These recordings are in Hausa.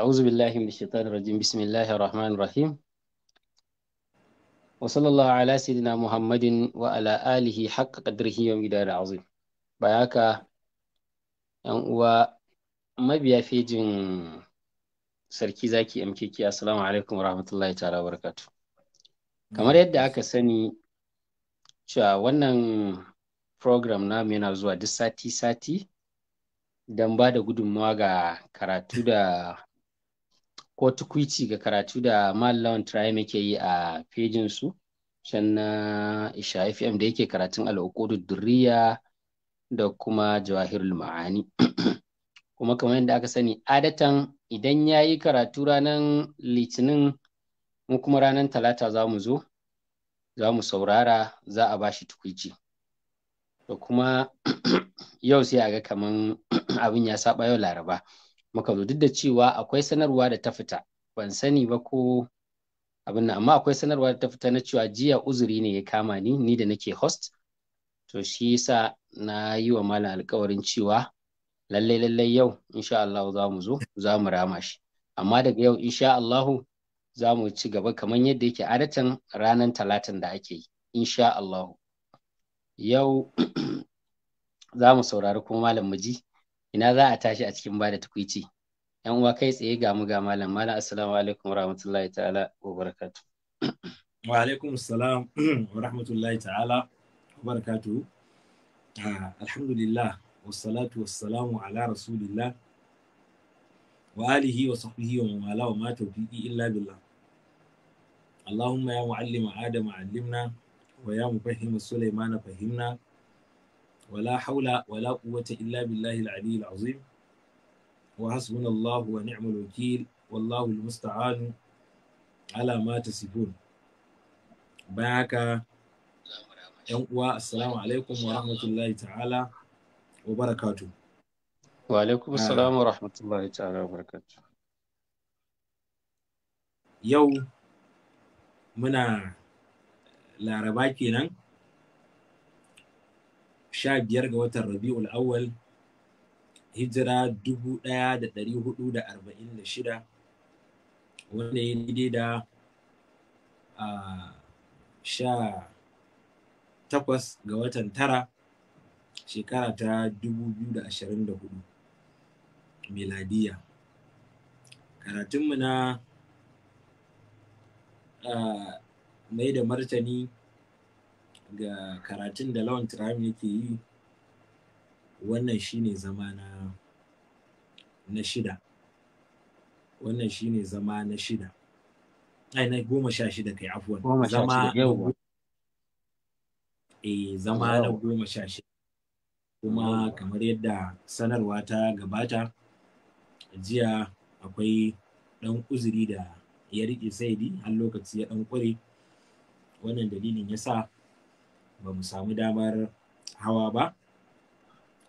أعوذ بالله من الشيطان الرجيم بسم الله الرحمن الرحيم وصلى الله على سيدنا محمد وعلى آله حق قدره ومدار عظيم bayaka yan uwa mabiya سركي زاكي أمكيكي السلام عليكم ورحمة الله تعالى وبركاته كما yadda داكا سني cewa ونن program namu yana zuwa duk sati-sati don ba da gudunmawa ga karatu da ko tukwici ga karatu da Mallawan turai muke yi a fejin su can na Isha FM da yake karatun al'ukudu duriya da kuma jawahirul ma'ani kuma kamar yadda aka sani adatan idan ya yi karatu ranar litinin mu kuma ranar talata za mu zo za mu saurara za a bashi tukwici da kuma yau sai a ga kamar abin ya saba yau laraba muka zo duk da cewa akwai sanarwa da ta fita ban sani ba ko abin nan amma akwai sanarwa da ta fita na cewa jiya uzuri ne ya kama ni ni da nake host to shi yasa na yi wa malam alkawarin cewa lallai lallai yau insha Allah za mu zo za mu rama shi amma daga yau insha Allah za mu ci gaba kamar yadda yake adatan ranar talatin da ake yi insha Allah yau za mu saurari kuma malam muji ina za a tashi a cikin bada tukuici. yan uwa kai tsaye ga mu ga malam malam assalamu alaikum wa rahmatullahi ta'ala wa barakatu wa alaikum assalam wa rahmatullahi ta'ala wa barakatu ah, alhamdulillah wassalatu wassalamu ala rasulillah wa alihi wa sahbihi wa mawala wa ma tawfiqi illa billah اللهم يا معلم آدم علمنا ويا مفهم سليمان فهمنا wala haula wala quwwata illa billahi al-ali wa hasbunallahu wa ni'mal wakil wallahu al-musta'an ala ma tasifun yan uwa assalamu alaikum wa rahmatullahi ta'ala wa barakatuh wa alaikum wa wa yau muna laraba kenan sha biyar ga watan rabi'ul awwal hijira dubu ɗaya da ɗari hudu da arba'in da shida wanda ya daidai da sha takwas ga watan tara shekara ta dubu biyu da ashirin da hudu miladiya karatunmu na mai da martani ga karatun da lawan turami yake yi wannan shine zama na na shida wannan shine zama na shida ai na goma sha shida kai afuwan zama e zama na goma sha shida kuma kamar yadda sanarwa ta gabata jiya akwai dan uzuri da ya riƙe saidi har lokaci ya dan ƙware wannan dalilin ya sa ba mu samu damar hawa ba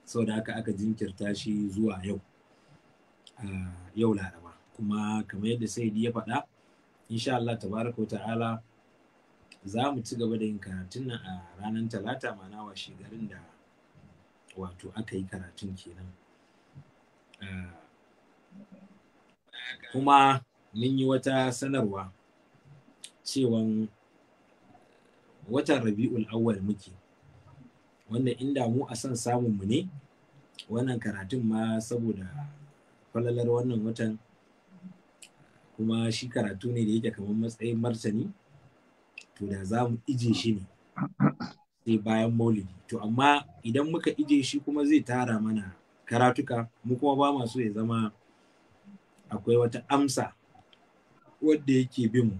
sau da haka aka jinkirta shi zuwa yau yau laraba kuma kamar yadda saidi ya faɗa insha Allah tabaraka ta'ala za mu ci gaba da yin karatun nan a ranar talata mana wa shigarin da wato aka yi karatun kenan kuma mun yi wata sanarwa cewan watan rabi'ul awwal muke wannan inda mu a san samun mu ne wannan karatun ma saboda falalar wannan watan kuma shi karatu ne da yake kamar matsayin martani to da za mu ije shi ne sai bayan maulidi to amma idan muka ije shi kuma zai tara mana karatuka mu kuma ba masu ya zama akwai wata amsa wadda yake bin mu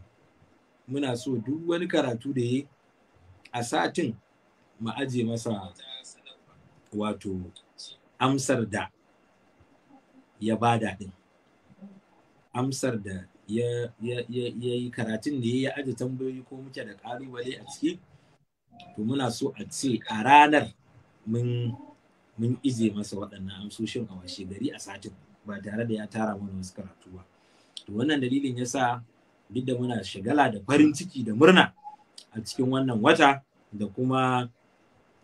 muna so duk wani karatu da ya a satin mu aje masa wato amsar da ya bada din amsar da ya yi karatun da ya aje tambayoyi ko muke da ƙalubale a ciki to muna so a ce a ranar mun mun ije masa waɗannan amsoshin a washe gari a satin ba tare da ya tara mana wasu karatu ba to wannan dalilin ya sa duk da muna shagala da farin ciki da murna a cikin wannan wata da kuma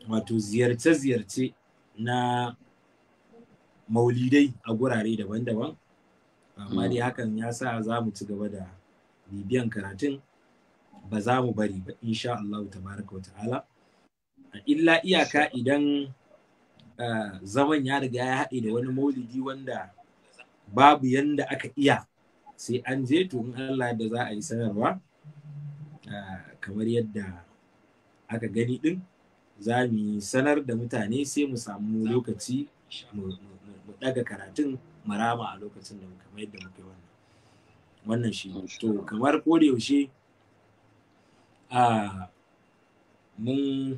wato ziyarce-ziyarce na maulidai a gurare daban-daban amma dai hakan ya sa za mu ci gaba da bibiyan karatun ba za mu bari ba insha Allah tabaraka wa ta'ala illa iyaka idan zaman ya riga ya haɗe da wani maulidi wanda babu yanda aka iya sai an je to in Allah da za a yi sanarwa kamar yadda aka gani din za mu sanar da mutane sai mu samu lokaci mu daga karatun marama a lokacin da kamar yadda muka yi wannan wannan shi to kamar ko yaushe a mun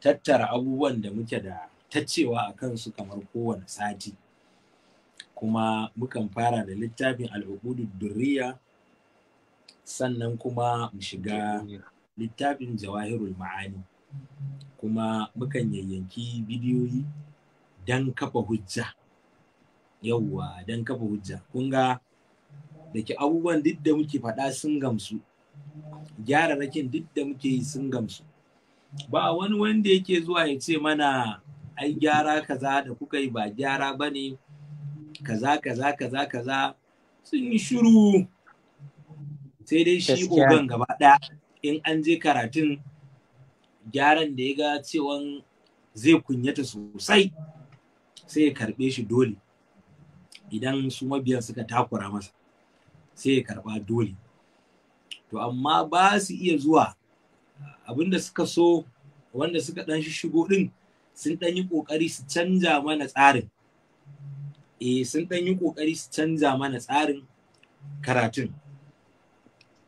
tattara abubuwan da muke da tacewa a kansu kamar kowane sati kuma mukan fara da littafin al'ubudu durriya sannan kuma mu shiga littafin jawahirul ma'ani kuma mukan yayyanki bidiyoyi don kafa hujja yauwa don kafa hujja Kunga ga da ke abubuwan duk da muke faɗa sun gamsu gyara rakin duk da muke yi sun gamsu ba wani wanda yake zuwa ya ce mana ai gyara kaza da kuka yi ba gyara ba ne kaza kaza kaza kaza sun yi shiru sai dai shi ogan gaba ɗaya in an je karatun gyaran da ya ga cewan zai kunyata sosai sai ya karɓe shi dole idan su mabiyan suka takura masa sai ya karɓa dole to amma ba su iya zuwa abinda suka so wanda suka ɗan shigo ɗin sun ɗan yi ƙoƙari su canja mana tsarin eh sun ɗan yi ƙoƙari su canja mana tsarin karatun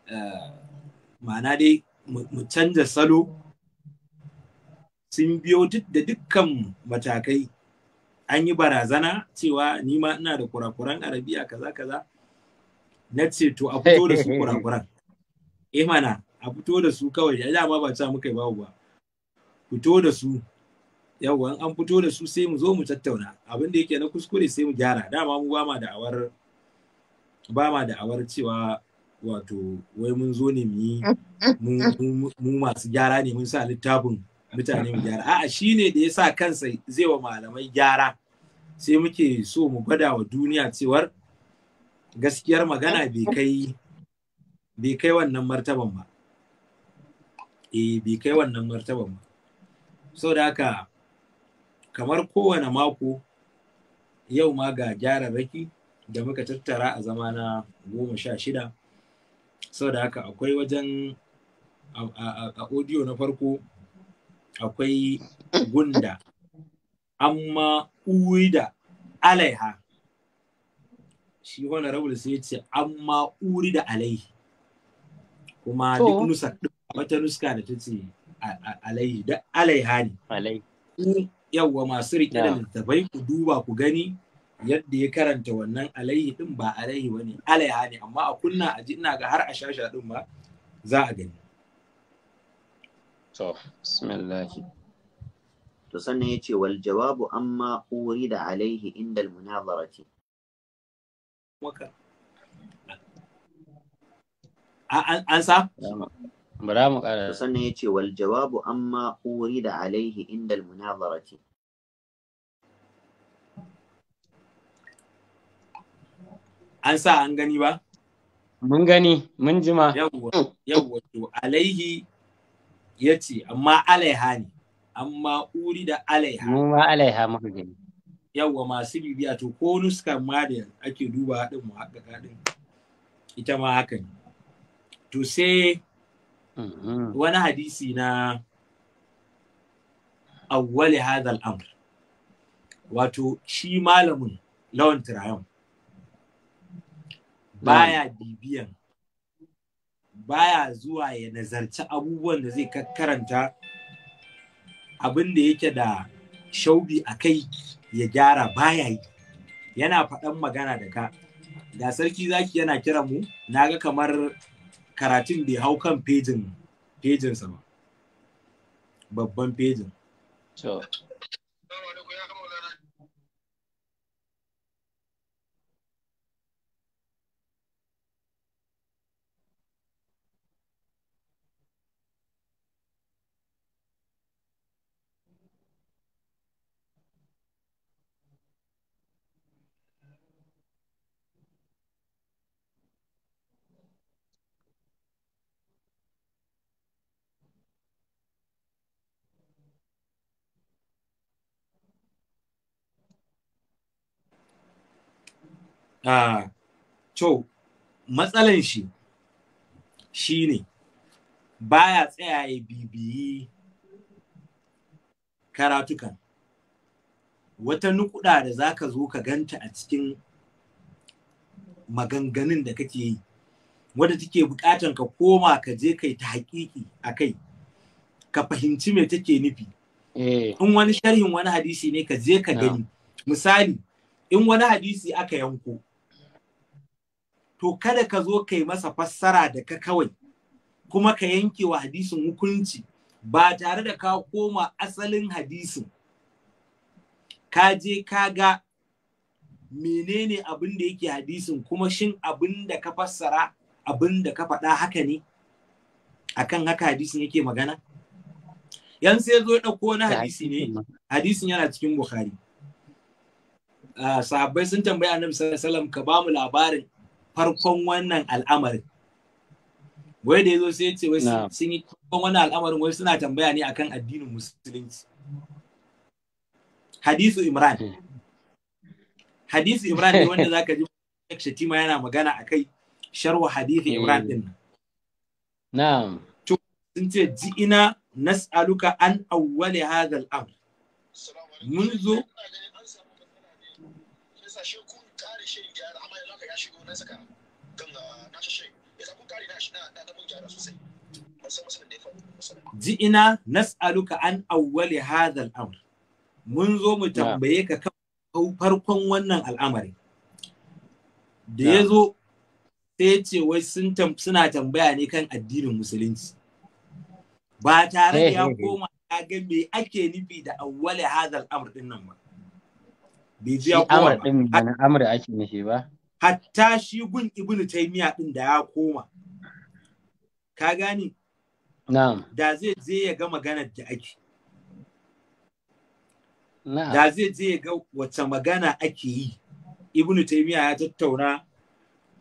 Eh, ma'ana dai mu canza salo sun biyo duk da dukkan matakai an yi barazana cewa ni ma ina da kurakuran arabiya kaza kaza na ce to a fito da su kurakuran eh mana a fito da su kawai ya ma ba ta muka babu ba fito da su yawwa an fito da su sai mu zo mu tattauna abin da yake na kuskure sai mu gyara dama mu ma ba ma da awar cewa wato wai mun zo ne mu yi mu masu gyara ne mun sa littafin mutane mu gyara a'a ne da yasa kansa zai wa malamai gyara sai muke so mu gwada wa duniya cewar gaskiyar magana bai kai bai wannan martaban ba eh bai kai wannan martaban ba saboda haka kamar kowane mako yau ma ga gyararraki da muka tattara a zama na goma sha shida saboda haka akwai wajen a audio na farko akwai gunda amma da alaiha shi wani rabul sai ce amma uri da alaihi kuma duk nusa wata nuska da ta ce alaihi da alaiha ne yawwa masu rike da littafai ku duba ku gani yadda ya karanta wannan alaihi din ba alaihi wani alaiha ne amma a kunna a ji ina ga har a shasha din ba za a gani to bismillah to sannan yace wal jawabu amma urida alaihi inda al munazarati a an sa bara mu kara sannan yace wal jawabu amma urida alaihi inda al munazarati an sa an gani ba mun gani mun jima yawwa to alaihi ya ce amma alaiha ne amma uri da alaiha Mun ma alaiha muka gani yawwa masu bibiya to ko nuskan ma da ake duba haɗin mu haka haɗin ita ma haka ne to sai mm-hmm. wani hadisi na awwali hadal al-amr wato shi malamin lawan tirayon baya bibiyan baya zuwa ya nazarci abubuwan da zai karanta abin da yake da shaubi a kai ya gyara baya yi yana faɗan magana da ka da sarki zaki yana kira mu na ga kamar karatun bai hau kan pejin pejinsa ba babban pejin a matsalan shi shine baya tsaya bibiyi karatukan wata nukuda da zaka zo ka ganta a cikin maganganun da kake yi wadda take bukatan ka koma ka je kai ta hakiki a kai ka fahimci me take nufi eh. in wani sharhin wani hadisi ne ka je ka ah. gani misali in wani hadisi aka yanko to kada ka zo kai masa fassara da ka kawai kuma ka yanke wa hadisin hukunci ba tare da ka koma asalin hadisin ka je ka ga menene abin da yake hadisin kuma shin abin da ka fassara abin da ka faɗa haka ne akan haka hadisin yake magana yan sai zo ɗauko na hadisi ne hadisin yana cikin bukhari ah, sahabbai sun tambayi annabi sallallahu alaihi wasallam ka ba mu labarin farkon wannan al'amarin wai da yazo sai ce sun yi farkon wannan al'amarin wai suna tambaya ne akan addinin musulunci hadisu imran hmm. hadisu imran ne wanda zaka ji shatima yana magana a kai sharwa hadisu hmm. imran din na'am to sun ce ji ina nas'aluka an awwali hadha al mun zo na saka kan ah, na shashe ya na shi na mun gyara sosai nas'aluka an awwali hadha al-amr mun zo mu tambaye ka kan farkon wannan al'amari da ya zo sai ce wai suna tambaya ne kan addinin musulunci ba tare da ya koma ya ga me ake nufi da awwali hadha al-amr din nan ba bai ji ya koma ba amr ake nufi ba hatta shi gun ibnu taymiya din da ya koma ka gani, na'am da zai je ya ga maganar da ake na'am da zai je ya ga magana ake yi ibnu taymiya ya tattauna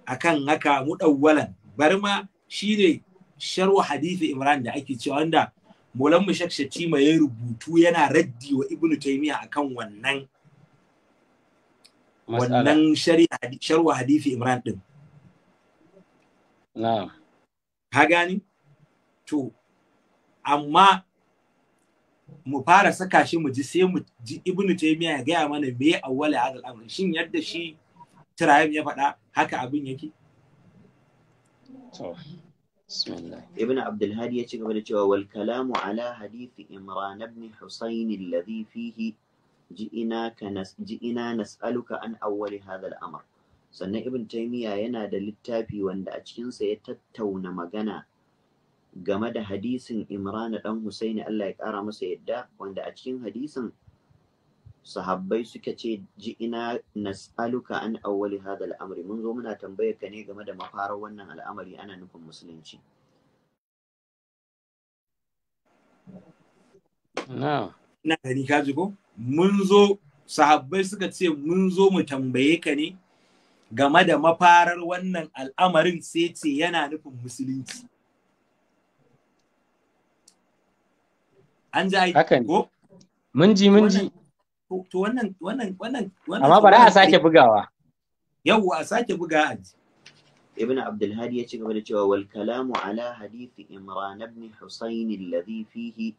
akan haka Mu mudawwalan bari ma shine sharwa hadithi imran da ake cewa wanda Maulan Mushak Shatima ya rubutu yana raddi wa ibnu taymiya akan wannan wannan sharwa hadifi imran ɗin. Ha gani to amma mu fara saka shi mu ji sai mu ji ibnu taymiya ya gaya mana me awwala hadal amr shin yadda shi tirayim ya faɗa haka abin yake to ابن عبد الهادي يقول والكلام على حديث إمران بن حسين الذي فيه ji'ina nas'aluka an awwali hadha al-amr sannan ibn taymiya yana da littafi wanda a cikinsa ya tattauna magana game da hadisin imran dan husaini Allah ya kara masa yadda wanda a cikin hadisin sahabbai suka ce ji ina nas'aluka an awwali hadha al'amri mun zo muna tambayar ka ne game da mafarar wannan al'amari ana nufin musulunci na na gani ka ko mun zo sahabbai suka ce mun zo mu tambaye ka ne game da mafarar wannan al'amarin sai ce yana nufin musulunci an ji ko mun ji mun ji to wannan wannan wannan amma bari a sake bugawa yau a sake buga a ji ابن عبد الهادي يجب أن وَالْكَلَامُ عَلَى حديث إمران بن حسين الذي فيه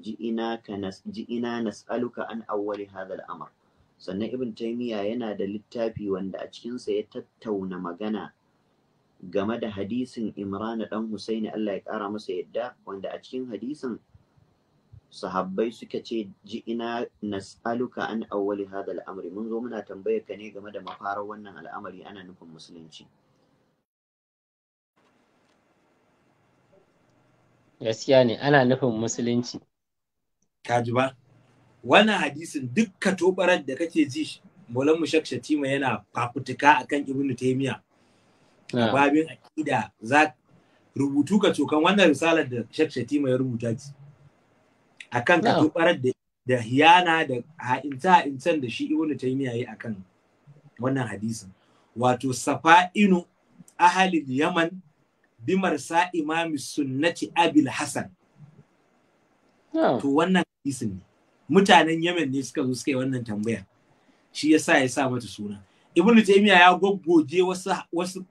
ji'ina nas'aluka an awwali hadha al sannan ibn taymiya yana da littafi wanda a cikinsa ya tattauna magana game da hadisin imran dan husaini Allah ya kara masa yadda wanda a cikin hadisin sahabbai suka ce ji ina nas'aluka an awwali hadha al'amri mun zo muna tambayar ka ne game da mafarar wannan al'amari ana nufin musulunci gaskiya ne ana nufin musulunci ka ji ba wannan hadisin duk katobarar da kake ji Maulan Mushak Shatima yana fafutuka akan Ibn Taymiya ah. babin akida za rubutu ka cokan wannan risalar da Shak Shatima ya rubuta ji akan katobarar ah. da da hiyana da ha'inta ha'intan da shi Ibn Taymiya yi akan wannan hadisin wato safa'inu ahalil Yaman bimar sa imami sunnati Abil Hassan ah. to wannan hadisin ne mutanen Yemen ne suka zo suka yi wannan tambaya shi yasa ya sa mata suna Ibn Taymiyyah ya goggoje wasu wasu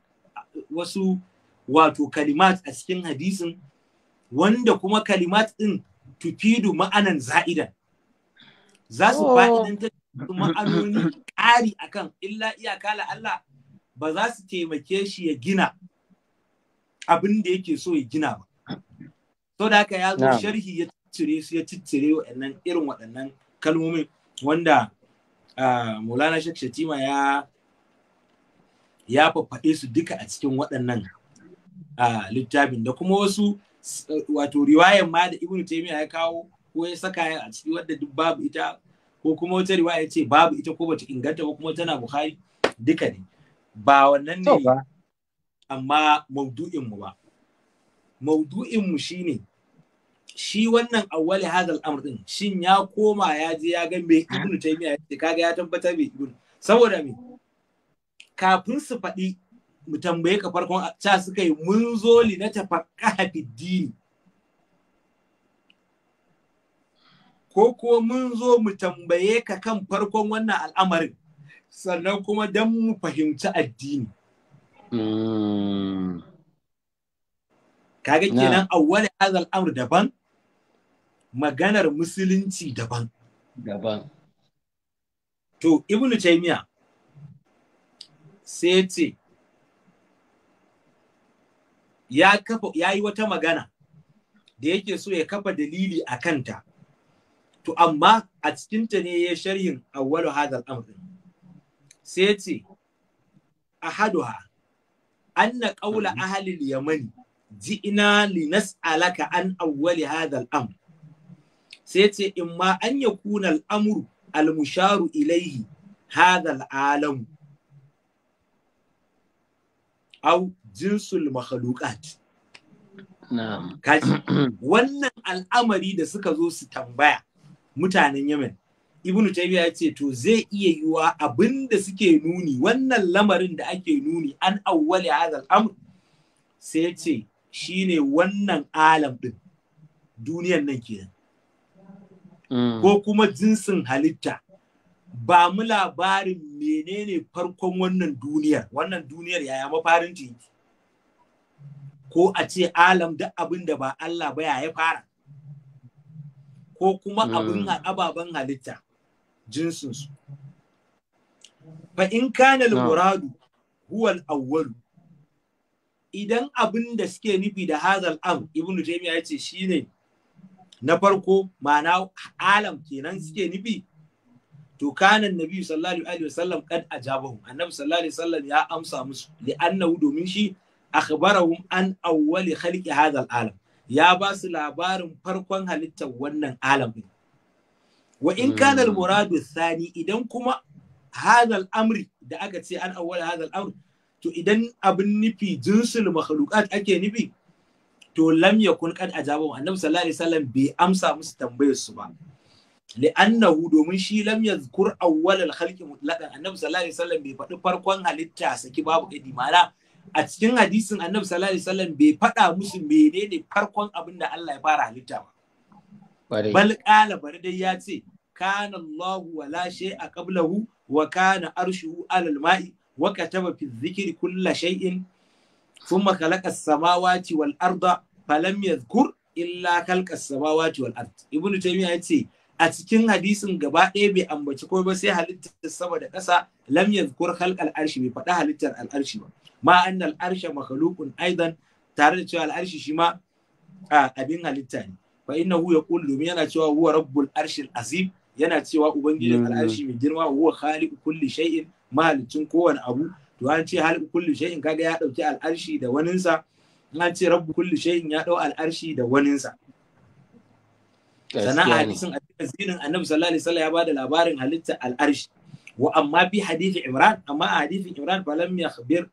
wasu wato kalimat a cikin hadisin wanda kuma kalimat din tufidu ma'anan za'idan za su oh. fa'idantar ma'anoni ƙari akan illa iyaka la Allah ba za su taimake shi ya gina abin da yake so ya gina ba. So da haka ya zo sharhi ya ciccire su ya ciccire waɗannan irin waɗannan kalmomin wanda Maulana Sheikh Shatima ya ya faffaɗe su duka a cikin waɗannan littafin da kuma wasu wato riwayan ma da ibnu Taymiyyah ya kawo ko ya saka a ciki wadda duk babu ita ko kuma wata riwaya ce babu ita ko bata inganta ko kuma tana Bukhari duka ne ba wannan ne amma maudu'in mu ba maudu'in mu shine shi wannan awwali hadal amr din shin ya koma ya je ya ga me ibnu taymiya yace kaga ya tabbatar me ibnu saboda me kafin su faɗi mu tambaye ka farkon ta suka yi mun zo li na tafaqqa fiddini ko ko mun zo mu tambaye ka kan farkon wannan al'amarin sannan kuma dan mu fahimci addini hmm. kaga kenan awwali hadal amr daban maganar musulunci daban daban to Ibn taymiya sai ce ya yi wata magana da yake so ya kafa dalili a kanta to amma a cikinta ne ya sharhin awwalu hadal amrin sai a hadu ha, an na ƙaula ahalin yamani ji ina linas linas'alaka an awwali hadal amr sai ce in ma an ya kuna al'amuru al-musharu ilaihi hadha alamu. au jinsul makhluqat kaji wannan al'amari da suka zo su tambaya mutanen Yemen Ibn Taymiyyah ya ce to zai iya yiwa abin da suke nuni wannan lamarin da ake nuni an awwali hadha al'amr sai ya ce shine wannan alam din duniyan nan kenan Mm. ko kuma jinsin halitta ba mu labarin menene farkon wannan duniyar wannan duniyar yaya mafarin ta ko a ce alam da abin da ba Allah ba ya fara ko kuma mm. abin ababen halitta jinsinsu fa in kana muradu huwa al-awwal idan abin da suke nufi da hazal am ibnu taymiya yace shine na farko ma'ana alam kenan suke nufi to kana annabi sallallahu alaihi wasallam kad ajabahu annabi sallallahu alaihi wasallam ya amsa musu li annahu domin shi akhbarahum an awwali khalqi hadha alam ya ba su labarin farkon halittar wannan alam din wa in kana hmm. al-muradu thani idan kuma hadha amri da aka ce an awwala hadha amri to idan abin nufi jinsul makhluqat ake nufi to lam yakun kad ajabu annabi sallallahu alaihi wasallam bai amsa musu tambayar su ba li'annahu domin shi lam yadhkur awwal al-khalqi mutlaqan annabi sallallahu alaihi wasallam bai faɗi farkon halitta saki babu kadi mala a cikin hadisin annabi sallallahu alaihi wasallam bai faɗa musu menene farkon abin da Allah ya fara halitta ba bal qala bari dai ya ce kana Allah wala a qablahu wa kana arshuhu alal ma'i wa kataba fi dhikri kulli shay'in thumma khalaqa as-samawati wal arda falam yadhkur illa khalqa as-samawati wal ard ibnu taymiya a cikin hadisin gaba ɗaya bai ambaci ko ba sai halittar sama da ƙasa lam yadhkur khalqal arshi bai faɗa halittar al'arshi ba ma anna al'arsha makhluqun aidan tare da cewa al'arshi shi ma abin halitta ne fa innahu yaqul domin yana cewa huwa rabbul arshil azim yana cewa ubangijin mm. al'arshi mai girma huwa khaliqu kulli shay'in mahalicin kowane abu to an ce halin kullu shay'in kaga ya dauki al'arshi da waninsa an ce rabbu kullu shay'in ya dau al'arshi da waninsa sannan hadisin azinin annabi sallallahu alaihi wasallam ya bada labarin halitta al'arshi wa amma bi hadisi imran amma a hadisin imran falam yakhbir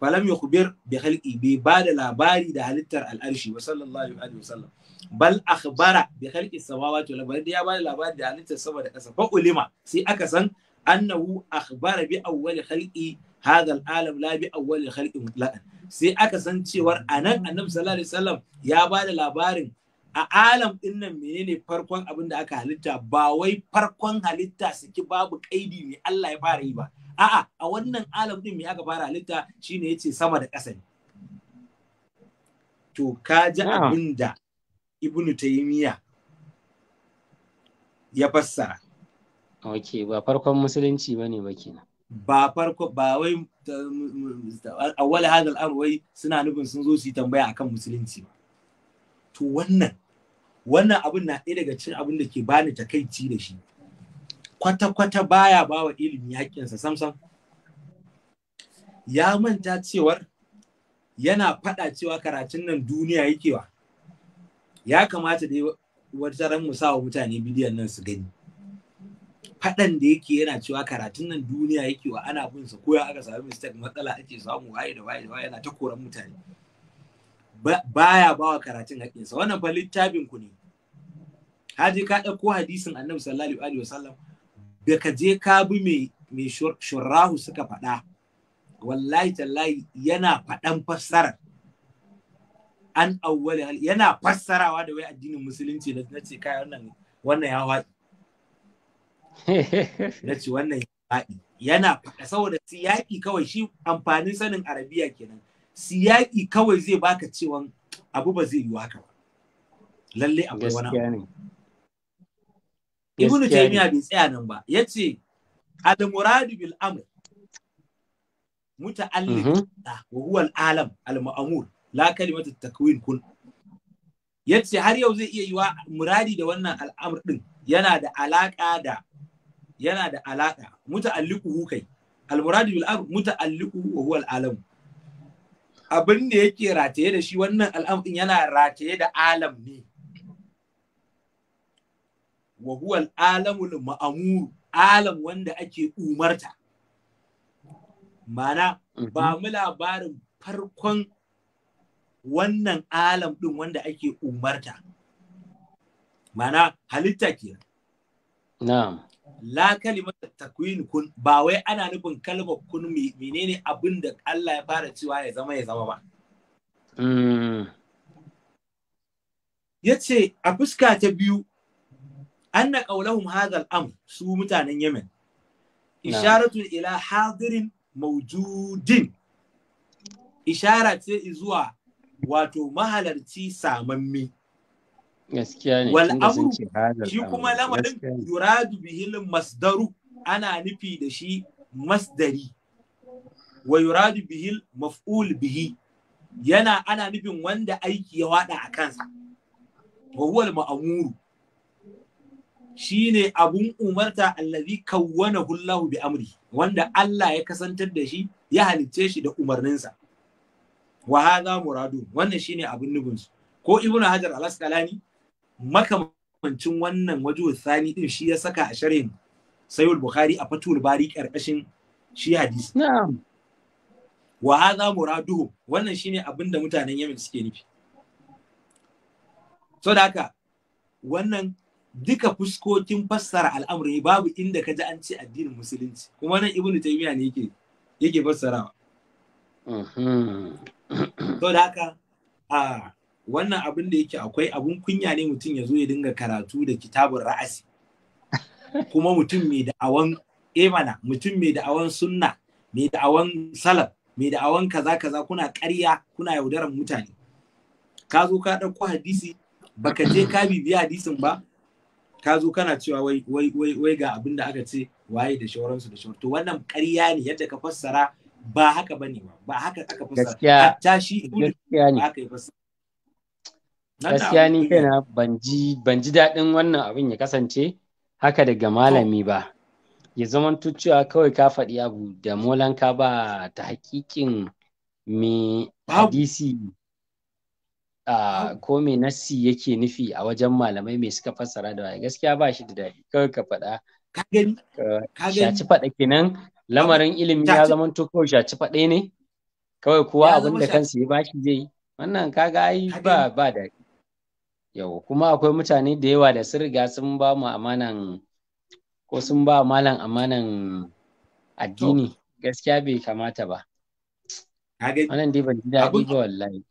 falam yukhbir bi khalqi bai bada labari da halittar al'arshi wa sallallahu alaihi wasallam bal akhbara bi khalqi samawati wal ardi ya bada labari da halittar sama da kasa fa ulima sai aka san annahu akhbara bi awwal khalqi hadha alam labi bi awwal al-khalqi mutlaqan sai aka san cewar anan annabi sallallahu alaihi ya ba da labarin a alam din nan menene farkon abin da aka halitta ba wai farkon halitta saki babu kaidi mai Allah ya fara yi ba a'a a wannan alam ɗin me aka fara halitta shine yace sama da ƙasa ne to ka ji abin da ibnu taymiya ya fassara ok ba farkon musulunci bane ba kenan ba farko ba wai awwal hadal amr wai suna nufin sun zo su yi tambaya akan musulunci ba to wannan wannan abin na ɗaya daga cikin abin da ke bani takaici da shi kwata kwata baya ba wa ilimi haƙƙinsa samsam ya manta cewar yana faɗa cewa karatun nan duniya yake wa ya kamata dai wata ran mu sawa mutane bidiyon nan su gani faɗan da yake yana cewa karatun nan duniya yake wa ana bin sa ko ya aka sami mistake matsala ake samu waye da waye da waye yana ta koran mutane baya bawa karatun sa. wannan fa littafin ku ne haji ka ɗauko hadisin annabi sallallahu alaihi wasallam da ka je ka bi me me shurrahu suka faɗa wallahi tallahi yana faɗan fassara an awwali yana fassarawa da wai addinin musulunci na ce kai wannan wannan ya na ce wannan yaƙi yana faɗa saboda siyaƙi kawai shi amfanin sanin arabiya kenan siyaƙi kawai zai baka cewan abu ba zai yi waka ba lalle akwai wani ibnu taymiya bai tsaya nan ba yace al muradu bil amr متعلق mm al Alam, al المأمور لا كلمة التكوين Ya yace har yau zai iya yiwa muradi da wannan al'amur ɗin yana da alaƙa da yana da alaka muta'alliquhu kai almuradu bil amr muta'alliquhu wa huwa alam abin da yake rataye da shi wannan al'am yana rataye da alam ne wa huwa alamul alam wanda ake umarta mana mhm. ba mu labarin farkon wannan alam ɗin wanda ake umarta. Mana halitta ke Na'am. la kalimar takwin kun ba wai ana nufin kalmar kun menene abin da Allah ya fara cewa ya zama ya zama ba. Mm. Ya ce a fuska ta biyu an na ƙaunahum hadal am su mutanen Yemen. Isharatun ila hadirin maujudin. Ishara ce zuwa wato mahalarci samammi. gaskiya ne wal amru shi kuma lamarin yuradu bihil masdaru ana nufi da shi masdari wa yuradu bihil maf'ul bihi yana ana nufin wanda aiki ya wada a kansa wa huwa al-ma'muru shine abun umarta allazi kawwana Hullahu bi amri wanda Allah ya kasantar da shi ya halicce shi da umarninsa wa hadha muradu wannan shine abun nubin ko ibnu hajar al-asqalani makamancin wannan waje sani din shi ya saka a sharhin sayul bukhari a fatul bari karkashin shi hadisi na'am wa hadha muraduhu wannan shine abin da mutanen yamin suke nufi so da haka wannan duka fuskokin fassara al'amri babu inda ka ji an ce addinin musulunci kuma nan ibnu taymiya ne yake yake fassarawa so da haka a ah, wannan abin da yake akwai abun kunya ne mutum ya zo ya dinga karatu da kitabun ra'asi kuma mutum mai da'awan emana eh mutum mai da'awan sunna mai da'awan salaf mai da'awan kaza kaza kuna ƙarya kuna yaudaran mutane ka zo ka ɗauko hadisi baka je ka bibiya hadisin ba ka zo kana cewa wai wai wai wai ga abin da aka ce waye da shauransu da shauransu to wannan ƙarya ne yadda ka fassara ba haka bane ba ba haka aka fassara Gaskiya shi ba haka ya fassara gaskiya ni kaina ban ji daɗin wannan abin ya kasance haka daga malami ba ya zamanto cewa kawai ka faɗi abu da molan ba ta hakikin me hadisi ko me nassi yake nufi a wajen malamai me suka fassara da waye gaskiya ba shi da daɗi kawai ka faɗa shaci faɗa kenan lamarin ilimi ya to kawai shaci faɗe ne kawai kowa abin da kansa ya bashi zai yi wannan kaga ai ba ba daɗi yau kuma akwai mutane da yawa da sun riga sun ba mu amanan ko sun ba malam amanan addini gaskiya bai kamata ba wannan dai ban ji daɗi ba wallahi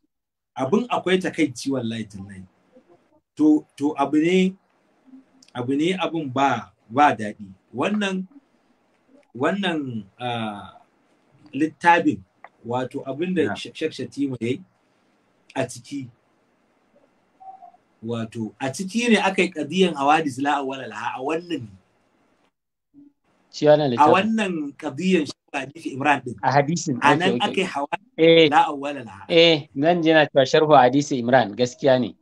abin akwai takaici wallahi tullahi to to abu ne abu ne abin ba ba daɗi wannan wannan littafin wato abin da shakshati mu yayi a ciki wato a ciki ne aka yi kadiyan hawadis la awwala alha a wannan a wannan ƙadiyan hadisi Imran din a hadisin a nan aka yi hawadis eh. la awwala eh nan je na cewa sharhu hadisi Imran gaskiya ne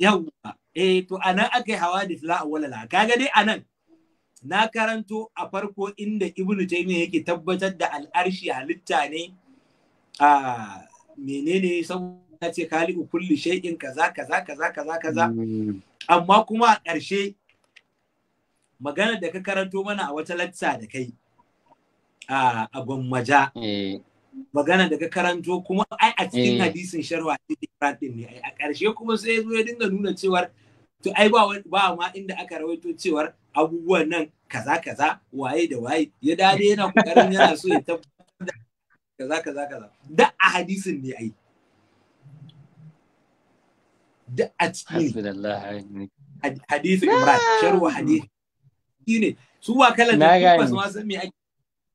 yawwa eh to a nan aka yi hawadis la awwala laha kaga dai a nan na karanto a farko inda Ibn Taymiyyah yake tabbatar da al'arshi halitta ne a ah, menene saboda ya ce khaliqu kulli shay'in kaza kaza kaza kaza kaza hmm. amma kuma a ƙarshe magana da ka karanto mana a wata latsa da kai a maja eh. magana da ka karanto kuma ai a cikin eh. hadisin sharwa din ne a ƙarshe kuma sai zo ya dinga nuna cewar to ai ba ba ma inda aka rawaito cewar abubuwan nan kaza kaza waye da waye ya dade yana kokarin yana so ya tabbatar da kaza kaza kaza da a hadisin ne ai duk a cikin hadithu imran ah. sharwa hadisi ne su ba kalan ba su ma san me ake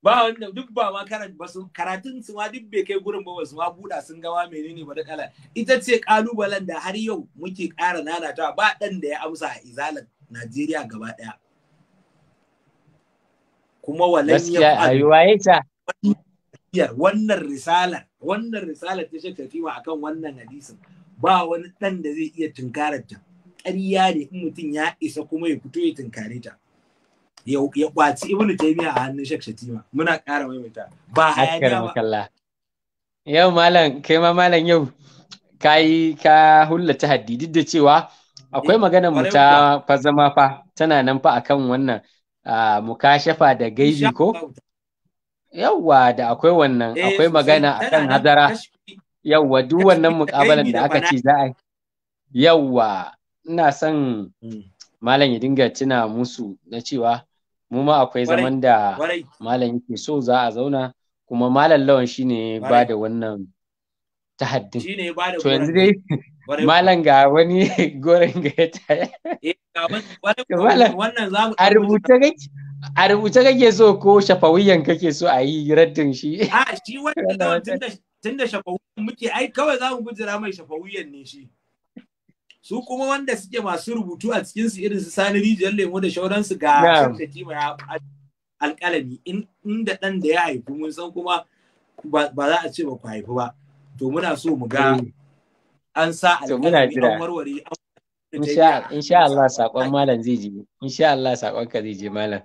ba wanda duk ba ma karat ba su karatun su ma duk bai kai gurin ba su ma buda sun gawa menene ba da kala ita ce kalubalen da har yau muke ƙara nanatawa ba dan da ya amsa a izalan Najeriya gaba daya kuma walan ya wannan risalar wannan risala ta shekatima akan wannan hadisin ba wani ɗan da zai iya tunkarar ta ƙarya ne in mutum ya isa kuma ya fito ya tunkare ta ya kwaci ibnu taymiya a hannun shek shatima muna ƙara maimaita ba hayaniya ba yau malam kai ma malam yau kai ka ta haddi duk da cewa akwai eh, magana mu ta fa zama fa tana nan fa akan wannan mukashafa da gaibi ko yawwa da akwai wannan eh, akwai magana akan hadara yawwa duk wannan mukabalan da aka ce za a yawwa ina son mm. malam ya dinga tuna musu na cewa mu ma akwai zaman da malam yake so za a zauna kuma malam lawan shine ba da wannan tahaddin to yanzu dai malam ga wani goren ga ya taya eh, a rubuta kake a rubuta kake so ko shafawiyan kake so a yi raddin shi a ah, shi wannan tun da tunda shafawiyan muke ai kawai za mu gujira mai shafawuyan ne shi su kuma wanda suke masu rubutu a cikin su irin su sani rijiyar lemo da shauransu ga kima mai alƙalami inda ɗan da ya haifi mun san kuma ba za a ce ba ku haifi ba to muna so mu ga mm. an sa alƙalami an warware insha Allah sakon malam zai je insha Allah sakon ka zai je malam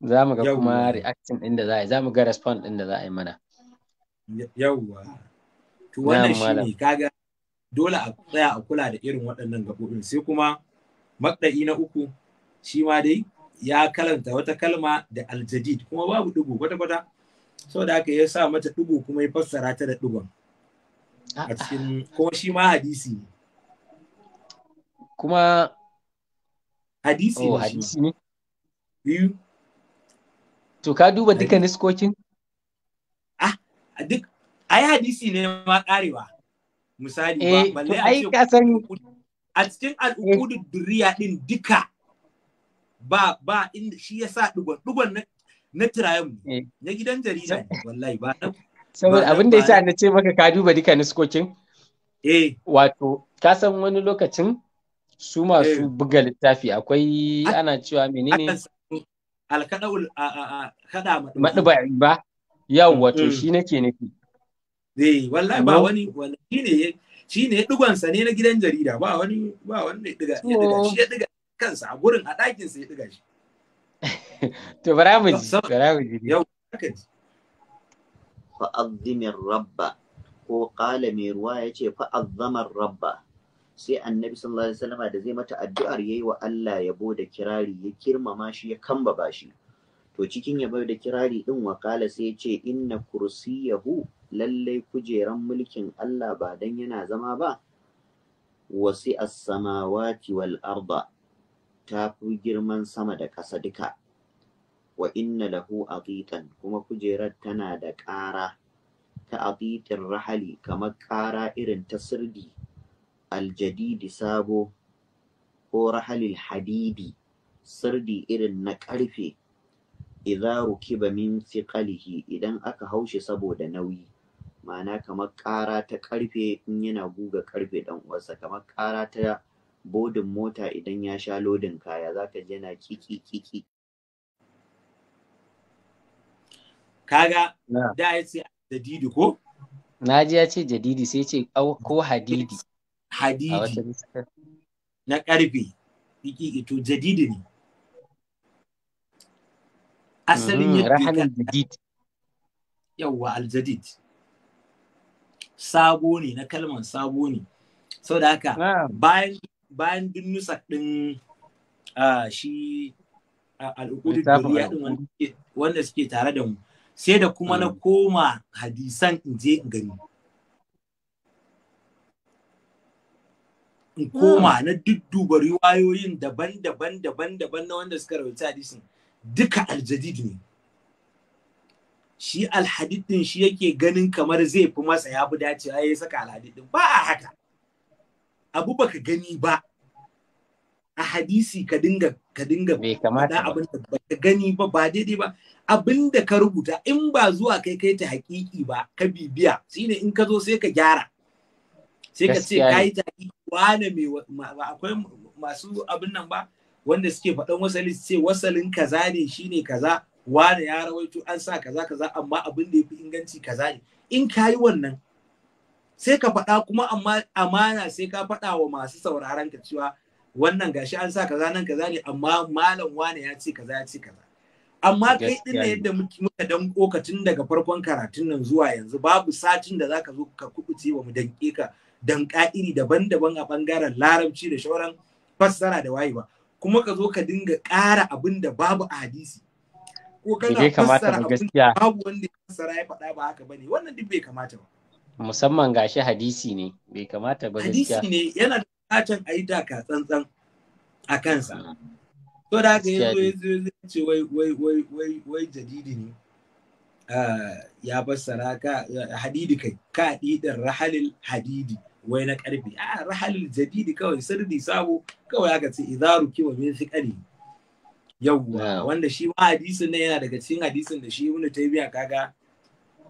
za mu ga kuma reaction din da za a yi za mu ga response din da za a yi mana yawwa to wannan shine kaga dole a tsaya a kula da irin waɗannan gaɓoɓin sai kuma maɗa'i na uku shi ma dai ya kalanta wata kalma da aljadid kuma babu ɗigo kwata-kwata saboda haka ya sa mata ɗigo kuma ya fassara ta da ɗigon a cikin kuma shi ma hadisi ne kuma hadisi ne oh, to ka duba duka niskokin duk ai hadisi ne ma karewa misali ba eh, balle a ce a cikin al'ukudu duriya din duka ba ba inda shi yasa dugon dugon na na tirayen eh. na gidan jarida wallahi ba saboda abin da yasa na ce maka ka duba duka nuskokin eh wato ka san wani lokacin su masu eh. buga littafi akwai ana cewa menene alkaɗa maɗuba ba yawwa to mm. shi nake nufi eh wallahi ba wani wallahi ne shi ne digon sa ne na gidan jarida ba wani ba wani ne diga ya diga shi ya diga kansa a gurin a ɗakin sa ya diga shi to bara mu ji bara mu ji yau haka ji fa azzimin rabba ko qala mai ruwa yace fa azzamar rabba sai annabi sallallahu alaihi wasallama da zai mata addu'ar yayi wa Allah yabo da kirari ya kirmama shi ya kambaba shi to cikin ya bai da kirari din wakala sai ce inna kursiyahu lallai kujeran mulkin Allah ba dan yana zama ba wasi as-samawati wal arda ta fi girman sama da ƙasa duka wa inna lahu aqiqan kuma kujerar tana da ƙara ta aqiqin rahali kamar ƙara irin ta sirdi aljadidi sabo ko rahalil hadidi sirdi irin na ƙarfe idza rukiba min thiqalihi idan aka haushi saboda nauyi ma'ana kamar ƙara ta ƙarfe in yana guga ƙarfe dan uwarsa kamar ƙara ta bodin mota idan ya sha lodin kaya zaka ji yana kiki kiki kaga da ya ce jadidi ko na ji ya ce jadidi sai ce ko hadidi hadidi na ƙarfe kiki to jadidi ne asalin yadda الجديد يوه الجديد sabo عن na kalman sabo ne da haka bayan bayan duk nusa din shi كوما suke tare da mu sai da kuma na koma hadisan in je in gani in koma na dudduba riwayoyin daban-daban na wanda suka rawaita hadisin duka aljadid ne shi alhadid din shi yake ganin kamar zai fi masa ya dace dacewa ya saka alhadid din ba a haka abu baka gani ba a hadisi ka dinga ka dinga kamata abin da baka gani ba ba daidai ba abin da ka rubuta in ba zuwa kai kai ta hakiki ba ka bibiya shine in ka zo sai ka gyara sai ka ce kai ta hakiki wane mai akwai masu abin nan ba wanda suke faɗan wasali ce wasalin kaza ne shine kaza wane ya rawaito an sa kaza kaza amma abin da yafi inganci kaza ne in kayi wannan sai ka faɗa kuma amma amana sai ka faɗa wa masu sauraron ka cewa wannan gashi an sa kaza nan kaza ne amma malam wane ya ce kaza ya ce kaza amma kai din da yadda muka dan tun daga farkon karatun nan zuwa yanzu babu satin da zaka zo ka kubuce wa mu danke ka dan ka'iri daban-daban a bangaren larabci da shauran fassara da wayewa kuma ka zo ka dinga ƙara abin da babu a hadisi ko kana fassara abin da babu wanda ya fassara ya faɗa ba haka bane wannan duk bai kamata ba musamman gashi hadisi ne bai kamata ba gaskiya hadisi ne yana da buƙatar a yi taka tsantsan a kansa to da haka yanzu yanzu ya ce wai wai wai wai wai jadidi ne ah, ya fassara ka hadidi kai ka hadidin rahalil hadidi wai na karfi a rahalil jadidi kawai sirri sabo kawai aka ce idaru kiwa min thiqali yawwa wanda shi ma hadisin nan yana daga cikin hadisin da shi ibnu taymiya kaga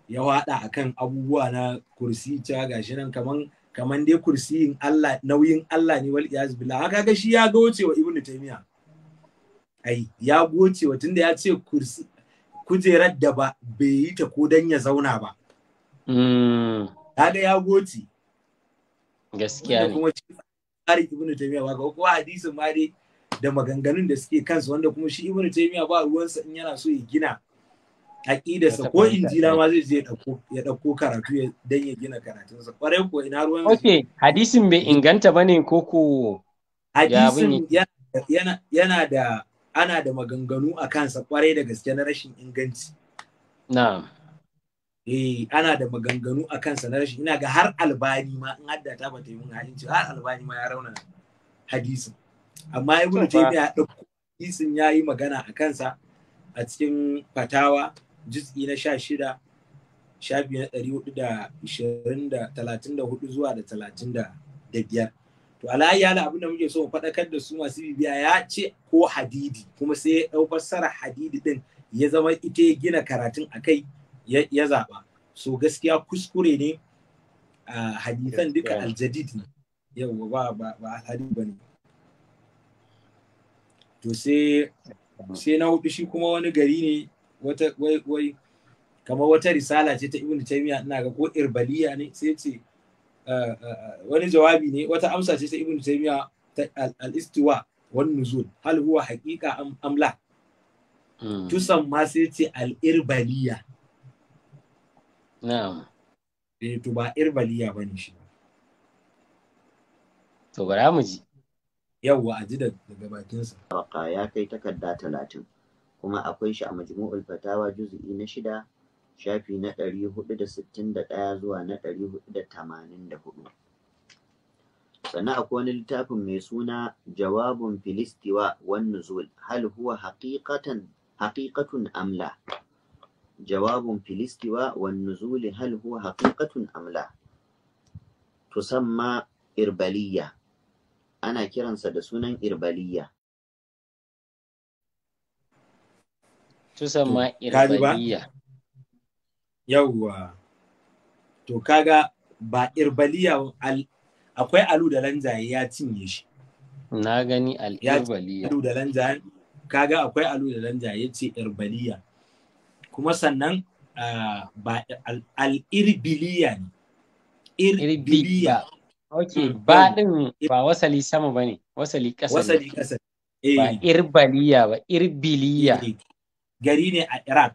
ya wada akan abubuwa na kursi ta gashi nan kaman kaman dai kursiyin Allah nauyin Allah ne wal iyaz billah haka ga shi ya goce wa ibnu taymiya ai ya goce wa tunda ya ce kursi kujerar da ba bai yi ta ko dan ya zauna ba mm. kaga ya goce gaskiya ne kuma tsarin ibn taymiya ba ga ko hadisin ma dai da maganganun da suke kansu wanda kuma shi ibn taymiya ba ruwansa in yana so ya gina sa ko injila ma zai je ya ɗauko karatu don ya gina sa kware ko ina ruwan okay hadisin bai inganta ba ne ko ko hadisin yana da ana da maganganu a kansa kwarai da gaske na rashin inganci na'am eh ana da maganganu a kansa na rashin ina ga har albani ma in hadda ta bata yi mun hadinci har ah, albani ma ya rauna hadisin amma ibnu taymiya dauko hadisin yayi magana a kansa a cikin fatawa juz'i na 16 shafi na 434 zuwa da 35 to alayyala abin da muke so mu faɗakar da su masu bibiya ya ce ko hadidi kuma sai ya ɗau fassara hadidi din ya zama ita ya gina karatun akai kai ya zaɓa so gaskiya kuskure ne a hadithan duka aljadid ne yau ba ba alhadi ba ne to sai na hudu shi kuma wani gari ne wata wai wai kamar wata risala ce ta ibn taymiya ina ga ko irbaliya ne sai ce wani jawabi ne wata amsa ce ta ibn taymiya al-istiwa wan nuzul hal huwa haqiqa am amla hmm. tusan ma sai ce al-irbaliya na'am eh, to ba irbaliya ne shi to bara mu ji yawwa a ji daga bakinsa waka ya kai takarda talatin kuma akwai shi a majmu'ul fatawa juzu'i na shida shafi na ɗari hudu da sittin da ɗaya zuwa na ɗari hudu da tamanin da hudu sannan akwai wani littafin mai suna jawabun filistiwa wan nuzul hal huwa haqiqatan haqiqatun amla jawabun filistiwa الاستواء والنزول هل هو حقيقة amla لا تسمى ana kiransa da sunan إربالية تسمى إربالية يوه to kaga ba irbaliya akwai alu da lanzaye ya cinye shi na gani al irbaliya alu da lanzaye kaga akwai alu da lanzaye ya ce irbaliya kuma sannan ba al'irbiliya ne irbiliya ok hmm. ba din ba wasali sama ba ne wasali ƙasa wasali ƙasa eh. ba irbaliya ba irbiliya eh. gari ne a iraq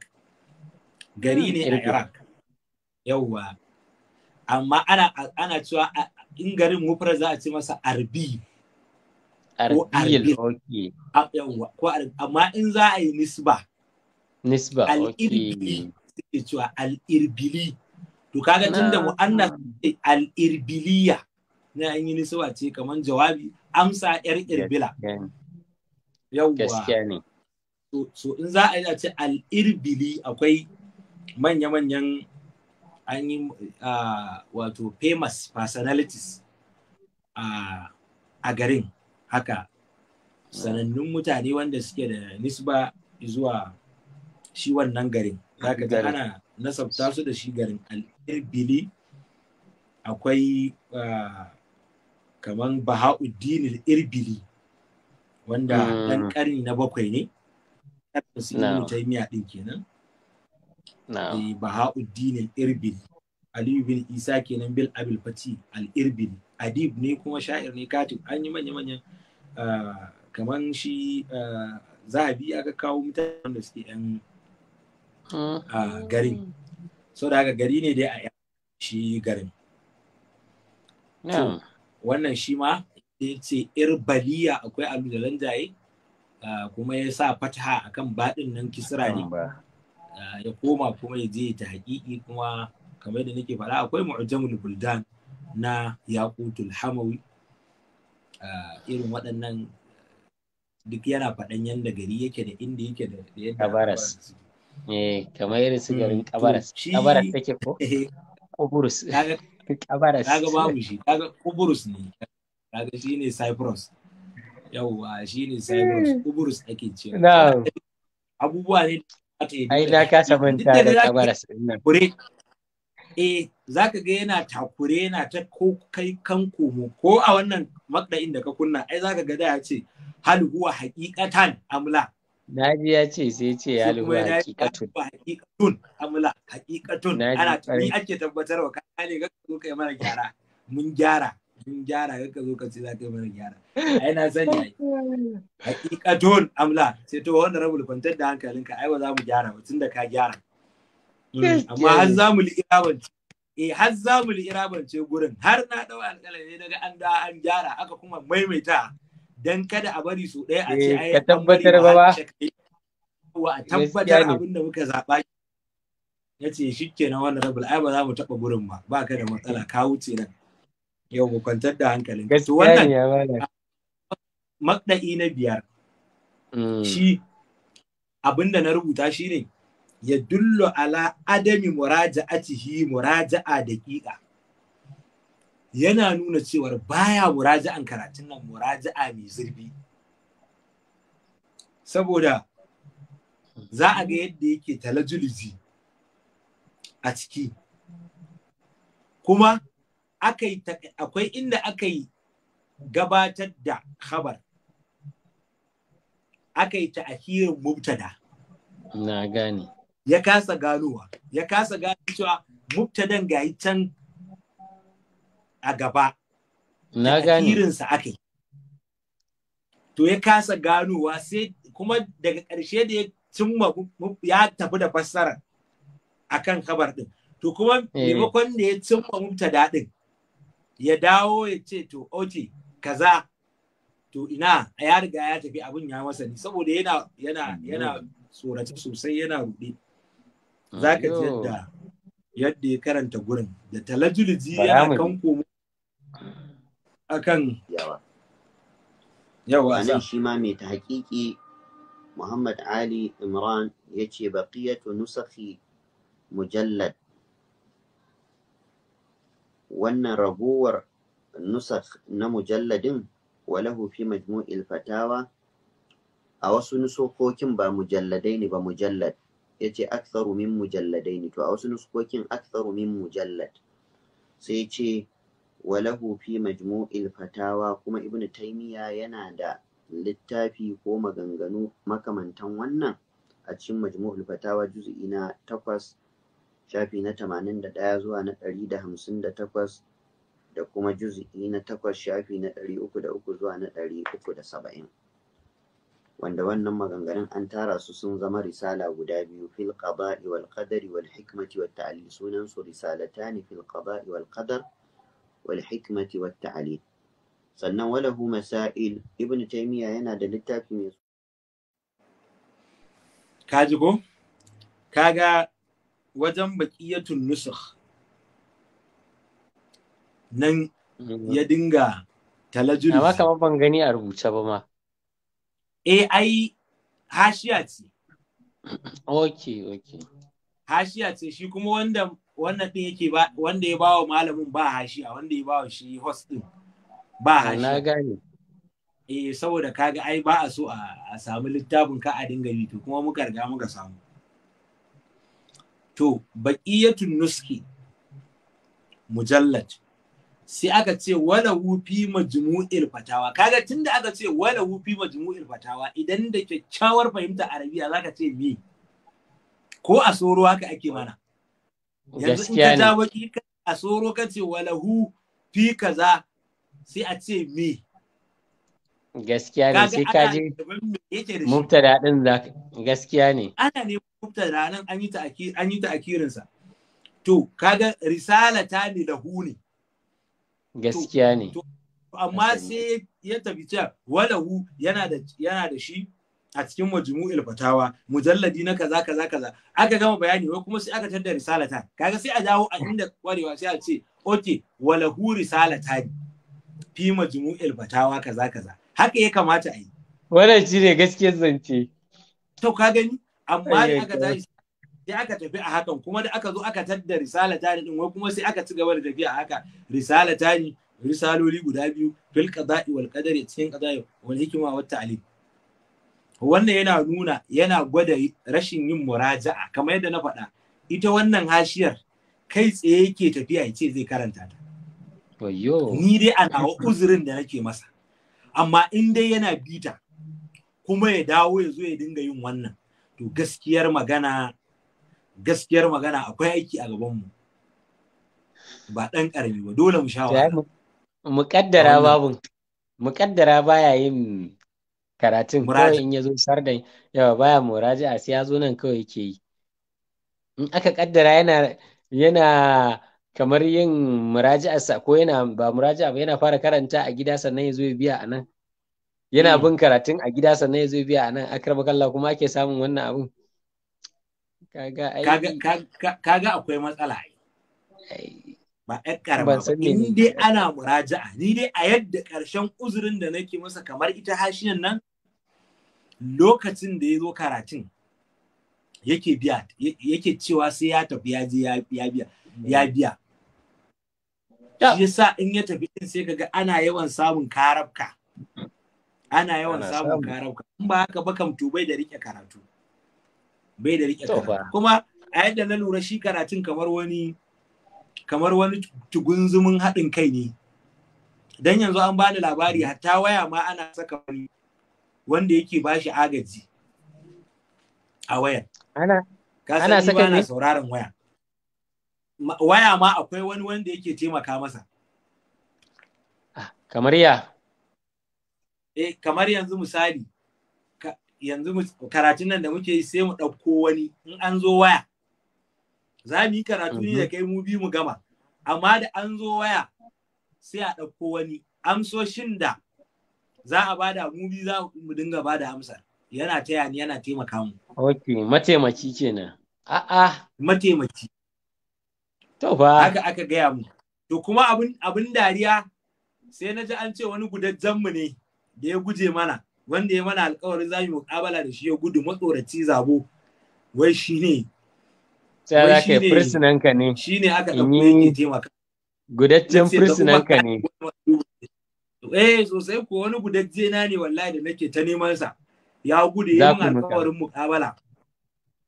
gari hmm, ne a iraq yauwa amma ana ana cewa in garin wufar za a ce masa arbi ko arbil amma in za a yi nisba nisba al'irbili cewa al'irbili to kaga tun da ce al'irbiliya na an yi nisba ce kamar jawabi amsa yar irbila yawwa so in za a yi a ce al'irbili akwai manya-manyan an yi wato famous personalities a garin haka sanannun mutane wanda suke da nisba zuwa shi wannan garin zaka ga ana nasabta su da shi garin alirbili akwai ah, kaman baha'uddin irbili wanda ah. ɗan ƙarni na bakwai ne su ibnu taymiya din kenan eh, baha'uddin al-irbili aliyu bin isa kenan bil abil fati al adib ne kuma sha'ir ne katin an yi manya-manyan ah, kaman shi zahabi ya kawo mutane da suke 'yan a garin so da haka gari ne dai a shi garin wannan shi ma ya ce irbaliya akwai alujalan jaye kuma ya sa fataha akan baɗin nan kisra ne ya koma kuma ya je ta haƙiƙi kuma kamar da nake faɗa akwai ma'ujamul buldan na yaqutul hamawi irin waɗannan duk yana faɗan yadda gari yake da inda yake da yadda Eh, kamar irin su garin mm, kabaras kabaras take ko eh, kuburus kabaras kaga babu shi kaga kuburus ne kaga shi ne cyprus yauwa shi ne cyprus mm. kuburus ake ce abubuwa ne ai na kasa manta da kabaras kure eh za ga yana takure yana ta ko kai kan komo ko a wannan makda'in da ka kunna ai za ka ga da ya ce hal huwa haqiqatan amla Na ji ya ce sai ce ya lura hakikatun. Hakikatun, amula, hakikatun. Ana tuni ake tabbatar wa ka ne ga zo kai mana gyara. Mun gyara, mun gyara ga ka zo ka ce za ka yi mana gyara. Ai na sani ai. Hakikatun, amula. Sai to wanda rabu kwantar da hankalinka ai ba za mu gyara ba da ka gyara. Mm, amma har za mu liƙirabance. Eh har za mu liƙirabance gurin har na ɗau alƙalami daga an da an gyara aka kuma maimaita. dan kada a bari su ɗaya a ce eh, ai ka tabbatar ba ba a tabbatar abin da muka zaɓa ya ce shi kenan wannan rabul ai ba za mu taɓa gurin ba ba ka da matsala ka wuce nan yau mu kwantar da hankalin to wannan makɗa'i na biyar mm. shi abin da na rubuta shi ne ya dullo ala adami muraja'atihi muraja'a daƙiƙa yana nuna cewar baya muraja'an karatun nan muraja'a mai zurbi saboda za a ga yadda yake talajuliji a ciki kuma akwai inda aka gabatar da khabar aka yi ta'akirin mubtada na gane ya kasa ganowa ya kasa gane cewa mubtadan yi can a gaba na gani irinsa aka yi to ya kasa ganowa sai kuma daga ƙarshe da ya cimma ya tafi da fassara akan kabar din to kuma eh. maimakon da ya cimma mumta din ya dawo ya ce to oke kaza to ina ya riga ya tafi abin ya masa ne saboda yana yana yana mm. tsorace sosai yana rude za ka ji yadda yadda ya karanta gurin da talajuliji yana kan komo akan yawa yawa nan shi ma mai ta hakiki Muhammad Ali Imran ya ce baqiyatu nusakhi mujallad wannan raguwar nusakh na mujalladin walahu fi majmu'il fatawa a wasu nusokokin ba mujalladai ne ba mujallad ya ce aktsaru min mujalladai ne to a wasu nusokokin aktsaru min mujallad sai ce wa lahu fi majmu'il fatawa kuma ibn taymiya yana da littafi ko maganganu makamantan wannan a cikin majmu'ul fatawa juz'i na takwas shafi na tamanin da ɗaya zuwa na ɗari da hamsin da takwas da kuma juz'i na takwas shafi na ɗari uku da uku zuwa na ɗari uku da saba'in wanda wannan maganganun an tara su sun zama risala guda biyu fil qada'i wal qadari wal hikmati wat ta'alli sunan su risalatani fil qada'i wal qadar والحكمة والتعليم sannan walahu masail ibn taymiya yana da littafi mai ka ji ko kaga wajen baqiyatun nusakh nan ya dinga talajuri amma kamar ban gani a rubuce ba ma eh ai hashiya ce okay okay ce shi kuma wanda wannan din yake wanda ya bawa malamin ba a wanda ya bawa shi host din ba ah, hashi na gane eh saboda kaga ai ba a so a samu littafin ka a dinga yi to kuma muka riga muka samu to baqiyatun nuski mujallad sai aka ce wala wufi majmu'il fatawa kaga tunda aka ce wala wufi majmu'il fatawa idan da kyakkyawar fahimta arabiya zaka ce me ko a soro haka ake mana yanzu in ka ja baki a tsoro ka ce walahu fi kaza sai a ce me gaskiya ne sai ka je mubtada din zaka gaskiya ne ana ne mubtada nan an yi ta an yi ta akirin sa to kaga risala ta ne lahu ne gaskiya ne amma sai ya tafi cewa walahu yana da yana da shi a cikin majmu'il fatawa mujalladi na kaza kaza kaza aka gama bayani wai kuma sai aka tada risalata kaga sai a dawo a inda kwarewa sai a ce okay hu risalata fi majmu'il fatawa kaza kaza haka ya kamata a yi wannan ne gaskiyar zance to ka gani amma da eh, aka tashi sai aka tafi a hakan kuma da aka zo aka tadda risala ne din wai kuma sai aka ci gaba da tafiya a haka risala ne risaloli guda biyu fil qada'i wal qadari cikin qada'i wal hikma wat ta'lim wannan yana nuna yana gwada rashin yin muraja'a kamar yadda na faɗa ita wannan hashiyar kai tsaye yake tafiya ce zai karanta ta ni dai a nawa uzurin da nake masa amma in dai yana bita kuma ya dawo ya zo ya dinga yin wannan to gaskiyar magana gaskiyar magana akwai aiki a gabanmu ba ɗan ƙarami ba dole mu mu muƙaddara babun baya yin karatun kawai in ya zo shar da yawa baya muraja'a sai ya zo nan kawai yake yi in aka kaddara yana yana kamar yin a ko yana ba muraja'a ba yana fara karanta a gida sannan ya zo ya biya a nan yana hmm. bin karatun a gida sannan ya zo biya a nan akarba kalla kuma ake samun wannan abun kaga kaga akwai matsala ba ƴar karama ba in dai ana muraja'a ni dai a yadda ƙarshen uzurin da nake masa kamar ita hashiyan nan lokacin da ya zo karatun yake biya yake cewa sai ya tafi ya je ya biya ya mm. biya shi yasa in ya tafi din sai kaga ana yawan samun karabka ana yawan samun karabka in ba haka ba kam to bai da rike karatu bai da rike karatu kuma a yadda na lura shi karatun kamar wani kamar wani tugunzumin haɗin kai ne dan yanzu an bani labari hatta waya ma ana saka wani wanda yake bashi agaji a wayar ana ana saka ne sauraron waya waya ma akwai wani wanda yake taimaka masa ah, kamar ya eh kamar yanzu misali yanzu karatun nan da muke yi sai mu ɗauko wani in an zo waya za mu yi karatu ne da mhm. kai mu bi mu gama amma da an zo waya sai a ɗauko wani amsoshin da za a bada mu bi za mu dinga bada amsar yana taya ni yana taimaka mu ok mataimaki kenan a'a mataimaki to ba haka aka gaya mu to kuma abin abin dariya sai na ji an ce wani gudajjen mu ne da ya guje mana wanda ya mana alkawarin za mu muƙabala da shi ya gudu matsoraci zabo wai shi ne sai za ka fursunanka ne shi ne aka ɗauko yake taimaka gudaccen fursunanka ne eh sosai ko wani gudajje na ne wallahi da nake ta neman sa ya gudu yin alkawarin mukabala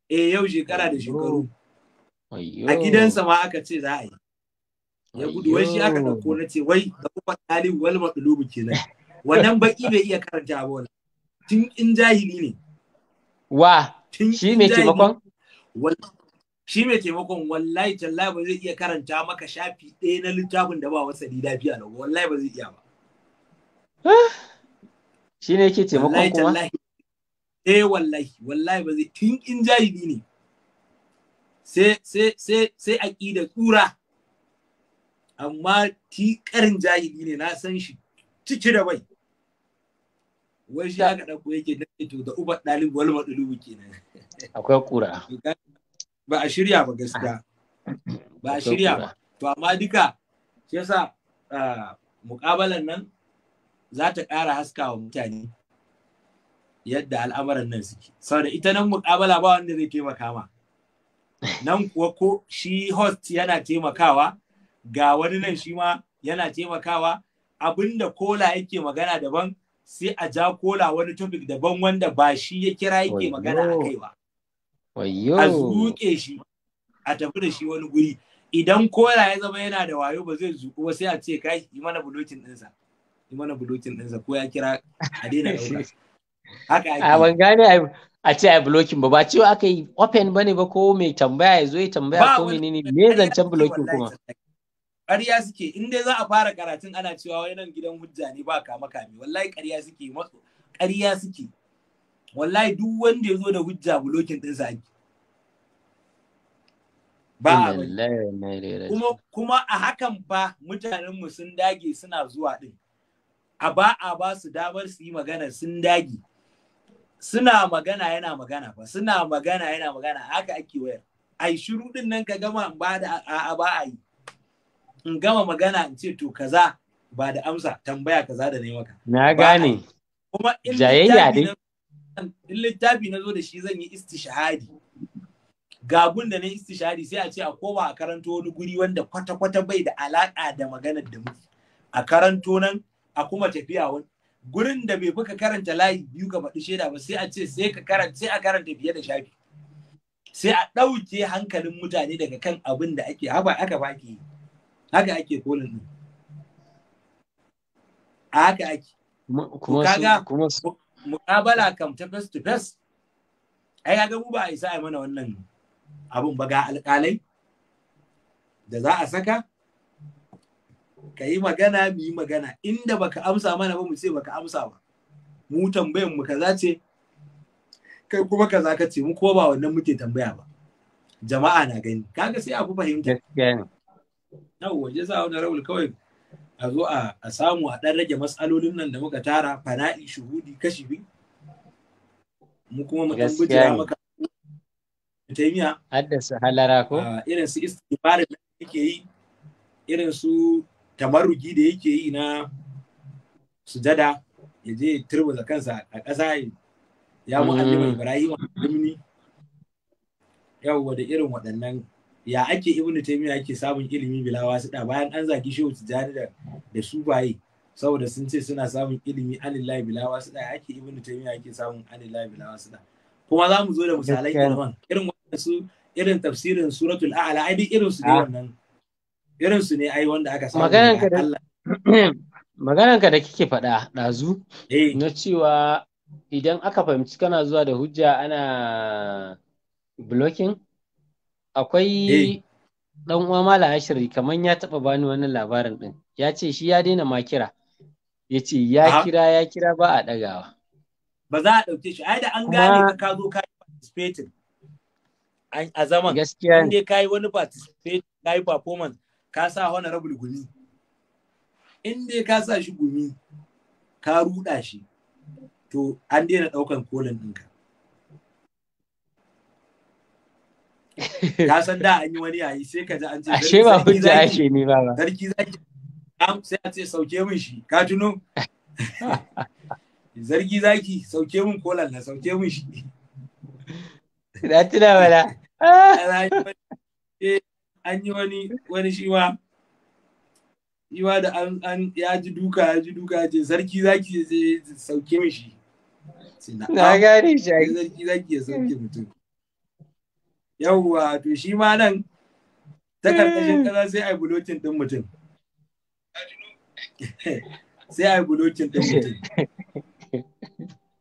eh yau shekara da shekaru a gidansa ma aka ce za a yi ya gudu wai shi aka ɗauko na ce wai da kuma talib wal matlubu kenan wannan baki bai iya karanta ba wannan tun in jahili ne wa shi ne taimakon shi mai taimakon wallahi tallahi ba zai iya karanta maka shafi ɗaya na littafin da ba wasa biya na wallahi ba zai iya ba shi ne yake taimakon kuma eh wallahi wallahi ba zai tun in jahili ne sai sai sai sai aqida amma ti karin jahili ne na san shi ciki da bai wai shi aka dauko yake da to da uba dalib wal madlubu kenan akwai ƙura. ba a shirya ba gaskiya ba a shirya ba to amma duka shi yasa ah, mukabalan nan za ta ƙara haska wa mutane yadda al'amuran nan suke saboda ita nan mukabala ba wanda zai taimaka ma nan kuwa ko shi host yana taimakawa ga wani nan shi ma yana taimakawa abinda kola yake magana daban sai a ja kola wani topic daban wanda ba shi ya kira yake magana a kai a zuƙe shi a tafi da shi wani guri idan kola ya zama yana da wayo ba zai zuku ba sai a ce kai yi mana bulokin ɗinsa yi mana bulokin ɗinsa ko ya kira a daina ɗauka haka ake a ban gane a ce a bulokin ba ba cewa aka yi open ba ne ba ko mai tambaya ya zo ya tambaya ko menene ne zancen bulokin kuma ƙarya suke in dai za a fara karatun ana cewa wani nan gidan hujja ne ba kama kame wallahi ƙarya suke ƙarya suke wallahi duk wanda ya zo da hujja bulokin ɗinsa ake ba kuma kuma a hakan ba mutanenmu sun dage suna zuwa ɗin a ba a ba su damar su yi magana sun dage suna magana yana magana ba suna magana yana magana haka ake wayar ai shiru din nan ka gama ba da a ba a yi in gama magana in ce to kaza ba da amsa tambaya kaza da ne maka na gane kuma jayayya din in littafi na zo da shi zan yi istishahadi. gabun da na istishahadi sai a ce a koma a karanto wani guri wanda kwata-kwata bai da alaƙa da maganar da muke a karanto nan a kuma tafiya wani gurin da bai fuka karanta layi biyu ka faɗi shaida ba sai a ce sai ka karanta sai a karanta fiye da shafi sai a ɗauke hankalin mutane daga kan abin da ake haba aka baki haka ake kolin din haka ake kuma muƙabala kam ta face to face ai ga mu ba a isa mana wannan abun ba ga alƙalai da za a saka ka yi magana mu yi magana inda baka amsa mana ba mu ce baka amsa ba mu tambayan mu kaza ce kai kuma kaza ka ce mu ko ba wannan muke tambaya ba jama'a na gani kaga sai abu fahimta gaskiya ne yawa sa wani rawul kawai a zo a samu a ɗan rage matsalolin nan da muka tara fana'i shuhudi kashi bi mu kuma mu dan maka taimiya haddasa halara ko irin su istighfar da yake yi irin su tamarugi da yake yi na sujada ya je da kansa a ƙasa ya mu'allima mm. ibrahim al-limni yawwa da irin waɗannan ya ake ibn taymiya ake samun ilimi bila da? bayan an zaki shehu tijani da da su baye saboda sun ce suna samun ilimi anillahi bila wasiɗa ya ake ibn taymiya ake samun anillahi bila da? kuma za mu zo da misalai ban irin su irin tafsirin suratul a'la ai duk irin su ne ah. wannan irin su ne ai wanda aka samu ka da ka da kike faɗa ɗazu eh. na cewa idan aka fahimci kana zuwa da hujja ana blocking akwai dan uwa mala ashiri kaman ya taba bani wannan labarin din ya ce shi ya daina makira. ya ce ya kira ya kira ba a dagawa ba za a dauke shi ai da an gane ka zo ka participating a zaman gaskiya ne kai wani participate kai performance ka sa honorable gumi in dai ka sa shi gumi ka ruda shi to an daina daukan kolan ɗinka ya san da an yi wani yayi sai ka ji an ce ashe ba hujja yake ne ba ba sarki zaki sai a ce sauke min shi ka tuno zargi zaki sauke min ko lalla sauke min shi na tuna bala eh, an yi wani wani shi ma shi da an an ya ji duka ya ji duka ya ce sarki zaki sauke min shi na gane shi sarki zaki ya sauke mutum yawwa to shi ma nan ta karkashin kaza hmm. sai a yi din mutum sai a yi din mutum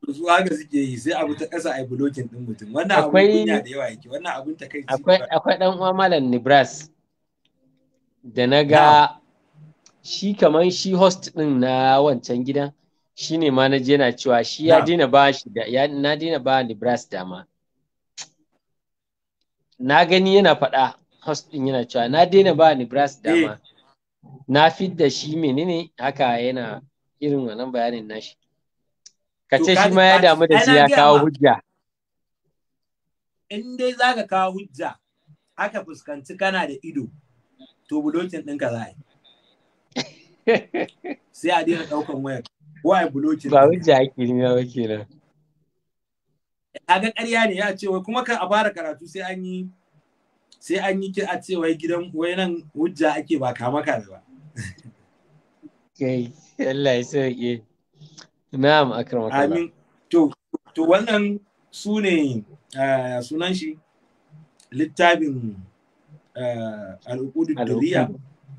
zuwa haka suke yi sai abu ta ƙasa a yi din mutum wannan abun kunya da yawa yake wannan abun ta kai akwai akwai dan uwa malam Nibras da na ga shi kaman shi host din na wancan gidan shine ne na cewa shi ya dina ba shi da ya na dina ba Nibras dama na gani yana faɗa host din yana cewa na daina ba Nebraska dama eh. na da shi menene haka yana irin wannan bayanin nashi ka ce shi ma ya damu da shi ya kawo hujja in dai za ka kawo hujja aka fuskanci kana da ido to bulokin ɗinka za a yi sai a daina ɗaukan wayar ko a yi bulokin ba hujja ake nuna ba kenan ga ƙarya ne ya ce wai kuma kan a fara karatu sai an yi sai an yi a ce wai gidan wai nan hujja ake ba kama ka ba kai Allah ya sauke na'am akram amin to to wannan su ne sunan shi littafin al'ukudu duriya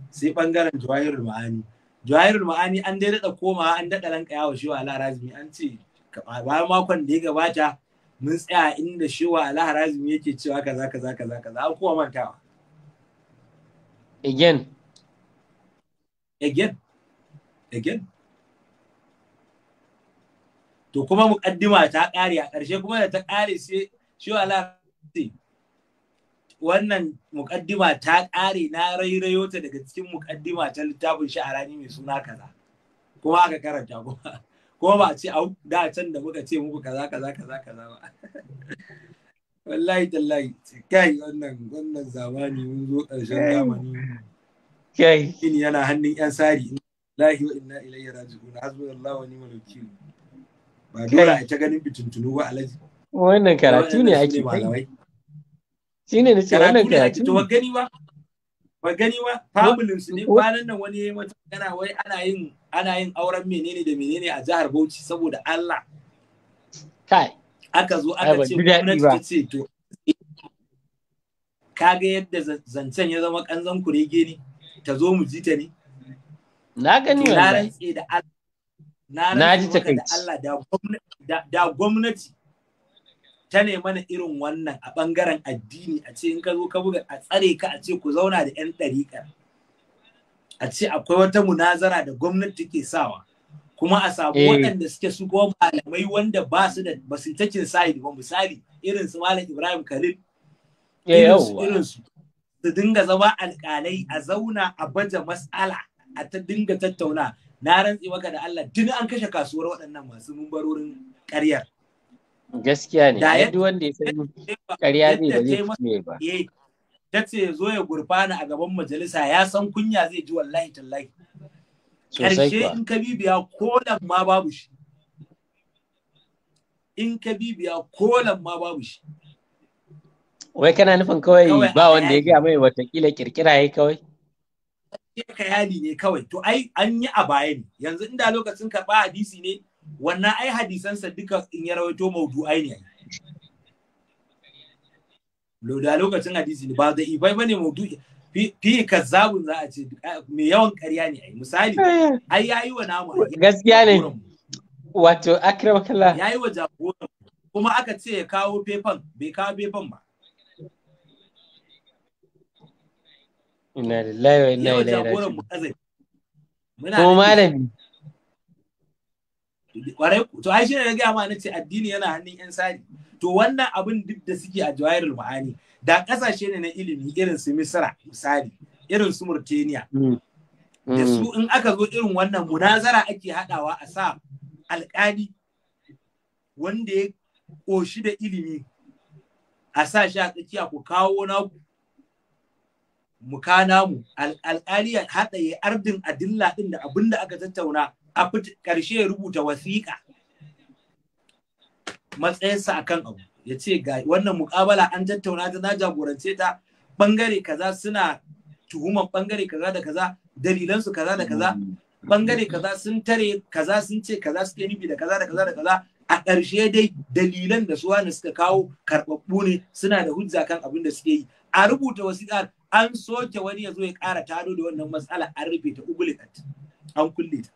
sai bangaren jawahirul ma'ani jawahirul ma'ani an dai daɗa koma an daɗa ranka yawo shi wa ala an ce bayan makon da ya gabata mun tsaya inda shewa alharazim yake cewa kaza kaza kaza kaza an kuma mantawa again again again to kuma mukaddima ta kare a ƙarshe kuma da ta kare sai shiwa alharazim wannan mukaddima ta kare na rairayo ta daga cikin mukaddima ta littafin sha'arani mai suna kaza kuma aka karanta kuma ko ba a ce a da can da muka ce muku kaza kaza kaza kaza ba wallahi tallahi kai wannan wannan zamani mun zo ƙarshen zamani kai kin yana hannun yan sari lahi wa inna ilayhi raji'un hasbunallahu wa ni'mal wakil ba dole a ta ganin bitintunu ba alaji wannan karatu ne ake kai shine ce wannan karatu to gani ba ba gani ba familin su ne kwanan nan wani yayi wata magana wai ana yin ana yin auren menene da menene a jihar Bauchi saboda Allah kai aka zo aka ce gwamnati ta ce to kaga yadda zancen ya zama kanzan kurege ne ta zo mu ji ta ne na gani na rantse da Allah na rantse da Allah da gwamnati ta ne mana irin wannan a ɓangaren addini a ce in ka zo ka buga a tsare ka a ce ku zauna da 'yan ɗariƙar a ce akwai wata munazara da gwamnati ke sawa kuma a sabu eh. waɗanda suke su kuma malamai wanda ba su da ba sa'id ba misali irin su malam Ibrahim Khalil eh, irin su su dinga zama alƙalai a zauna a baje mas'ala a ta dinga tattauna na rantsi maka da Allah duk an kashe kasuwar waɗannan masu mumbarorin ƙaryar Gaskiya ne, a duk wanda ya san ƙarya ne ba zai fiye ba. Ta ce zo ya gurfana a gaban majalisa ya san kunya zai ji wallahi tallahi. Ƙarshe in ka bibiya kolan ma babu shi. In ka bibiya kolan ma babu shi. Wai kana nufin kawai ba wanda ya gaya mai watakila kirkira ya kawai? kayani ne kawai, to ai an yi a baya ne, yanzu inda lokacin karɓa hadisi ne wannan ai hadisansa duka in ya rawaito maudu'ai ne da lokacin hadisi ne ba da ibai bane maudu'i fi kazzabun za a ce mai yawan ƙarya ne ai misali ai yayi wa namu gaskiya ne wato akramakallah yayi wa jagoran kuma aka ce ya kawo fefan bai kawo fefan ba Ina lillahi wa inna ilaihi raji'un. Kuma malami kwarai to ai shine na gaya ma nace addini yana hannun yan sani to wannan abin duk da suke a jawairul ma'ani da kasashe ne na ilimi irin su misra misali irin su murtaniya mm. da su mm. in aka zo irin wannan munazara ake hadawa a sa alkali wanda ya koshi da ilimi a sa shi a tsakiya ku kawo na mu kana mu alkali ya hada ya ardin adilla din da abinda aka tattauna a ƙarshe ya rubuta wasiƙa matsayinsa a kan abu ya ce ga wannan muƙabala an tattauna ta na jagorance ta ɓangare kaza suna tuhuman ɓangare kaza da kaza dalilansu kaza da kaza ɓangare kaza sun tare kaza sun ce kaza suke nufi da kaza da kaza da kaza a ƙarshe dai dalilan da su wani suka kawo karɓaɓɓu ne suna da hujja kan abin da suke yi a rubuta wasiƙar an soke wani ya zo ya ƙara tado da wannan matsala an rufe ta ubulikat an kulle ta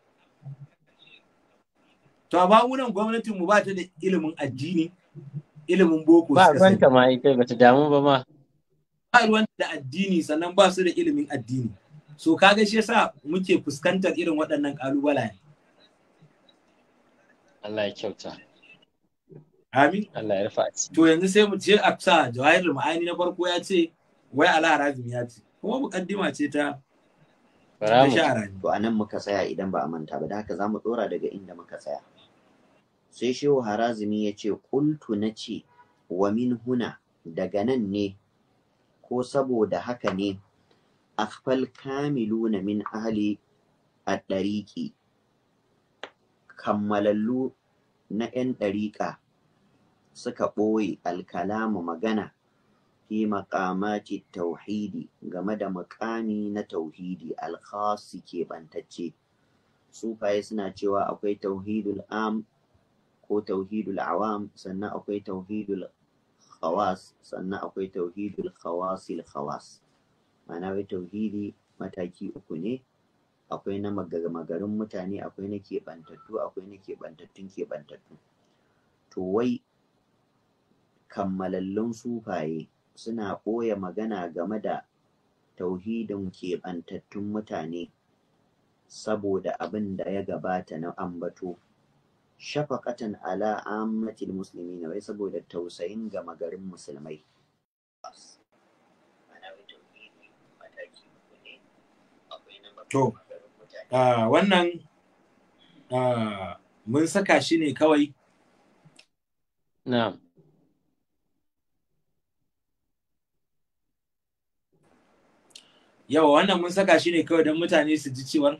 to amma wunan gwamnatin mu ba ta da ilimin addini ilimin boko ba ruwan ta ma kai ba ta damu ba ma ba ruwan da addini sannan ba su da ilimin addini so kaga shi yasa muke fuskantar irin waɗannan kalubalaye Allah ya kyauta Amin. Allah ya rufa To yanzu sai mu je Aksa Jawahir Ma'ani na farko ya ce wai Ala Harazim ya ce kuma mukaddima ce ta ta sha'arani. To nan muka tsaya idan ba a manta ba da haka za mu tsora daga inda muka tsaya. sai shehu harazimi ya ce kultu na ce wa min huna daga nan ne ko saboda haka ne akfal na min ahli a ɗariƙi kammalallu na 'yan ɗariƙa suka ɓoye alkalamu magana fi maƙamati tauhidi game da maƙami na tauhidi alkhasi keɓantacce sufaye suna cewa akwai tauhidul am ko tauhidul awam sannan akwai tauhidul khawas sannan akwai tauhidul khawasil khawas ma'ana wai tauhidi mataki uku ne akwai na magarin mutane akwai na keɓantattu akwai na keɓantattun keɓantattu to wai kammalallun sufaye suna ɓoye magana game da tauhidin keɓantattun mutane saboda abin da ya gabata na ambato shafaqatan ala ammatil na wai saboda tausayin ga magarin musulmai to wannan mun saka shi ne kawai na'am yawa wannan mun saka shi ne kawai don mutane su ji cewar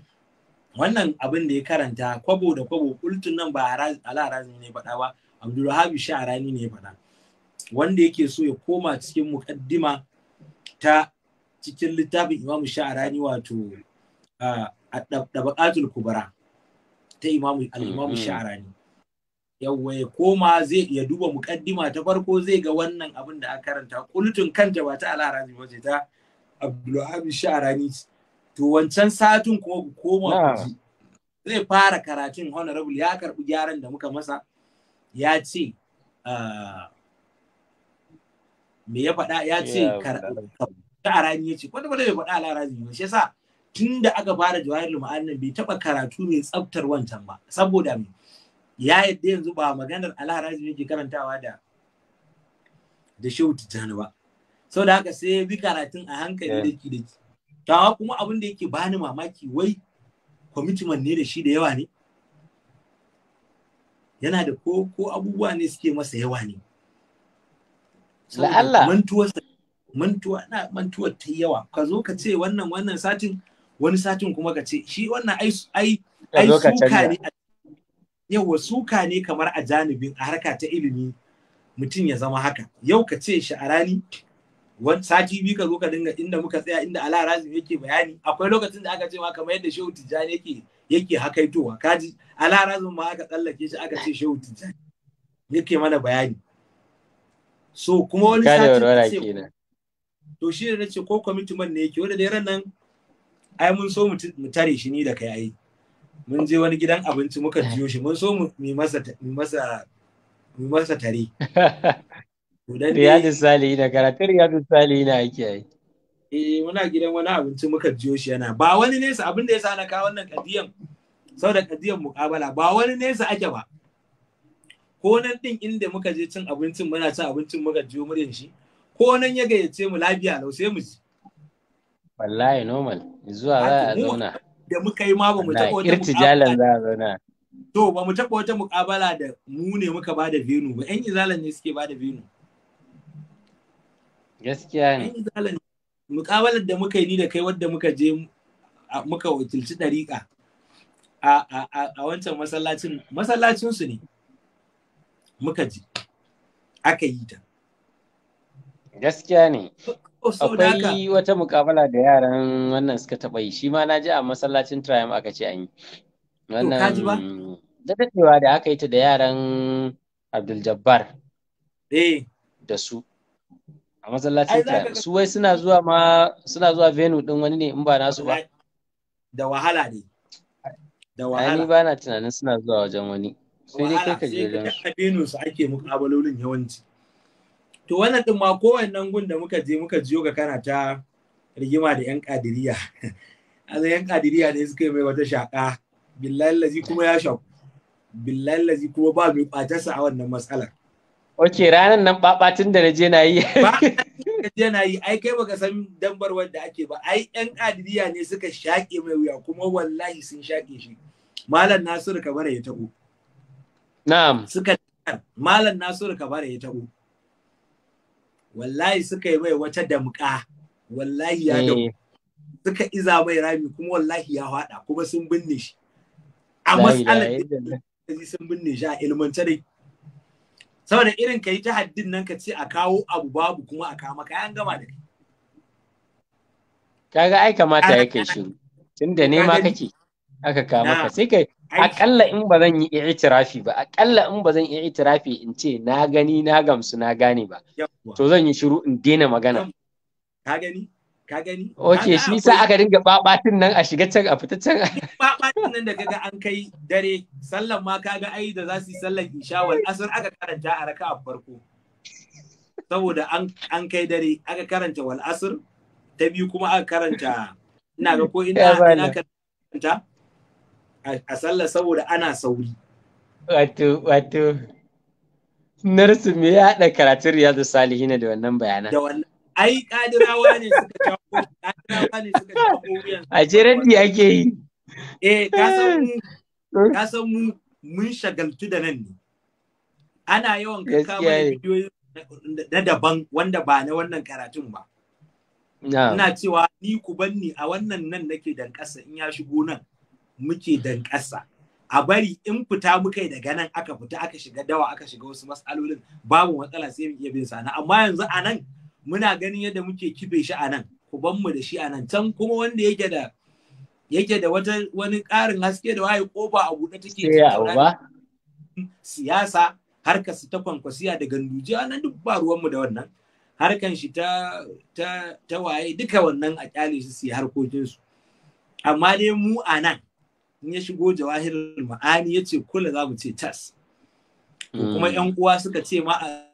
wannan abin da ya karanta kwabo da kwabo kultun nan ba alharazmi ne faɗa ba abdulwahabi sha'arani ne faɗa wanda yake so ya koma cikin mukaddima ta cikin littafin imamu sha'arani wato a ɗabaƙatul kubra ta imamu al'imamu mm-hmm. sha'arani yawwa ya koma zai ya duba mukaddima ta farko zai ga wannan abin da aka karanta kultun kanta ba ta alharazmi ba ce ta abdulwahabi sha'arani to wancan satin kuma koma kuji zai fara karatun honorable ya karbi gyaran da muka masa ya ce ah, me ya faɗa ya ce karatu ya ce wanda ba bai faɗa larabci ba shi yasa tun da aka fara jawahirul lumanin bai taɓa karatu mai tsaftar wancan ba saboda me ya yadda yanzu ba maganar alharazi yake karantawa da da shehu tijjani ba sau da haka sai ya bi karatun a hankali da ki da ki ta kuma abin da yake bani mamaki wai kwamitiman ne da shi da yawa ne yana da ko ko abubuwa ne suke masa yawa ne la'alla mantuwa na mantuwa ta yawa ka zo ka ce wannan wannan satin wani satin kuma ka ce shi wannan ai ai ai suka ne yawa suka ne kamar a janibin a harka ta ilimi mutum ya zama haka yau ka ce sha'arani sati biyu ka zo ka dinga inda muka tsaya inda ala razim yake bayani akwai lokacin da aka ce ma kamar yadda shehu tijjani yake yake hakaitowa kaji ala razim ma aka tsallake shi aka ce shehu tijjani yake mana bayani so kuma wani sati to shi da nace ko commitment ne yake wanda da ran nan ai mun so mu tare shi ni da kai ai mun je wani gidan abinci muka jiyo shi mun so mu masa mu masa mu masa tare Riyadu Salihi karatun Riyadu Salihi ake yi. Eh muna gidan wani abinci muka jiyo shi yana ba wani nesa abin da ya sa na kawo wannan kadiyan sau da kadiyan mukabala ba wani nesa ake ba. Ko nan din inda muka je cin abincin muna cin abincin muka jiyo muryan shi ko nan ya gayyace mu lafiya lau sai mu ji. Wallahi normal zuwa za a zauna. Da muka yi ma ba mu taɓa wata irtijalan za a zauna. To ba mu taɓa wata mukabala da mu ne muka ba da venu ba 'yan izalan ne suke ba da venu. gaskiya ne mukawalar da muka yi ni da kai wadda muka je muka wakilci dariƙa a wancan masallacin masallacinsu ne muka ji aka yi ta gaskiya ne oh, akwai wata mukabala da yaran wannan suka taɓa yi shi ma na ji a masallacin triam aka ce an yi wannan da da aka yi ta da yaran abdul jabbar eh. da su a masallacin ta su wai suna zuwa ma suna zuwa venue din wani ne in ba nasu ba da wahala ne da wahala ni ba na tunanin suna zuwa wajen wani sai dai kai ka je da su venue su ake mukabalolin yawanci to wannan din ma kowannen gun da muka je muka jiyo ga kana ta rigima da yan kadiriya azan yan kadiriya ne suka yi mai wata shaka billahi lazi kuma ya shaku billahi lazi kuma ba mai kwatarsa a wannan matsalar Ok, ranar nan babatun da naje na yi. Ba na yi, ai kai baka san dambar wanda ake ba. Ai ɗan adiriya ne suka shaƙe mai wuya kuma wallahi sun shaƙe shi. Malam Nasiru Kabara ya taɓo. Na'am. Suka Malam Nasiru Kabara ya taɓo. Wallahi suka yi mai wata damƙa. Wallahi ya eh. dawo. Suka iza mai rami kuma wallahi ya haɗa kuma sun binne shi. A matsalar sun binne shi a ilmantare. saboda irin ka yi ta haddin nan ka ce a kawo abu babu kuma a kama kayan gama da kai kaga ai kamata yake shiru, tunda ne ma kake aka kama ka. sai kai akalla in ba zan yi i'tirafi ba akalla in ba zan yi i'tirafi in ce na gani na gamsu na gane ba to zan yi shiru in daina magana ka gani ka gani ok shi sa aka dinga babatin nan a shiga can a fita can babatin nan da kaga an kai dare sallan ma ga ai da za su yi sallan isha wal asr aka karanta a raka a farko saboda an kai dare aka karanta wal asr ta biyu kuma aka karanta ina ga ko ina ina karanta a sallan saboda ana sauri wato wato narsu me ya haɗa karatun riyadu salihina da wannan bayanan da wannan ai kadirawa ne suka jawo kadirawa ne suka jawo a jiran da ake yi eh ka san ka san mun shagaltu da nan ne ana yawan kaka mai bidiyo na daban wanda ba na wannan karatun ba ina cewa ni ku banni a wannan nan nake dan kasa in ya shigo nan muke dan kasa a bari in fita muka yi daga nan aka fita aka shiga dawa aka shiga wasu matsalolin babu matsala sai mu iya bin sana amma yanzu a nan muna ganin yadda muke kife shi a nan ku ban mu da shi a nan can kuma wanda yake da yake da wata wani ƙarin haske da waye kofa a buɗe take siyasa harkar su ta kwankwasiya da ganduje a nan duk ba ruwan mu da wannan harkan shi ta ta ta waye duka wannan a kyale shi su harkokin harkokinsu amma dai mu a nan in ya shigo jawahir ma'ani yace kula za mu ce tas kuma yan mm. uwa suka ce ma a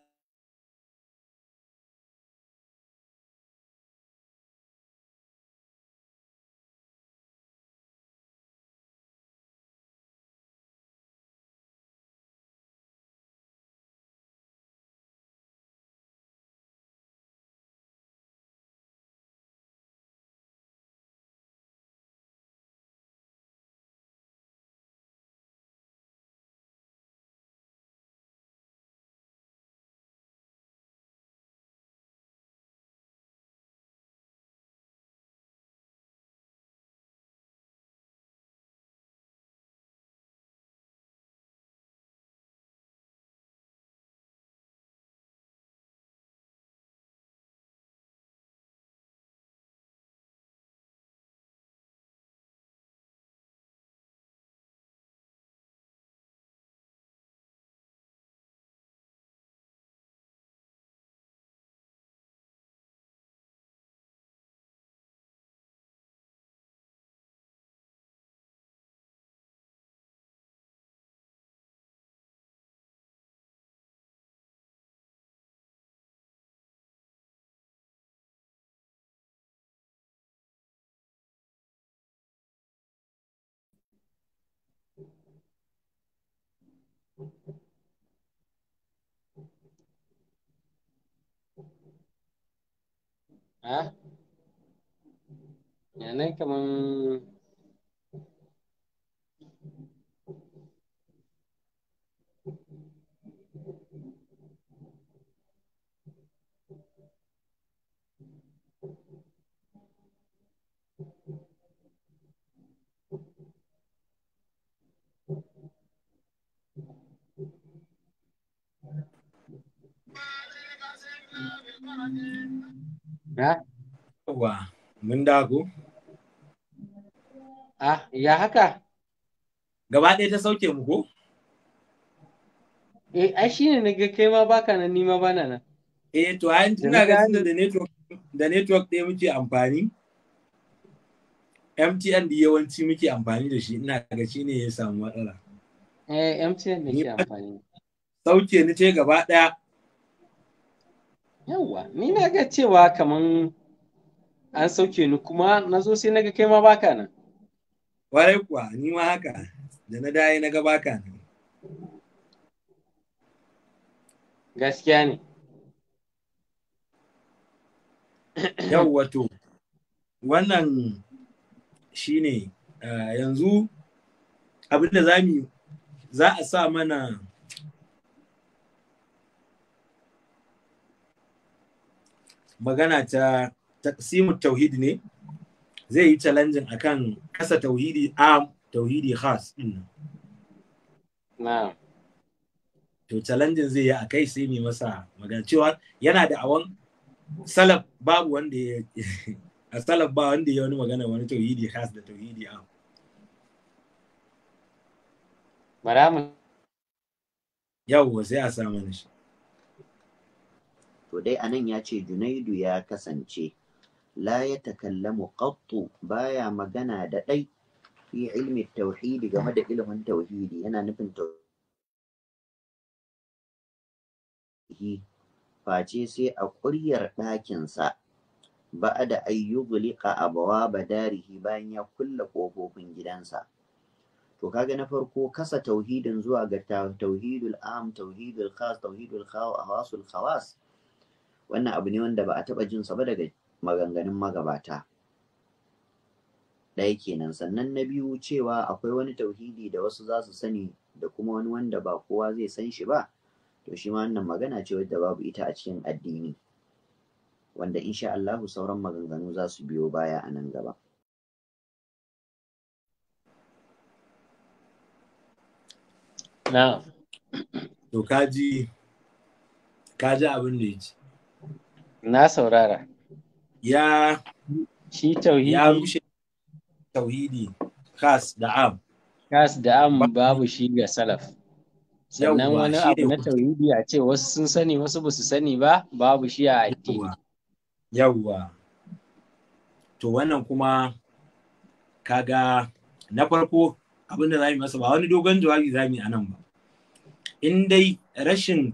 哎，那那怎么？Na? Yawa, mun dago. Ah, ya haka? Gaba ɗaya ta sauke mu ko? Eh, ai shi ne ga kai ma baka nan ni ma bana nan. Eh, to ai ina ga tunda da network da network ɗaya muke amfani. MTN da yawanci muke amfani da shi ina ga shi ne ya samu matsala. Eh, MTN da ke amfani. Sauke ni ce gaba ɗaya Yawwa, ni na ga cewa kaman an sauke ni kuma na zo sai na ga kai ma baka nan. Warai kuwa, ni ma haka, da na daye na ga baka nan. Gaskiya ne. Yawwa to, wannan shi ne eh, yanzu abinda za a sa mana magana ta taqsimut tauhidi ne zai yi challenging akan kasa tauhidi am tauhidi khas din nan to challenging zai yi a kai sai mai masa magana cewa yana da awon salaf babu wanda ya a salaf ba wanda ya wani magana wani tauhidi khas da tauhidi am bara mu yawwa sai a samu shi to dai anan ya ce junaidu ya kasance la ya takallamu qattu baya magana da ɗai fi ilmi tauhidi game da ilimin tauhidi yana nufin tauhidi face sai a ƙuryar ɗakinsa ba da ayyugulika abawa badarihi bayan ya kulle ƙofofin gidansa to kaga na farko kasa tauhidin zuwa ga tauhidul am tauhidul khas tauhidul khawas wannan abu ne wanda ba a taɓa jinsa ba daga maganganun magabata ɗaya kenan sannan na biyu cewa akwai wani tauhidi da wasu za su sani da kuma wani wanda ba kowa zai san shi ba to shi ma wannan magana ce wadda babu ita a cikin addini wanda insha Allahu sauran maganganu za su biyo baya a nan gaba to kaji kaji abin da ya na saurara ya shi tauhidi ya rushe tauhidi kas da am Kas da am babu shi ga salaf sannan wani abu na tauhidi a ce wasu sun sani wasu ba su sani ba babu shi a addini yawwa to wannan kuma kaga na farko abinda za mu masa ba wani dogon jawabi za mu yi a nan ba in dai rashin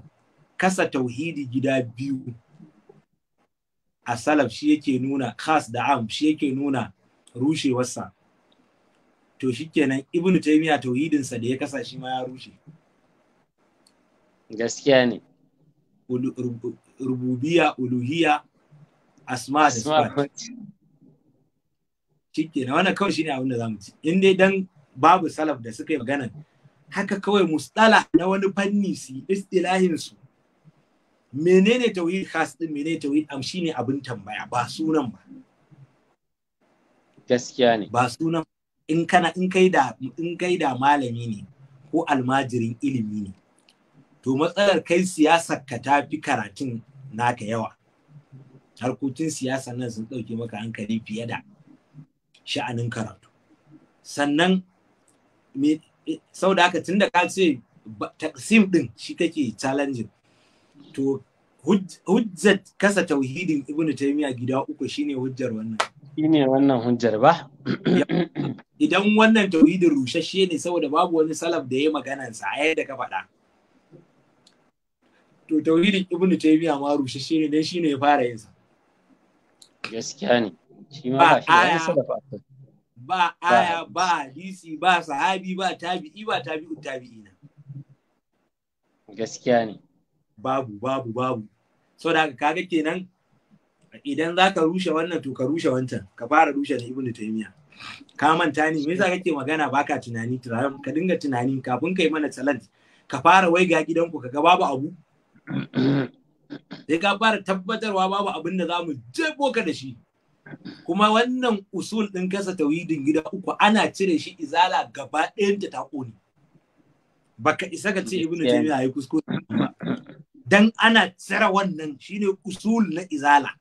kasa tauhidi gida biyu a salaf shi yake nuna khas da am shi yake nuna rushewarsa to shi kenan ibnu taymiya tauhidinsa da ya kasa shi ma ya rushe gaskiya ne rububiya uluhiya asma da sifat kenan wannan kawai shine abin da zamu ci in dai dan babu salaf da suka yi magana haka kawai mustala na wani fanni su istilahin su menene tauhid khas din menene tauhid am shine abin tambaya ba sunan ba gaskiya ne ba sunan in kana in kai da in kai da malami ne ko almajirin ilimi ne to matsalar kai siyasar ka ta fi karatun naka yawa harkokin siyasa nan sun dauke maka hankali fiye da sha'anin karatu sannan eh, sau da haka tun da ka ce taksim din shi kake challenging to hujjar kasa tauhidin ibnu taymiya gida uku shine hujjar wannan shine wannan hujjar ba idan wannan tauhidin shi ne saboda babu wani salaf da ya magana sa a da ka faɗa to tauhidin ibnu taymiya ma shi ne dan shine ya fara yin sa gaskiya ne shi ma ba shi wani ba aya ba hadisi ba sahabi ba tabi'i ba tabi'u tabi'ina gaskiya ne babu babu babu so da kaga kenan idan za ka rushe wannan to ka rushe wancan ka fara rushe na ibnu taymiya ka manta ni me yasa kake magana baka tunani tunanin ka dinga tunani kafin kai mana challenge ka fara wai ga gidanku kaga babu abu sai ka fara tabbatarwa babu abin da za mu jebo ka da shi kuma wannan usul din kasa tauhidin gida uku ana cire shi izala gaba ɗayan ta ta ne baka isa ka ce ibnu taymiya yayi kuskure ba dan ana cire wannan shine usul na izala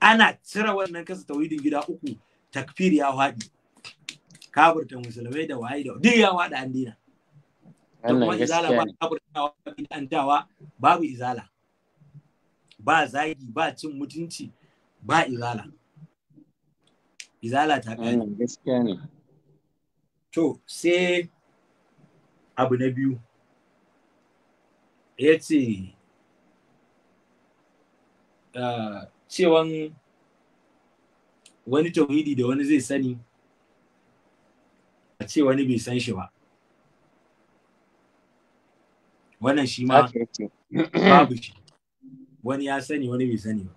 ana cire wannan kasa tauhidin gida uku takfir ya haɗi kafirta musulmai da waye da duk ya haɗa an dina kuma izala ba kafirtawa bid'antawa babu izala ba zagi ba cin mutunci ba izala izala ta kai gaskiya ne to sai abu na biyu ya ce ah, cewan wani tauhidi da wani zai sani a ce wani bai san shi ba wannan shi ma babu shi wani ya sani wani bai sani ba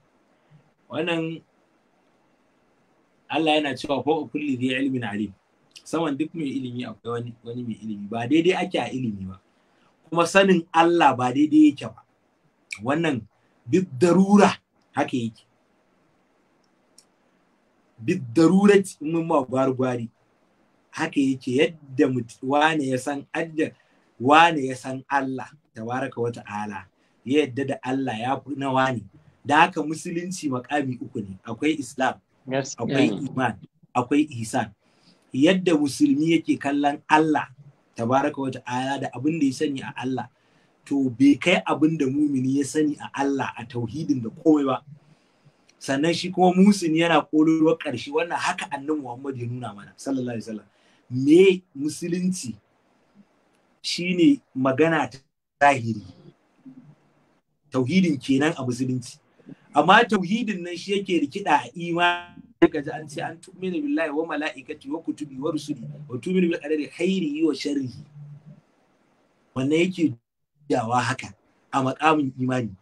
wannan Allah yana cewa ko kulli zai ilimin alim saman duk mai ilimi akwai wani mai ilimi ba daidai ake a ilimi ba kuma sanin Allah ba daidai yake ba wannan bid darura haka yake bid darura mun ma gwargwari haka yake yadda wane ya san adda wane ya san Allah tabaraka wa ta'ala ya yadda da Allah ya fi na wani da haka musulunci makami uku ne akwai islam akwai iman akwai ihsan yadda musulmi yake kallon Allah tabaraka wata aya da abin da ya sani a Allah to bai kai abin da mumini ya sani a Allah a tauhidin da komai ba sannan shi kuma musulmi yana kololuwar ƙarshe wannan haka annabi Muhammad ya nuna mana sallallahu alaihi wasallam me musulunci shine magana ta zahiri tauhidin kenan a musulunci amma tauhidin nan shi yake rikida a imani gaji an ce an tumina billahi wa mala'ikati wa kutubi wa rusuli wa tumina bil qadari khairi wa sharri wannan yake jawa haka a makamin imani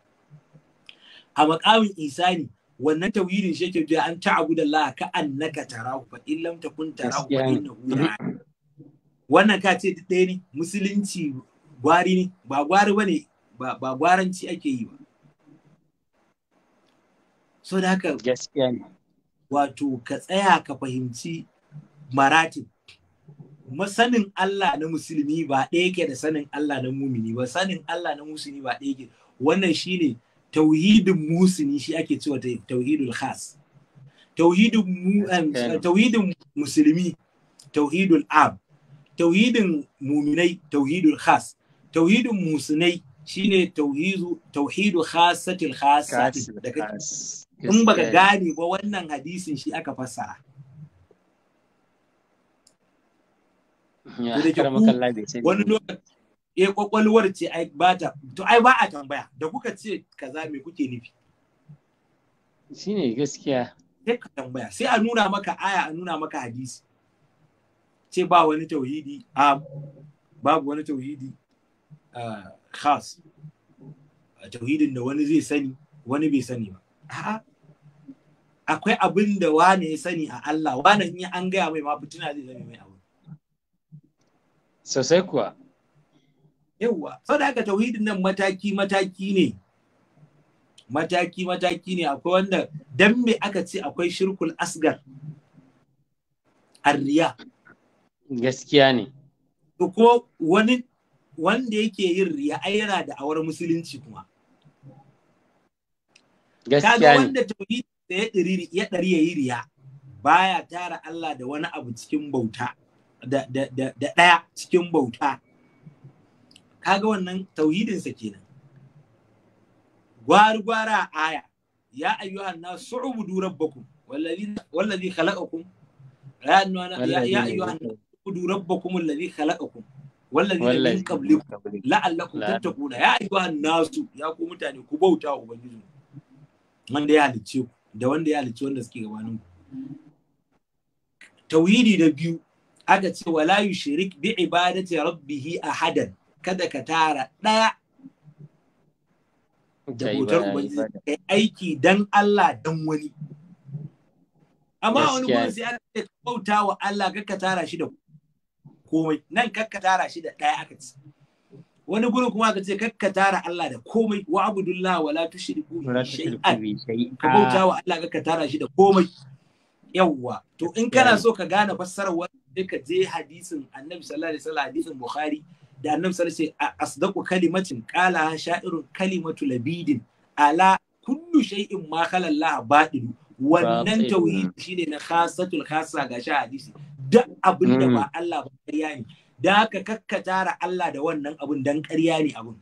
a makamin isani wannan tawhidin shi yake an Allah ka annaka tarahu fa in lam takun tarahu fa innahu ya'lam wannan ka ce ɗaya ne musulunci gwari ne ba gwari ba ne ba gwaranci ake yi ba so da haka gaskiya ne wato ka tsaya ka fahimci maratin masanin Allah na musulmi ba ɗaya ke da sanin Allah na mumini ba sanin Allah na musulmi ba ɗaya ke wannan shine tauhidin musulmi shi ake cewa tauhidul khas tauhidin tauhidin musulmi tauhidul ab tauhidin muminai tauhidul khas tauhidin musulmai shine tauhidu tauhidu khasatil khasati da in ba ka gane ba wannan hadisin shi aka fasa wani lokaci ya eh, kwakwalwar ce ai ba ta to ai ba a tambaya da kuka ce kaza me kuke nufi shine gaskiya sai ka tambaya sai a nuna maka aya a nuna maka hadisi ce ba wani tauhidi a babu wani tauhidi khas tauhidin da wani zai sani wani bai sani ba akwai abin da wane ya sani a Allah wane in an gaya mai ma fitina zai zama mai abu sosai kuwa yawwa sau da aka tauhidin nan mataki mataki ne mataki mataki ne akwai wanda dan me aka ce akwai shirkul asgar arriya gaskiya ne ko wani wanda yake yin riya ai yana da awar musulunci kuma Gaskiya ne. wanda tauhidi ya ɗari ya yi riya baya tara Allah da wani abu cikin bauta da ɗaya cikin bauta kaga wannan tauhidinsa kenan gwargwara aya ya ayyuhan nas su'budu rabbakum wallazi wallazi khalaqakum ya ayyuhan nas su'budu rabbakum allazi khalaqakum wallazi min qablikum la'allakum tattaquna ya ayyuhan nas ya ku mutane ku bauta ubangiji wanda ya halicce ku da wanda ya halicci wanda suke gabanin ku tauhidi da biyu aka ce wala yushrik bi ibadati rabbih ahadan kada ka tara daya da bautar ubangiji aiki dan Allah dan wani amma wani kuma sai aka ce bauta wa Allah kakka tara shi da komai nan kakka tara shi da daya aka ce wani gurin kuma ka ce kakka tara Allah da komai wa abudullah wa la tushriku shay'an ka bauta wa Allah kakka tara shi da komai yawwa to in kana so ka gane fassarar wanda ka je hadisin Annabi sallallahu alaihi wasallam hadisin Bukhari da Annabi sallallahu alaihi wasallam asdaqu kalimatin qala sha'irun kalimatu labidin ala kullu shay'in ma khala Allah wannan tauhidi shine na khasatul khassa ga shi hadisi duk abinda hmm. ba Allah ba ya ne da haka kakka tara Allah da wannan abun dan ƙarya ne abun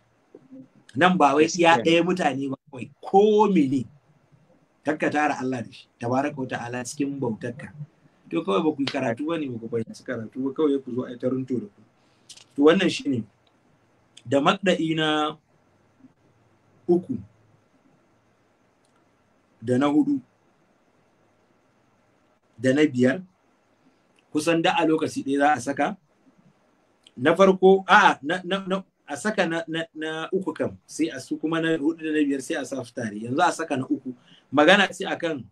nan ba wai siya ɗaya mutane ba kawai ko mene kakka tara Allah da shi tabaraka ala cikin bautarka to kawai ba ku karatu ba ne ba ku fahimci karatu ba kawai ku zo a ta da ku to wannan shine da maɗa'i na uku da na hudu da na biyar kusan da a lokaci ɗaya za a saka na farko a a saka na, uku kam sai a su kuma na hudu da na biyar sai a sa su tare yanzu a saka na uku magana ce akan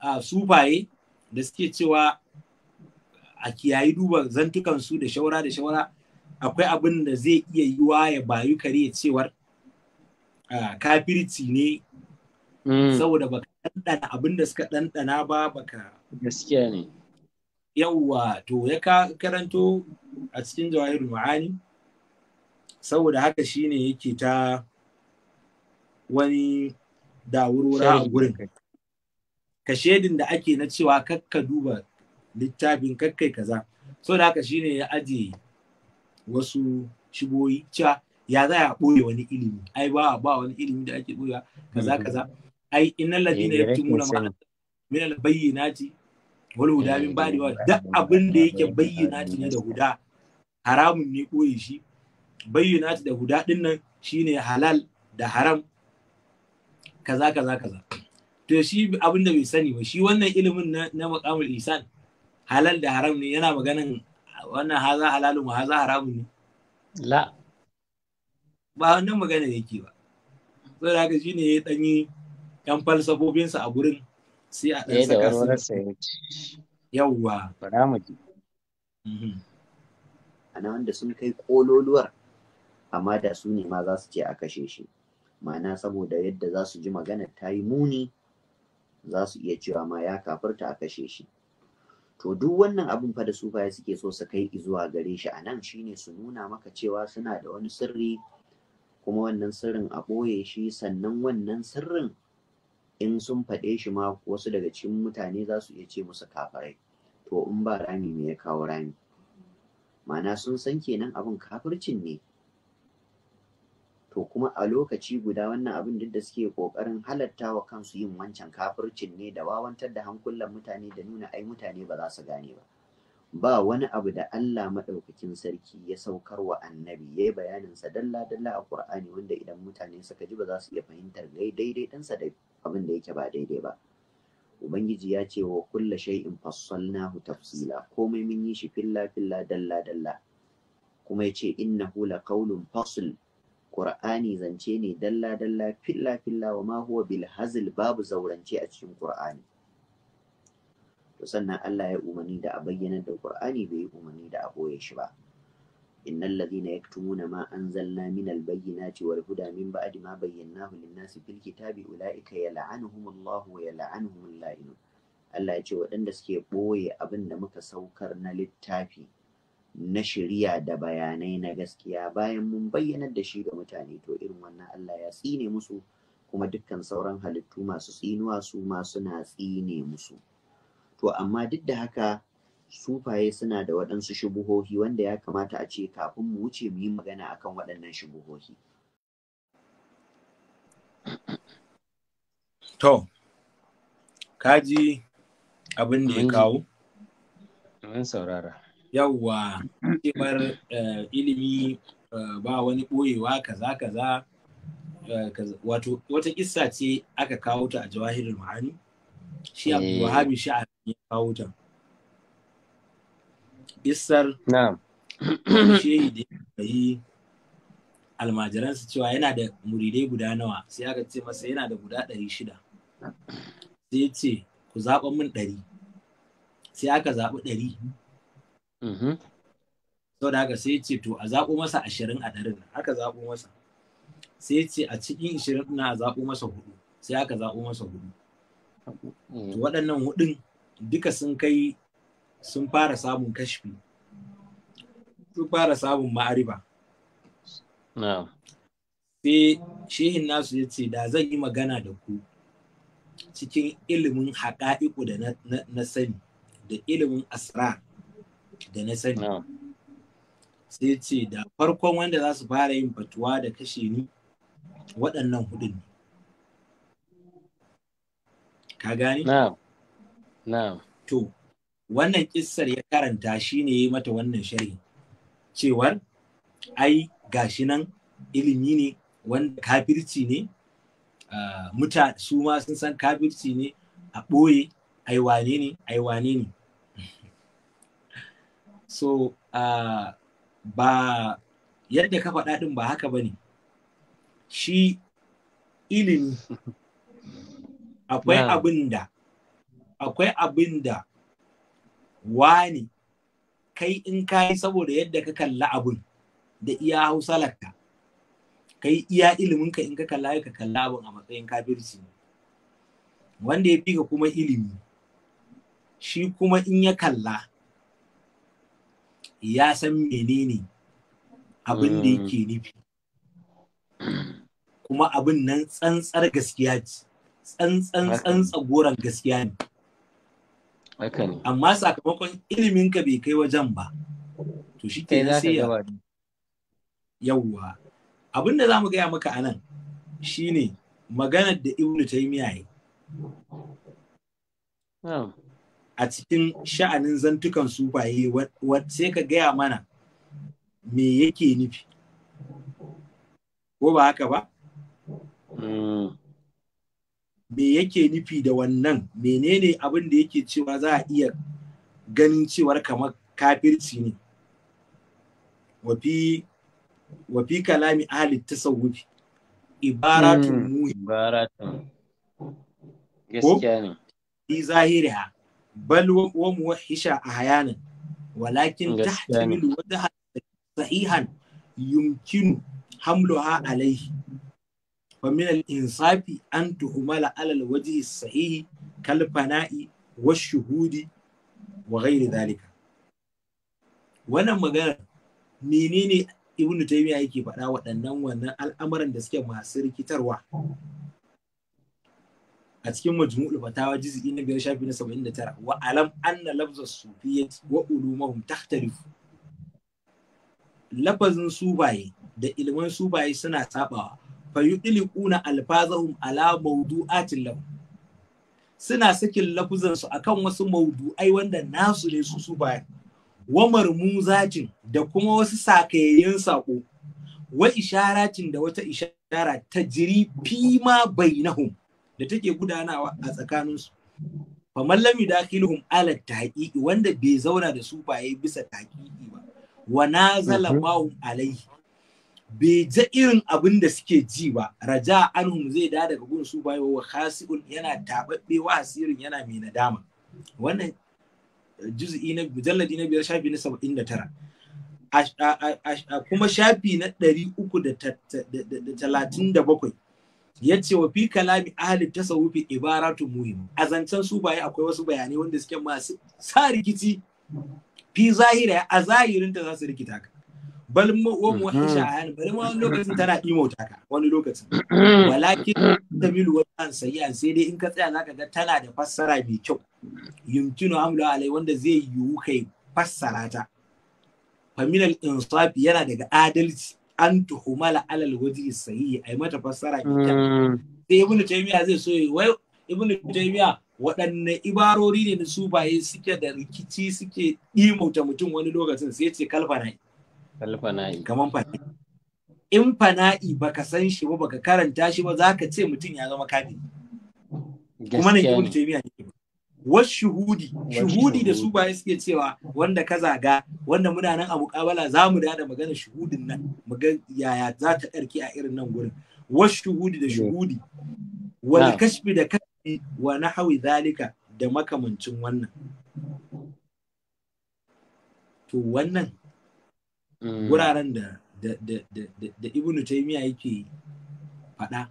a sufaye da suke cewa a kiyayi duba zantukan su da shawara da shawara, akwai abin da zai iya yiwa ya bayu kare cewar kafirci ne hmm. saboda baka ɗanɗana abin da suka ɗanɗana ba baka gaskiya ne yawwa to ya karanto a cikin jawahirul ma'ani saboda haka shine yake ta wani dawurura a gurin ka shedin da ake na cewa kakka duba littafin kakkai kaza saboda haka shine ya aje wasu shigoyi cewa ya za a ɓoye wani ilimi ai ba ba wani ilimi da ake ɓoyewa kaza kaza ai innal ladina eh, yaktumuna ma'a min al bayyinati Wani huda min ba'di wa duk abin da yake bayyana ne da huda haramun ne koyi shi bayyana da huda din nan shine halal da haram kaza kaza kaza to shi abin da bai sani ba shi wannan ilimin na na makamul ihsan halal da haram ne yana maganan wannan haza halalun wa haza haramun ne la ba wannan magana yake ba saboda haka shine ya yi dan falsafofinsa a gurin sai a ɗan saka su yawwa bara mhm. ana wanda sun kai kololuwar amma da su ne ma za su ce a kashe shi ma'ana saboda yadda za su ji magana ta yi muni za su iya cewa ma ya kafirta a kashe shi to duk wannan abin fa da sufaye suke so su kai zuwa gare shi a nan shine su nuna maka cewa suna da wani sirri kuma wannan sirrin a ɓoye shi sannan wannan sirrin in sun faɗe shi ma wasu daga cikin mutane za su iya ce musu kafirai to in ba rami me ya kawo rami Mana sun san kenan abin kafircin ne to kuma a lokaci guda wannan abin duk da suke kokarin halatta wa kansu yin wancan kafircin ne da wawantar da hankulan mutane da nuna ai mutane ba za su gane ba ba wani abu da Allah maɗaukakin sarki ya saukar wa annabi ya yi bayaninsa dalla-dalla a Kur'ani wanda idan mutane suka ji ba za su iya fahimtar daidai ɗansa da abin da yake ba daidai ba ubangiji ya ce wa kulla shay'in fassalnahu tafsila komai mun yi shi filla filla dalla dalla kuma ya ce innahu laqawlun fasl qur'ani zance ne dalla dalla filla filla wa ma huwa bil hazl babu zaurance a cikin qur'ani to sannan Allah ya umarni da a bayyana da qur'ani bai umarni da a boye shi ba "Lazina ladhina yaktumuna ma anzan laminal bayyinati cewar huda min ba'di ma bayyanahu lin-nasi fil kitabi ulaika yal'anuhumullahu wa yal'anuhumul la'inun Allah ya ce waɗanda suke ɓoye abin da muka saukar na littafi na shirya da bayanai na gaskiya bayan mun bayyanar da shi ga mutane to irin wannan Allah ya tsine musu kuma dukkan sauran halittu masu tsinuwa su ma suna tsine musu to amma duk da haka sufaye suna da waɗansu shubuhohi wanda ya kamata a ce kafin mu wuce mu yi magana akan waɗannan shubuhohi. To, kaji abin da ya kawo? saurara. Yawwa, kimar eh, ilimi eh, ba wani ɓoyewa kaza eh, kaza wato wata kissa ce aka kawo ta a jawahirin ma'ani shi abu wahabi sha'ani ya kawo ta. Isar. Na'am. da yi cewa yana da muridai guda nawa sai aka ce masa yana da guda ɗari shida. Sai ce ku zaɓa min ɗari. Sai aka zaɓi ɗari. Mhm. Sau da haka sai ce to a zaɓo masa ashirin a ɗarin aka zaɓo masa. Sai ce a cikin ashirin na a zaɓo masa hudu sai aka zaɓo masa hudu. Mm. To waɗannan hudun duka sun kai sun fara samun kashfi sun fara samun ma'ariba sai shehin nasu ya ce da zan yi magana da ku cikin ilimin haƙa'iku da na sani da ilimin asra da na sani sai ce da farkon wanda za su fara yin fatuwa da kashe ni waɗannan hudun ne ka gani? to wannan kissar ya karanta shi ne ya mata wannan sharhi cewar ai gashi nan ilimi ne wanda kafirci ne muta su ma sun san kafirci ne a ɓoye aiwane ne aiwane ne so uh, ba yadda ka faɗa ɗin ba haka ba ne shi ilimi akwai abin da akwai abin da wani kai in kayi saboda yadda ka kalla abun da iya hausalarka kai iya iliminka in ka kalla ka kalla abun a matsayin kafirci ne wanda ya fi ka kuma ilimi shi kuma in ya kalla ya san menene abin da yake mm. nufi kuma abin nan tsantsar gaskiya ce tsantsan tsantsa goron gaskiya ne amma sakamakon ilimin ka bai kai wajen ba to shi ke sai yawwa abin da za mu gaya maka anan shine maganar da ibnu taymiya yi a cikin sha'anin zantukan sufaye sai ka gaya mana me yake nufi ko ba haka ba? Mm. me yake nufi da wannan menene abin da yake cewa za a iya ganin cewar kamar kafirci ne wafi wafi kalami ahli tasawufi ibaratun hmm, muhi ibaratun gaskiya ne fi zahiriha bal wa muwahisha a hayanan walakin tahtamilu wata sahihan yumkinu hamluha alaihi fa min al-insafi an tuhumala ala al-wajhi sahihi kal fana'i wa shuhudi wa ghairi dhalika wannan magana menene ibn taymiya yake faɗa waɗannan wannan al'amuran da suke masu rikitarwa a cikin majmu'ul fatawa juz'i na biyar shafi na 79 wa alam anna lafzas sufiyyat wa ulumuhum tahtarifu lafazin subaye da ilman subaye suna sabawa na alfazahum ala mawdu'atin lahu suna sakin su akan wasu maudu'ai wanda nasu ne su su bayan wa marmuzacin da kuma wasu sakayayyen sako wa isharatin da wata ishara ta jiri fima bainahum da take gudanawa a tsakaninsu faman lami dakiluhum ala tahqiqi wanda bai zauna da su baye bisa tahqiqi ba wa nazala ba'um mhm. alaihi bai ja irin abin da suke ji ba raja anhum zai da daga gun su bayo wa khasiun yana tababbe wa asirin yana mai nadama wannan juz'i na mujalladi na biyar shafi na 79 kuma shafi na 337 ya ce wa fi kalami ahli tasawufi ibaratu muhim a zancen su baye akwai wasu bayanai wanda suke masu sa rikici fi zahira a zahirinta za su rikita ka bal wa muwahisha mhm. a bal ma wani lokacin tana imo taka wani lokacin mhm. walakin milu wani an sayyan sai dai in ka tsaya za ka ga tana da fassara mai kyau yumkinu amla alai wanda zai yiwu kai fassara ta faminal insafi yana daga adalci an tuhumala alal waji a yi mata fassara mai kyau mhm. sai ibn taymiya zai so wai ibn taymiya waɗanne ibarori ne na subaye suke da rikici suke imota mutum wani lokacin sai ce kalfana Kalfana'i. Kaman fana'i. In fana'i baka san shi ba baka karanta shi ba za ka ce mutum ya zama kafiri. Kuma nan Ibn Taymiyyah ne. Was shuhudi, shuhudi da su baya suke cewa wanda ka zaga, wanda muna nan a muƙabala za mu da magana shuhudin nan, mu yaya za ta ɗarki a irin nan gurin. Was shuhudi da shuhudi. wani kashfi da kashfi wani hawi zalika da makamancin wannan. To wannan Mm. wuraren da da ibnu taymiya yake faɗa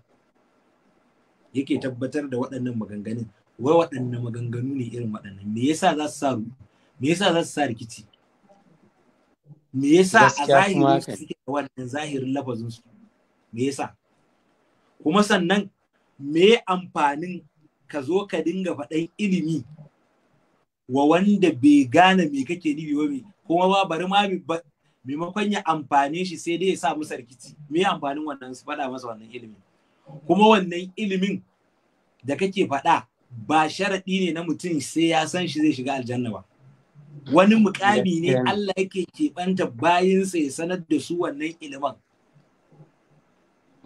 yake tabbatar da waɗannan maganganun wai waɗannan maganganu ne irin waɗannan me yasa za su sa me yasa za su sa rikici me yasa a zahirin suke da wannan zahirin lafazin su me yasa kuma sannan me amfanin ka zo ka dinga faɗan ilimi wa wanda bai gane me kake nufi ba kuma ba bari ma maimakon ya amfane shi sai dai ya sa masa rikici me amfanin wannan su faɗa masa wannan ilimin kuma wannan ilimin da kake faɗa ba sharaɗi ne na mutum sai ya san shi zai shiga aljanna ba wani mukami ne Allah yake keɓanta bayinsa ya sanar da su wannan ilimin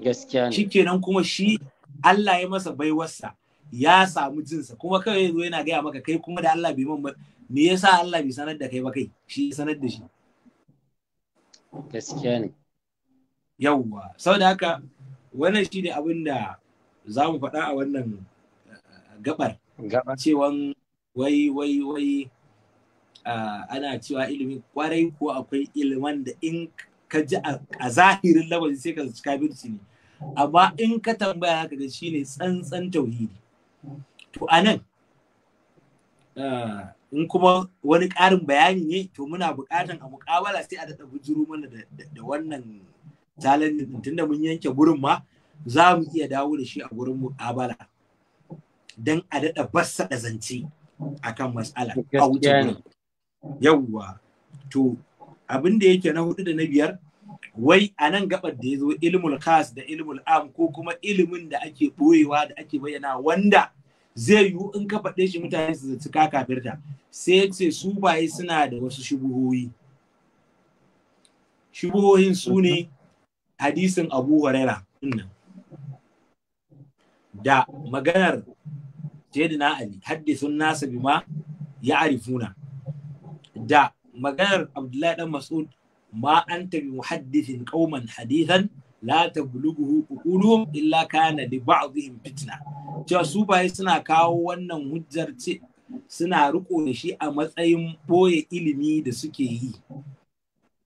gaskiya ne shikenan kuma shi Allah ya masa baiwarsa ya samu jinsa kuma kawai yanzu yana gaya maka kai kuma da Allah bai man me yasa Allah bai sanar da kai ba kai shi sanar da shi gaskiya ne yawwa saboda haka wannan shi ne abin da za mu faɗa a wannan eh, gabar cewan wai wai wai eh, ana cewa ilimi kwarai ko akwai iliman da in ka ji a zahirin lamarin sai ka zaci kafirci ne amma in ka tambaya haka ga ne tsantsan tauhidi to anan eh, in kuma wani ƙarin bayani ne to muna buƙatan a muƙabala sai a daɗa bujuru mana da wannan challenge din tunda mun yanke gurin ma za mu iya dawo da shi a gurin muƙabala don a daɗa bassa da zance akan mas'ala a wuce yawwa to abin da yake na hudu da na biyar wai a nan gabar da ya zo ilmul khas da ilmul am ko kuma ilimin da ake ɓoyewa da ake bayyana wanda zai yiwu in ka faɗe shi mutane su zaci ka kafirta sai ce su baye suna da wasu shubuhoyi shubuhoyin su ne hadisin abu huraira nan da maganar jaidina ali haddisun nasa bima ya arifuna da maganar abdullahi dan mas'ud ma anta bi muhaddithin qauman hadithan la tablughu uquluhum illa kana li ba'dihim fitna cewa su baye suna kawo wannan hujjar ce suna riko da shi a matsayin boye ilimi da suke yi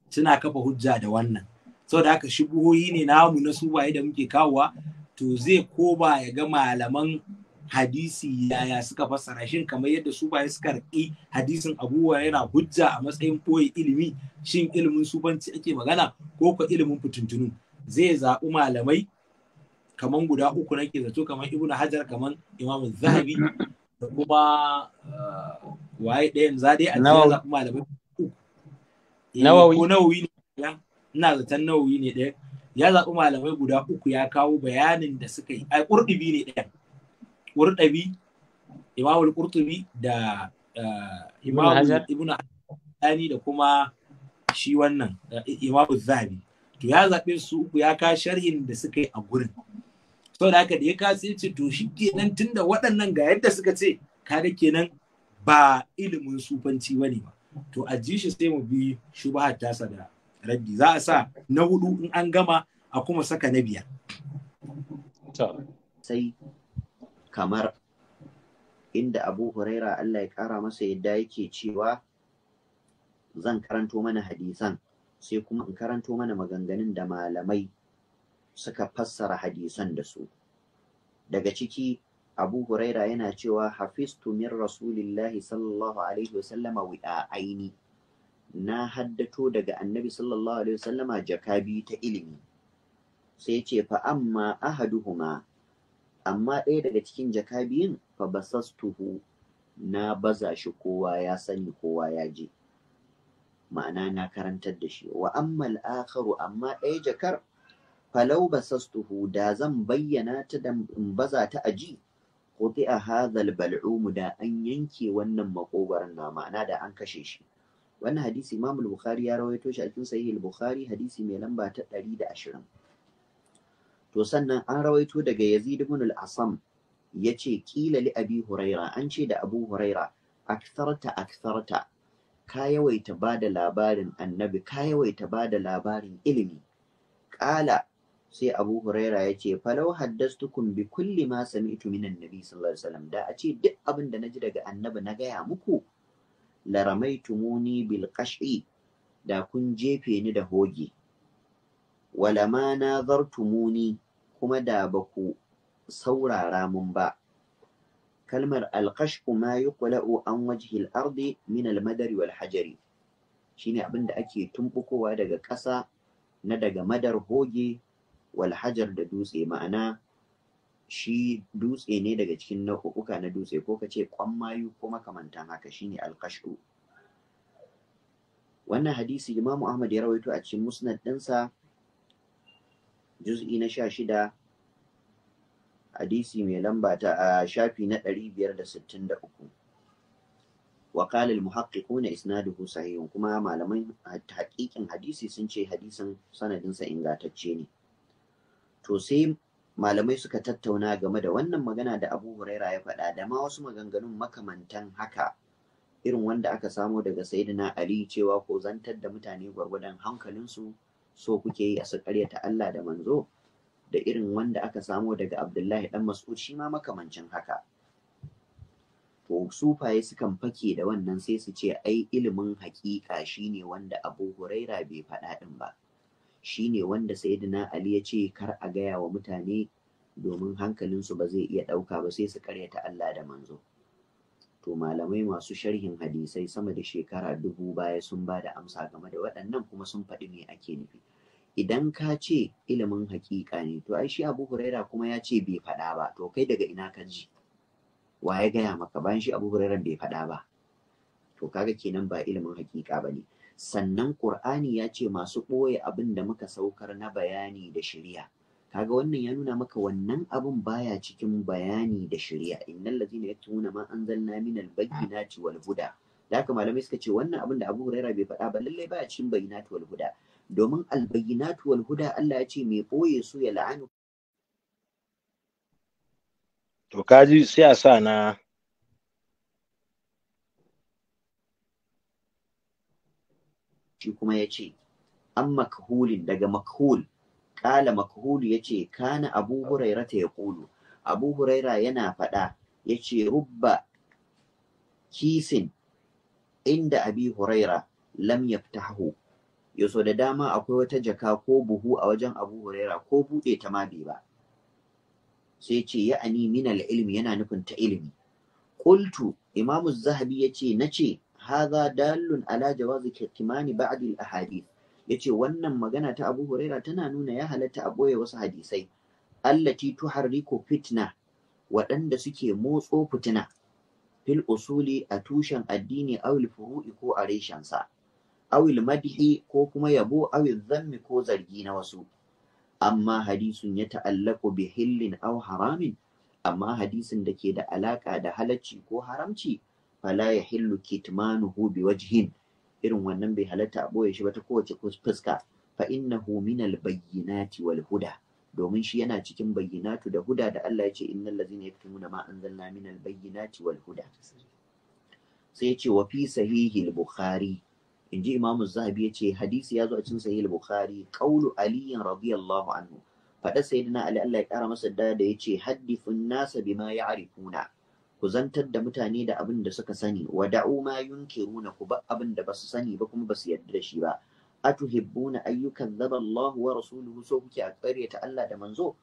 suna kafa hujja da wannan saboda haka buhoyi ne namu na su baye da muke kawowa to zai ko ba ya ga malaman hadisi yaya suka fassara shin kamar yadda su baye suka riƙi hadisin abubuwa yana hujja a matsayin ɓoye ilimi shin ilimin subanci ake magana ko ko ilimin fitintunu zai zaɓi malamai kaman guda uku nake zato kaman ibnu hajar kaman imam zahabi da kuma eh, waye ɗayan za dai a cikin zaɓi malamai uku eh, nawawi ko nawawi ne ina zaton nawawi ne ɗaya ya zaɓi malamai guda uku ya kawo bayanin da suka yi ai ƙurɗubi ne ɗaya ƙurɗubi imamul ƙurɗubi da eh, imam ibnu hajar da kuma shi wannan imamu Zahabi. to ya zaɓe su uku ya ka sharhin da suka yi a gurin so da haka da ya kasu ya ce to shi kenan tun da waɗannan ga yadda suka ce kada kenan ba ilimin sufanci ba ne ba to a ji shi sai mu bi shubahar tasa da rabbi za a sa na hudu in an gama a kuma saka na biyar sai kamar inda abu huraira Allah ya kara masa yadda yake cewa zan karanto mana hadisan sai kuma in karanto mana maganganun da malamai suka fassara hadisan da su daga ciki abu huraira yana cewa hafistu min rasulillahi sallallahu alaihi wasallama wi'a aini na haddato daga annabi sallallahu alaihi wasallama jakabi ta ilimi sai ce fa amma ahaduhuma amma ɗaya daga cikin jaka biyun, fa basastuhu na baza shi kowa ya sani kowa ya je ma'ana na karantar da shi wa amma al'akaru amma ɗaya jakar falau basastuhu da zan bayyana ta da in baza ta aji quti'a a hazal bal'umu da an yanke wannan makogaran na ma'ana da an kashe shi wannan hadisi Imam bukhari ya rawaito shi a cikin Sahih bukhari hadisi mai lamba ta ɗari da ashirin. to sannan an rawaito daga Yazid ibn al-Asam yace kila li Abi Huraira an ce da Abu Huraira aktharta aktharta ka yawaita bada labarin annabi ka yawaita bada labarin ilimi ƙala sai abu huraira ya ce falau haddastukum bi kulli ma sami'tu minan nabi sallallahu alaihi wasallam da a ce duk abin da naji daga annabi na gaya muku la ramaitumuni bil qash'i da kun jefe ni da hoge wala ma nazartumuni kuma da ba ku saurara mun ba kalmar qash'u ma yuqla'u an wajhi al-ardi min al-madari wal hajari shine abin da ake tumbukowa daga ƙasa na daga madar hoge Walhajar da dutse ma'ana shi dutse ne daga cikin nau'uka na dutse ko ka ce mayu ko makamantan haka shine alkashu wannan hadisi imamu ahmad ya rawaito a cikin musnad ɗinsa juz'i na sha shida hadisi mai lamba ta a shafi na ɗari biyar da sittin da uku وقال المحققون إسناده صحيح كما معلمين حقيقة حديثي سنشي حديثا سند إنغاتتشيني to sai malamai suka tattauna game da wannan magana da abu huraira ya faɗa da ma wasu maganganun makamantan haka irin wanda aka samo daga sayidina ali cewa ko zantar da mutane gwargwadon hankalinsu so kuke yi a su ta allah da manzo da irin wanda aka samo daga abdullahi dan mas'ud shi ma makamancin haka to sufaye sukan fake da wannan sai su ce ai ilimin haƙiƙa shine wanda abu huraira bai faɗa ɗin ba Shi ne wanda sayyidina ali ya ce kar a gaya wa mutane domin hankalinsu ba zai iya ɗauka ba sai su karyata Allah da manzo to malamai masu sharhin hadisai sama da shekara dubu baya sun ba da amsa game da waɗannan kuma sun faɗi me ake nufi idan ka ce ilimin haƙiƙa ne to ai shi abu huraira kuma ya ce bai faɗa ba to kai daga ina ka ji wa ya gaya maka bayan shi abu hurairan bai faɗa ba to kaga kenan ba ilimin hakika ba ne sannan ƙur'ani ya ce masu ɓoye abin da muka saukar na bayani da shirya kaga wannan ya nuna maka wannan abin baya cikin bayani da shirya innal ladzina yaktumuna ma anzalna minal bayyinati wal huda da haka malamai suka ce wannan abin da Abu Huraira bai faɗa ba lallai baya cikin bayyinati wal huda domin al wal huda Allah ya ce mai ɓoye su ya la'anu to kaji sai a sa na shi kuma ya ce an makhulin daga makhul ƙala makhulu ya ce kana abu huraira ta ya ƙulu abu huraira yana faɗa ya ce rubba kisin inda abi huraira lam yaftahu ya so da dama akwai wata jaka ko buhu a wajen abu huraira ko buɗe ta ma bai ba sai ce ya'ani minal ilmi yana nufin ta ilimi qultu imamu zahabi ya ce na ce hadha dalun ala jawazi kitmani ba'd al ahadith yace wannan magana ta Abu Huraira tana nuna ya halatta a boye wasu hadisai allati tuharriku fitna waɗanda suke motso fitina fil usuli a tushen addini awil furu'i ko a reshensa awil madhi ko kuma yabo awil zammi ko zargi na wasu amma hadisun ya ta'allaku bi hillin aw haramin amma hadisin da ke da alaka da halacci ko haramci fala ya hillu kitmanuhu wajhin irin wannan bai halatta a boye shi ba ta kowace fuska fa innahu min bayyinati wal huda domin shi yana cikin bayyinatu da huda da Allah ya ce innal ladzina yaktumuna ma anzalna min bayyinati wal huda sai ya ce wa fi sahihi al-bukhari inji imamu zahabi ya ce hadisi ya zo a cikin sahihi al-bukhari qawlu ali radiyallahu anhu da sayyidina ali Allah ya kara masa da da ya ce haddifun nasa bima ya'rifuna ku zantar da mutane da abin da suka sani wa da'u ma yunkiruna ku ba abin da basu sani ba kuma basu yarda da shi ba atuhibbuna ayyukan zaba wa rasuluhu so kuke a ta Allah da manzo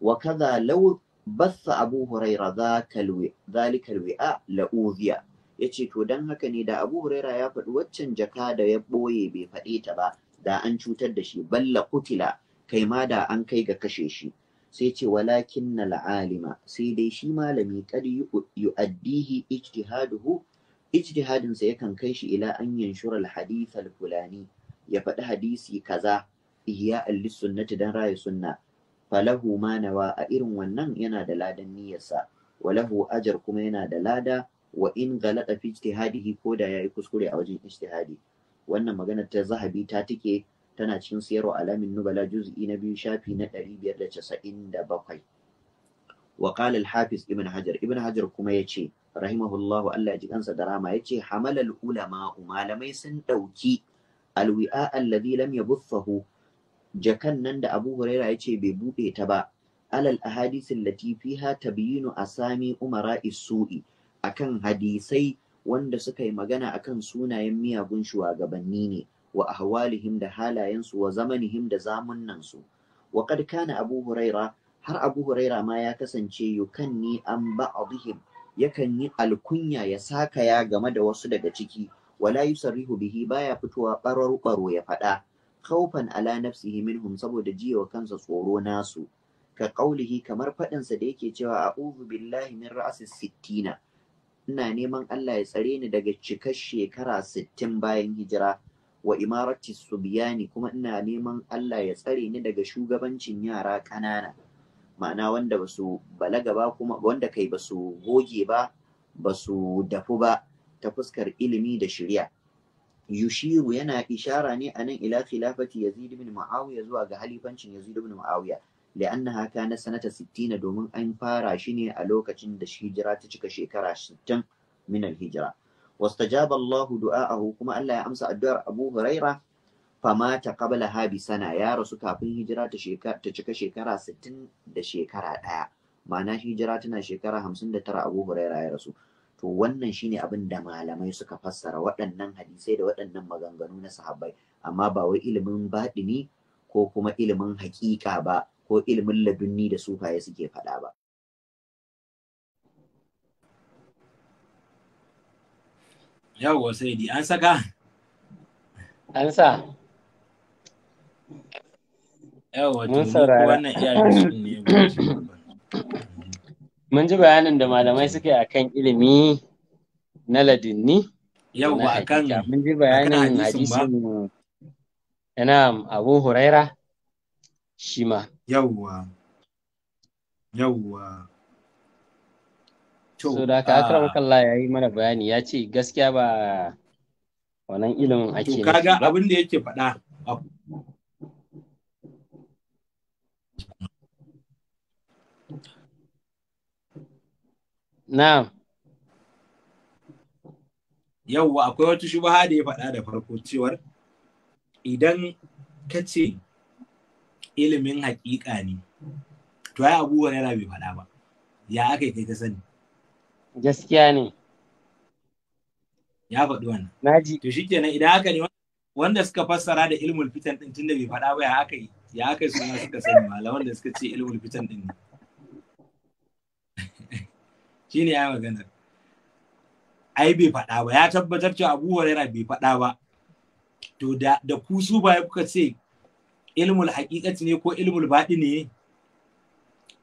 wa kaza law bassa Abu Huraira zalika alwi'a la uziya yace to dan haka ne da Abu Huraira ya faɗi waccan jaka da ya ɓoye bai faɗe ta ba da an cutar da shi balla kutila kai ma da an kai ga kashe shi sai ce walakin na la'alima sai dai shi malami kad addihi ijtihaduhu ijtihadinsa yakan kai shi ila an yanshura al-hadith fulani ya faɗi hadisi kaza ihya al-sunnati dan rayu sunna falahu ma nawa a irin wannan yana da ladan niyyarsa walahu ajar kuma yana da lada wa in galata fi ijtihadihi ko da yayi kuskure a wajen ijtihadi wannan maganar ta zahabi ta take tana cikin siyarwa alamin nubala juz'i na biyu shafi na ɗari biyar da casa'in wa bakwai. al-hafiz ibn hajar ibn hajar kuma yace rahimahullahu Allah ji kansa da rama yace hamalal ulama malamai sun ɗauki alwi'a alladhi lam yabuffahu jakan nan da Abu Huraira yace bai buɗe ta ba alal ahadith allati fiha tabyinu asami umara isu'i akan hadisai wanda suka yi magana akan sunayen miyagun shugabanni ne wa ahwalihim da halayensu wa zamanihim da zamun wa kad kana abu huraira har abu huraira ma ya kasance yukanni an ba'dihim yakan yi alkunya ya saka ya game da wasu daga ciki wala yusarrihu bihi baya fitowa barar baro ya faɗa khaufan ala nafsihi minhum saboda jiwa kansa tsoro nasu ka qaulihi kamar faɗinsa da yake cewa a'udhu billahi min ra'sis sittina ina neman Allah ya tsare ni daga cikar shekara sittin bayan hijira wa imarati subiyani kuma ina neman Allah ya tsare ni daga shugabancin yara ƙanana ma'ana wanda ba su balaga ba kuma wanda kai ba su goge ba ba su dafu ba ta fuskar ilimi da shirya yushiru yana ishara ne anan ila khilafati yazid ibn muawiya zuwa ga halifancin yazid ibn muawiya haka na sanata 60 domin an fara shi ne a lokacin da hijira ta cika shekara 60 min al-hijra wastajaba du'a du'a'ahu kuma Allah ya amsa addu'ar Abu Huraira famata qabla ha bi sana ya rasu kafin hijira ta cika shekara 60 da shekara ɗaya ma'ana hijira tana shekara hamsin 59 Abu Huraira ya rasu to wannan shine abin da malamai suka fassara waɗannan hadisai da waɗannan maganganu na sahabbai amma ba wai ilimin baɗini ko kuma ilimin haƙiƙa ba ko ilimin ladunni da sufaye suke faɗa ba Yawwa sai di an saka? An sa. Mun to wannan iyakacin ne. Mun ji bayanin da malamai suke a kan ilimi na ladinni. Yawwa akan Mun ji bayanin hadisin ina Abu Huraira shi ma. Yawwa. Yawwa. So da aka maka Allah ah. ya yi mana bayani ya ce gaskiya ba wannan ilimin ake. To kaga abin da yake faɗa. Na'am. Yawwa akwai wata shubaha da ya faɗa da farko cewar idan ka ce ilimin haƙiƙa ne to ya abubuwa yana bai faɗa ba ya aka yi kai ka sani Gaskiya ne. Ya faɗi wannan. Naji. To shi kenan idan haka ne wanda suka fassara da ilmul fitan din tunda bai faɗa ba ya aka yi ya aka yi suna suka sani malaman Wanda suka ce ilmul fitan din Shi ne ya magana. Ai bai faɗa ba ya tabbatar cewa Abu yana bai faɗa ba. To da ku su ba kuka ce ilmul haƙiƙati ne ko ilmul baɗi ne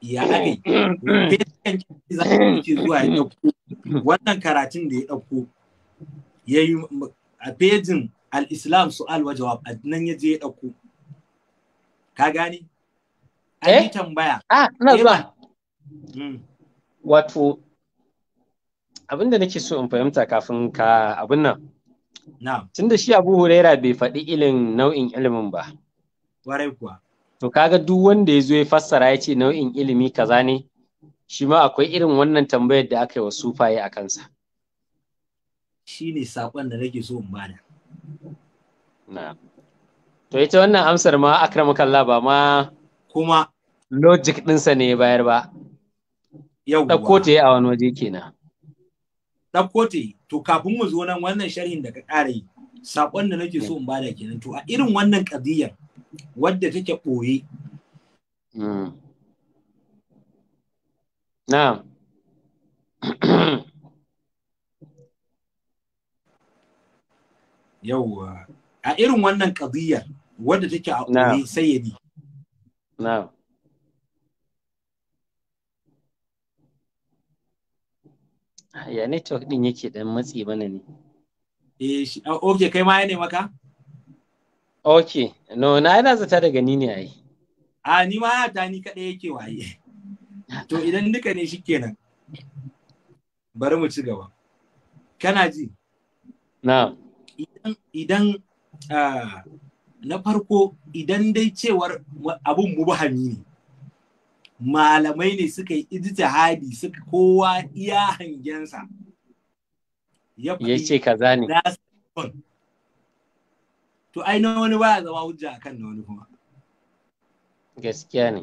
ya aka yi za ki zuwa ya ɗauko wannan karatun da ya ɗauko ya yi a fejin al-islam su'al wa jawab a nan ya je ya ɗauko ka gani? an yi eh? tambaya a ah, ina eh, zuwa hmm. wato abin da nake so in fahimta kafin ka abin nan Tunda shi Abu Huraira bai faɗi ilin nau'in ilimin ba. Warai kuwa. to kaga duk wanda ya zo ya fassara ya ce nau'in ilimi kaza ne shi ma akwai irin wannan tambayar da aka yi wa sufaye a kansa shi ne saƙon da nake so in bada na to ita wannan amsar ma kalla ba ma kuma logic ɗinsa ne ya bayar ba ɗauko ta a wani waje kenan ɗauko ta to kafin mu zo nan wannan sharhin da ka ƙara yi saƙon da nake so in bada kenan to a irin wannan ƙadiyar wadda take ɓoye hmm. na yauwa a irin wannan ƙadiyar wadda take a ɓoye sayyadi na ya network ɗin yake ɗan matsi mana ne eh shi oh, kai ma ya ne maka Ok, no na yana zata daga ni ne ai a ni ma ya ta ni kaɗai yake waye to idan duka ne shi kenan, bari mu ci gaba kana ji Na. idan idan na farko idan dai cewar abun mubahami ne malamai ne suka yi ijtihadi suka kowa iya hangensa ya ce kaza ne to ai na wani ba zama hujja kan na wani kuma gaskiya ne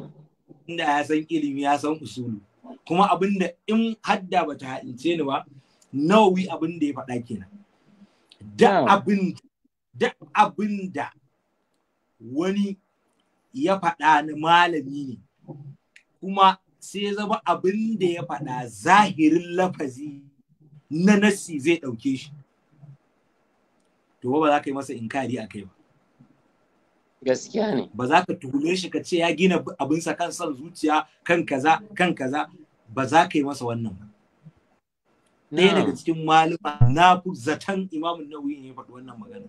inda ya san ilimi ya san usulu kuma abinda in hadda bata haɗince ni ba nawawi abin da ya faɗa kenan da abin da abin da wani ya faɗa na malami ne kuma sai zama abin da ya faɗa zahirin lafazi na nassi zai ɗauke shi to ba za ka yi masa inkari a kai ba gaskiya ne ba za ka tuhume shi ka ce ya gina abinsa kan son zuciya kan kaza kan kaza ba za ka yi masa wannan ba ɗaya daga cikin malama na fi zaton imamun nawawi ne faɗi wannan magana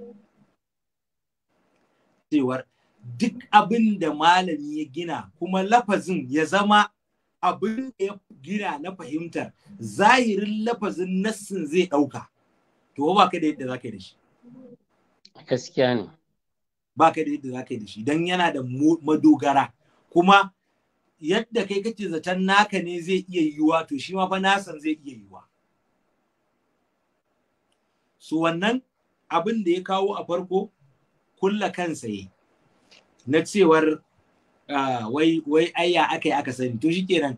cewar duk abin da malami ya gina kuma lafazin ya zama abin da ya gina na fahimtar zahirin lafazin nassin zai ɗauka to ba ka da yadda za ka yi da shi gaskiya ne ba ka da yadda za ka yi da shi don yana da madogara kuma yadda kai kake zaton naka ne zai iya yiwa to shi ma fa nasan zai iya yiwa su wannan abin da ya kawo a farko kulla kansa yi na cewar Ah, wai wai ayya aka yi aka sani to shikenan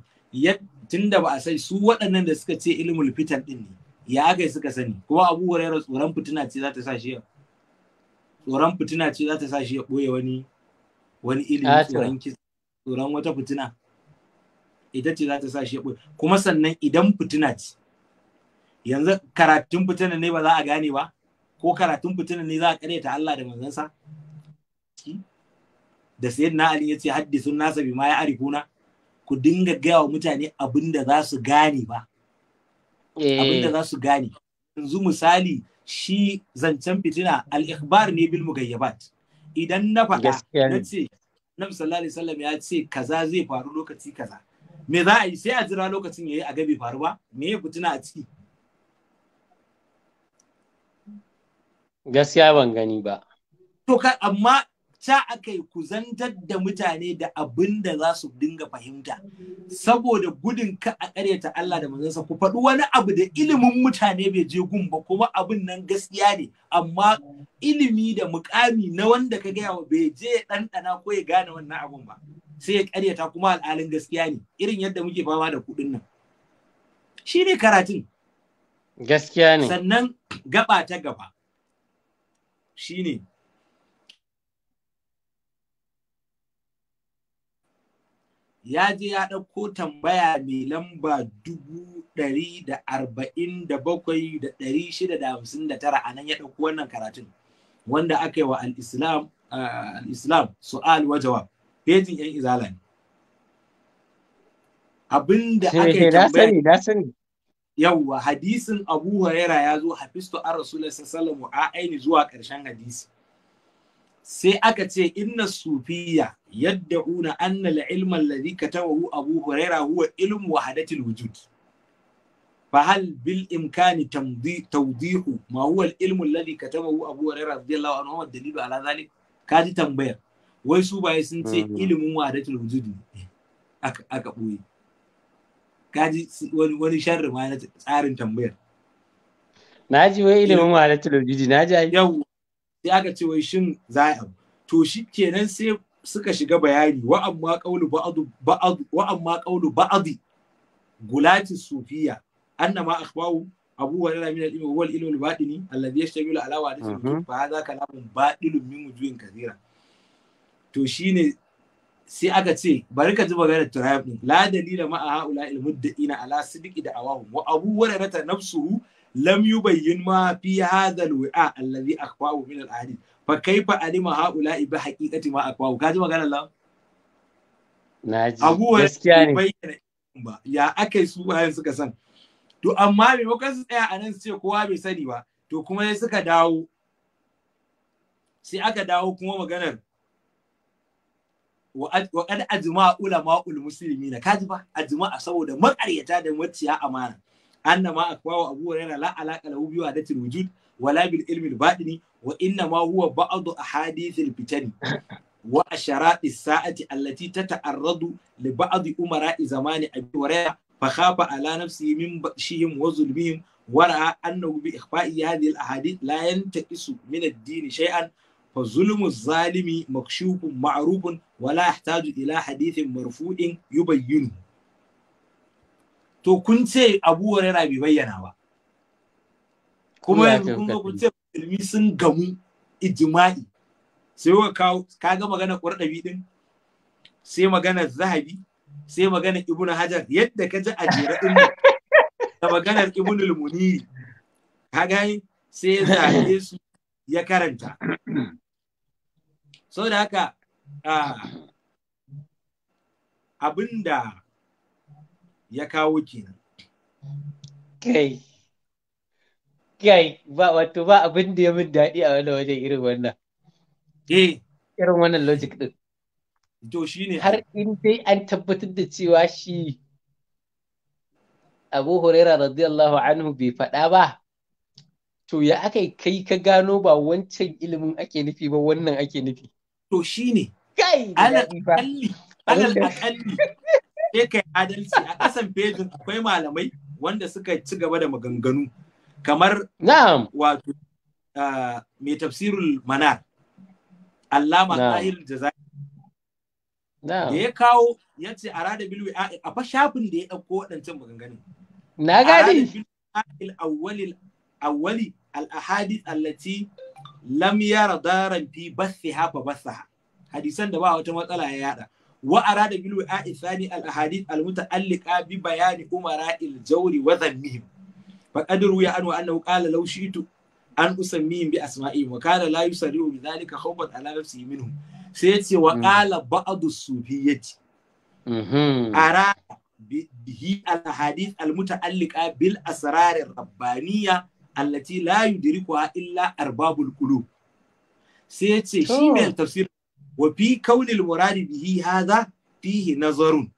da ba a sai su waɗannan da suka ce ilimul fitan din ne ya aka yi suka sani kuma abu hurairah tsoron fitina ce za ta sa shi tsoron fitina ce za ta sa shi ya ɓoye wani wani ilimi ah, tsoron tsoron wata fitina ita ce za ta sa shi ya ɓoye kuma sannan idan fitina ce yanzu karatun fitina ne ba za a gane ba ko karatun fitina ne za a karyata Allah da manzansa da na ali ya ce haddisun nasa bi ma ya arifuna ku dinga gaya wa mutane abin da za su gane ba eh. abin da za su gane yanzu misali shi zancen fitina al-ikhbar ne bil mugayyabat idan na faɗa na ce nabi sallallahu alaihi wasallam ya ce kaza zai faru lokaci kaza me za a yi sai a jira lokacin yayi a gabe faru ba me ya fitina a ciki gaskiya ban gani ba to amma ca aka yi kuzantar da mutane da abin da za su dinga fahimta saboda gudun ka a ƙaryata Allah da manzansa ku faɗi wani abu da ilimin mutane bai je gun ba kuma abin nan gaskiya ne amma ilimi da mukami na wanda ka gaya wa bai je ya ɗanɗana ko ya gane wannan abun ba sai ya ƙaryata kuma al'alin gaskiya ne irin yadda muke fama da kuɗin nan shi ne karatun gaskiya ne sannan gaba ta gaba shi ne ya je ya ɗauko tambaya mai lamba dubu ɗari da arba'in da bakwai da ɗari shida da hamsin da tara a nan ya ɗauko wannan karatun wanda aka yi wa al-islam ah, al su'al wa jawab pejin yan izala ne da aka yi tambaya yawwa hadisin abu huraira ya zo hafistu a rasulullah sassalamu a aini zuwa ƙarshen hadisi sai aka ce inna sufiya yadda una anna al-ilma alladhi katawahu abu huraira huwa ilm wahadatil wujud fa hal bil imkani tawdihu ma huwa al-ilm alladhi katawahu abu huraira radiyallahu anhu wa dalilu ala ka kaji tambayar wai su baye sun ce mm. ilimin wahadatul wujud ne aka aka boye kaji wani wani sharri ma na tsarin tambayar naji wai ilimin wahadatul na naji ai yau sai aka ce wai shin za to shi kenan sai suka shiga bayani wa amma qawlu ba'd ba'd wa amma qawlu ba'd gulati sufiya annama akhbahu abu wa rana min al-ilmi huwa al-ilmu al-batini alladhi yashtamilu ala wa hadithin mhm. fa hadha kalamun batilun min wujuhin kathira to shine sai aka ce bari ka ji maganar turayab din la dalila ma'a haula al-mudda'ina ala sidqi da awahum wa abu wa nafsuhu lam yubayyin ma fi hadha alwi'a alladhi akhfahu min alahadith fa kaifa alima haula'i bi haqiqati ma akhfahu kaji magana Allah naji gaskiya ne ba ya akai su suka san to amma maimakon su tsaya a nan su ce kowa bai sani ba to kuma sai aka dawo kuma maganar wa kad ajma ulama ul muslimin kaji saboda makaryata da maciya amana anna ma akwawa abu huraira la alaqa lahu bi wahdatil wujud wala bil ilmi al wa inna ma huwa ba'd ahadith al-fitani wa asharati sa'ati allati tata'arradu li ba'd umara'i zamani abi huraira ala nafsihi min bashihim wa zulmihim ورأى أنه بإخفاء هذه الأحاديث لا ينتقص من الدين شيئا فظلم الظالم مكشوف معروف ولا يحتاج إلى حديث مرفوع يبينه to kun ce Abu Huraira bai bayyana ba kuma yanzu kun kun ce musulmi sun gamu ijima'i sai ka kawo ga magana Qurdabi din sai magana Zahabi sai magana ibnu Hajar yadda ka ji ajira din da maganar ibnu al-Muniri ga sai ya zaɓe su ya karanta saboda haka ah, abinda. ya kawo kenan kai kai ba wato ba abin da ya min daɗi a wani wajen irin wannan eh irin wannan logic ɗin. to ne. har in dai an tabbatar da cewa shi Abu Huraira radiyallahu anhu bai faɗa ba to ya aka kai ka gano ba wancan ilimin ake nufi ba wannan ake nufi to ne. kai alal akalli alal akalli sai kai adalci a kasan fejin akwai malamai wanda suka ci gaba da maganganu kamar na'am wato mai tafsirul manar allama tahir jazairi da ya kawo ya ce a rada bilwi a fa shafin da ya ɗauko waɗancan maganganun na gadi awwalil awwali al ahadith allati lam yara daran fi bassiha fa bassaha hadisan da ba wata matsala ya yada wa da bil wa'i thani al ahadith al muta'alliqa bi bayani umara al jawri wa dhammihim faqad ruya anhu annahu qala law shi'tu an usammihim bi asma'ihim wa kana la yusarri'u bi dhalika khawfan ala nafsihi minhum sai yace wa hmm. qala ba'd as-sufiyyati hmm. ara bihi al ahadith al muta'alliqa bil asrar al rabbaniyya allati la yudrikuha illa arbabul qulub sai yace shi ne tafsir wa fi kaunil muradi bihi hadha fihi nazarun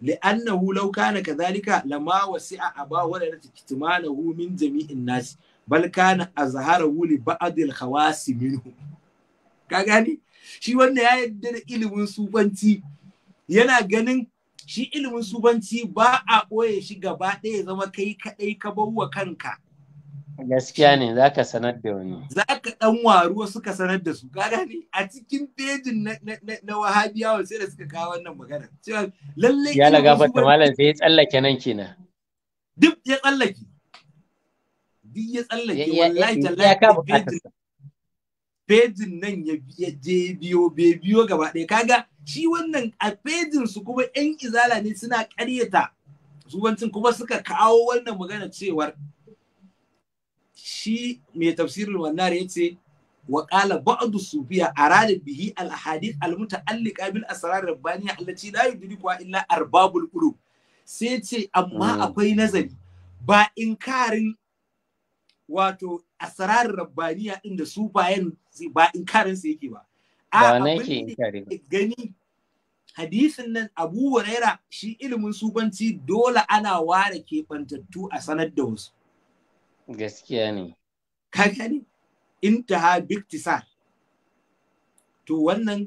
لأنه لو كان كذلك لما وسع أبا ولد jami'in من balkana a بل كان أظهره لبعض الخواص منهم kagani shi wannan ya yadda da ilimin sufanci yana ganin shi ilimin sufanci ba a ɓoye shi gaba ɗaya zama kai kaɗai ka bauwa kanka gaskiya ne za ka sanar da wani za ka ɗan waruwa suka sanar da su kaga ne a cikin fejin na wahabiyawa sai da suka kawo wannan magana cewa ya la gafarta malam sai ya tsallake nan kenan duk ya tsallake duk ya tsallake wallahi tallahi pejin nan ya je biyo be biyo gaba ɗaya kaga shi wannan a pejin su kuma ƴan izala ne suna ƙaryata zubancin kuma suka kawo wannan magana cewar shi mai tafsirin wannar ya ce wa qala ba'du sufiya arada bihi al ahadith al muta'alliqa bil asrar rabbaniya allati la yudriku illa arbabul qulub sai ce amma hmm. akwai nazari ba inkarin wato asrar rabbaniya din da sufayen ba inkarin sa yake ba a gani hadisin nan abu huraira shi ilimin sufanci dole ana ware keɓantattu a sanar da wasu gaskiya ne ka inta ha biktisar to wannan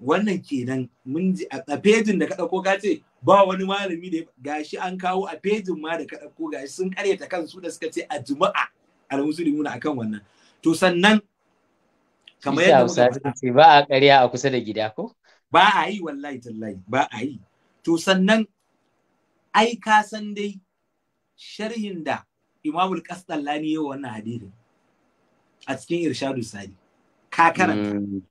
wannan kenan mun ji a fejin da ka ɗauko ka ce ba wani malami da gashi an kawo a fejin ma da ka ɗauko gashi sun karyata kansu da suka ce a juma'a almusulmi na akan wannan to sannan kamar yadda ce ba a ƙarya a kusa da gida ko ba a yi wallahi tallahi ba a yi to sannan ai ka san dai sharhin da imamul kastallani yau wannan hadirin a cikin irshadu sani ka karanta hmm.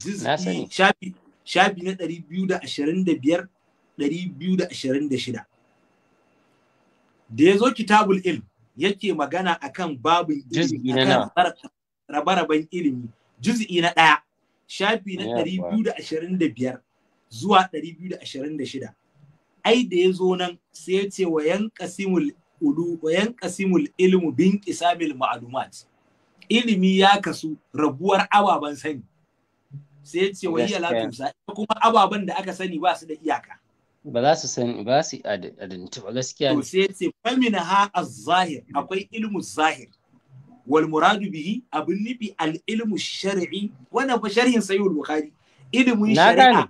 juz'i shafi shafi na 225 biyu da ya zo kitabul ilm yake magana akan babin ilimi akan rabe-raben ilimi juz'i na ɗaya shafi na 225 zuwa 226 ai da ya zo nan sai ya ce wa yan kasimul yanqulu wa yanqasimul ilmu bin qisamil ma'lumat ilimi ya kasu rabuwar ababen sani sai ce wa iya latunsa kuma ababen da aka sani ba su da iyaka ba za su sani ba su adadanta ba gaskiya to sai ce famina ha az-zahir akwai ilmu zahir wal muradu bihi abun nufi al ilmu shar'i wannan fa sharhin sayyid bukhari ilmun shari'a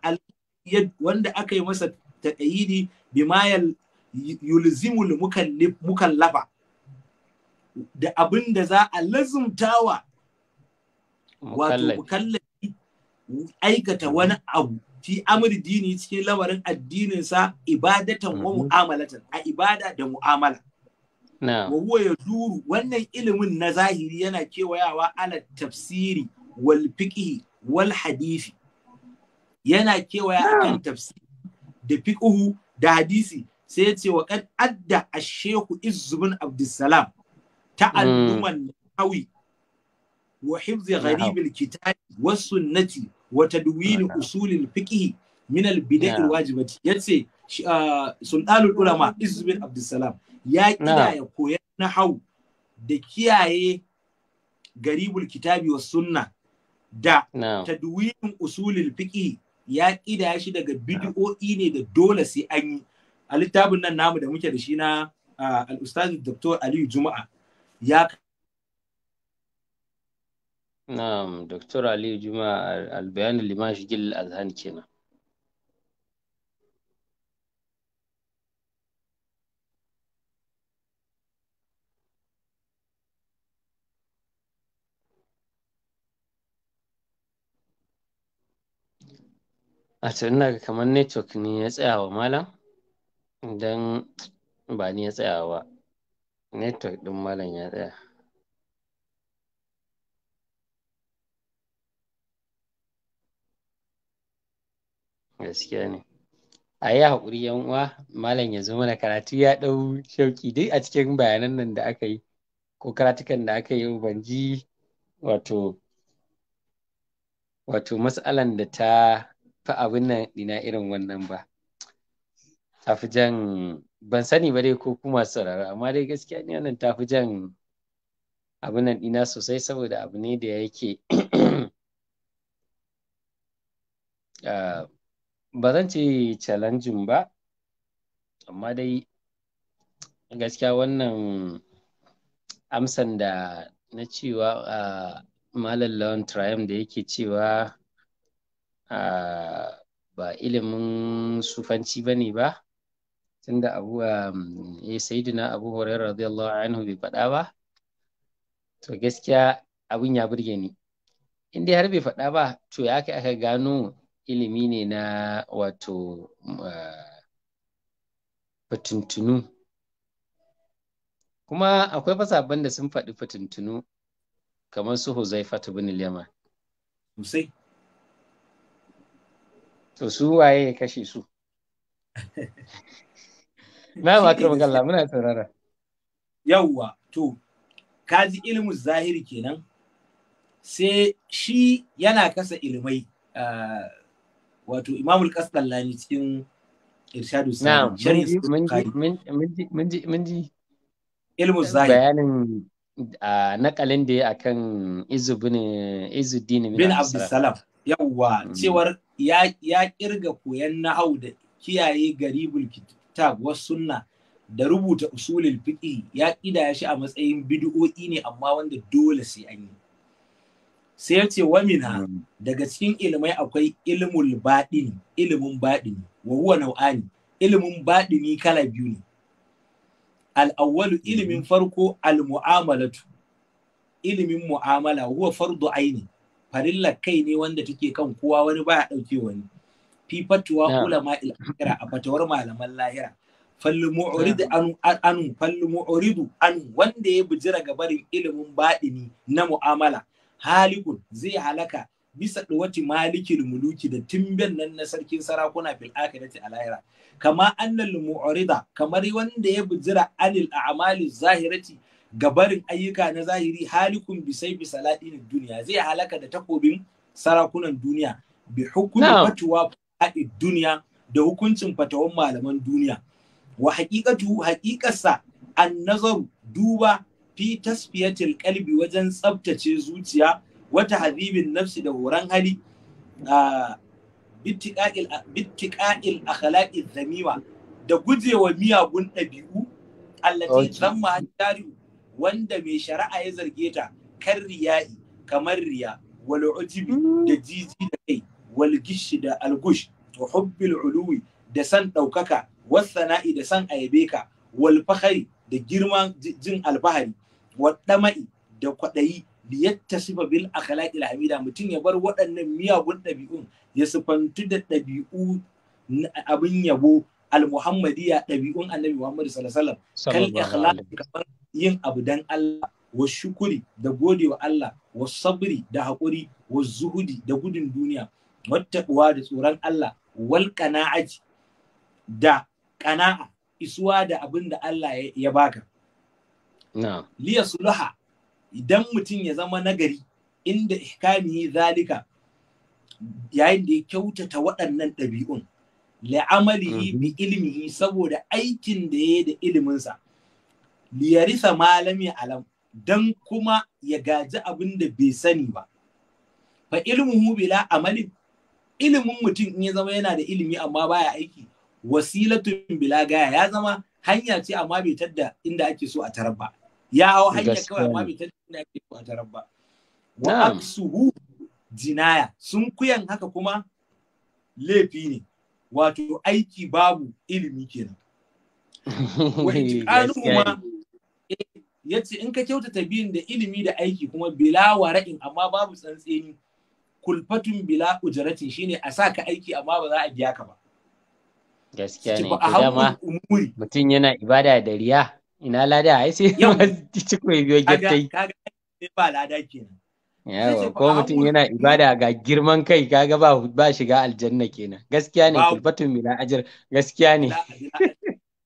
wanda aka yi masa taqayidi bima yulzimul mukallafa da abin da za a lazumtawa wato mukallafi aikata wani abu fi amri dini cikin lamarin addininsa ibadatan wa mhm. mu'amalatan a ibada da mu'amala wa huwa ya duru wannan ilimin na zahiri yana kewayawa ala tafsiri wal fiqhi wal hadisi yana kewaya akan tafsiri da fiqhu da hadisi sai ya ce wa kad adda ashehu Abdulsalam abdussalam al'umman hawi hmm. wa hifzi gharibil kitabi was sunnati wa tadwin usulil fiqh min al bid'ah wajibati yace uh, sultanul ulama Izubin abdussalam ya kiyaye koyan nahau da kiyaye garibul kitabi wa sunna da tadwin usulin fiqh ya kidaya shi daga bid'o'i ne da dole sai an yi a littafin nan namu da muke da shi na al'ustazi Dr. Aliyu Juma'a ya Na'am, Dr. Aliyu Juma'a al-bayan liman shigil al-azhan kenan. a ina ga kamar network ne ya tsaya wa malam Idan ba ni ya tsaya ba, network ɗin malam ya tsaya. Gaskiya ne. A yi haƙuri yan uwa, malam ya zo mana karatu ya ɗau shauƙi duk a cikin bayanan nan da aka yi, ko karatukan da aka yi ban ji wato wato matsalan da ta fi abin nan ɗina irin wannan ba. ta jan ban sani ba dai ko kuma sauraro amma dai gaskiya ne wannan ta fi jan abin nan ɗina sosai saboda abu ne da yake ah, ba zan ce challenging ba amma dai gaskiya wannan amsan da na cewa ah, malam lawan triumph da yake cewa ah, ba ilimin sufanci ba ne ba tunda abu ya um, eh, sayidina abu Allah, radiyallahu anhu bai faɗa ba to gaskiya abin ya burge ni in dai har bai faɗa ba to ya kai aka gano ilimi ne na wato um, uh, fatuntunu kuma akwai fasaban da sun faɗi fatuntunu kamar su fata bin liyama to su waye ya kashe su na ba karɓar kalla muna saurara yawwa to kaji ilimin zahiri kenan sai shi yana kasa ilimai wato imamul kasdallani cikin irshadu sani mun ji ilimin zahiri bayanin nakalin da ya akan izu bin izuddin bin abdussalam yawwa mm. cewar ya kirga koyan nahau da kiyaye garibul kitab was sunna da rubuta usulul fiqi ya kidaya shi a matsayin bid'o'i ne amma wanda dole sai an yi sai ya ce wamina hmm. daga cikin ilmai akwai ilmul baɗini ilimin baɗini wa huwa nau'ani ilimin baɗini kala biyu ne al'awwalu hmm. ilimin farko al-mu'amalatu ilimin mu'amala huwa fardu aini farilla kai ne wanda take kan kowa wani baya ɗauke wani fifatuwa fatwa ulama a fatawar malaman lahira fallu mu'uridu anu anu anu wanda ya bijira gabarin ilimin baɗini na mu'amala halikun zai halaka bisa ɗuwaci malikin muluki da timben nan na sarkin sarakuna fil akhirati a lahira kama annal mu'urida kamar wanda ya bijira anil a'mali zahirati gabarin ayyuka na zahiri halikun bisai bisaladin duniya zai halaka da takobin sarakunan duniya bi hukumi fatuwa haɗin duniya da hukuncin fatawan malaman duniya wa haƙiƙatu haƙiƙarsa an nazaru duba fi tasfiyatil ƙalbi wajen tsabtace zuciya wata habibin nafsi da horon hali a bittiƙa'il zamiwa da gujewa miyagun ɗabi'u allati zamma hajjari wanda mai shari'a ya zarge ta kan riya'i kamar riya wal mm. da jiji da kai wal gishi da algush wa hubbil uluwi da san ɗaukaka was sana'i da san ayabe ka wal da girman jin alfahari wa dama'i da kwaɗayi liyattasifa bil akhlaqil hamida mutum ya bar waɗannan miyagun ɗabi'un ya sifantu da ɗabi'u abin yabo al-muhammadiyya ɗabi'un annabi Muhammad sallallahu alaihi wasallam kal ikhlaq yin abu dan Allah wa shukuri da godewa Allah wa sabri da haƙuri wa zuhudi da gudun duniya mattaɓuwa da tsoron Allah wal qana'ati da qana'a isuwa da abin da Allah ya baka liya suluha idan mutum ya zama nagari inda ihkami zalika yayin da ya kyautata waɗannan ɗabi'un la'amalihi mm-hmm. bi ilmihi saboda aikin da ya da iliminsa liyarisa malami alam dan kuma ya gaji abin da bai sani ba fa ilmuhu bila amalin ilimin mutum in ya zama yana da ilimi amma baya aiki wasilatun bilagaya ya zama hanya ce amma bai tadda inda ake so a tarar ba ya hau hanya kawai amma bai tadda inda ake so a tarar ba wa aksuhu jinaya sun kuyan haka kuma laifi ne wato aiki babu ilimi kenan ma eh, ya ce in ka kyautata biyun da ilimi da aiki kuma bila wara'in amma babu tsantseni kulfatun bila ujaratin shine a sa ka aiki amma ba za a biya ka ba gaskiya ne ita dama mutum yana ibada da riya ina lada ai sai ci ko biyo gattai kaga ba lada kenan yawa ko mutum yana ibada ga girman kai kaga ba ba shiga aljanna kenan gaskiya ne kulfatun bila ajir gaskiya ne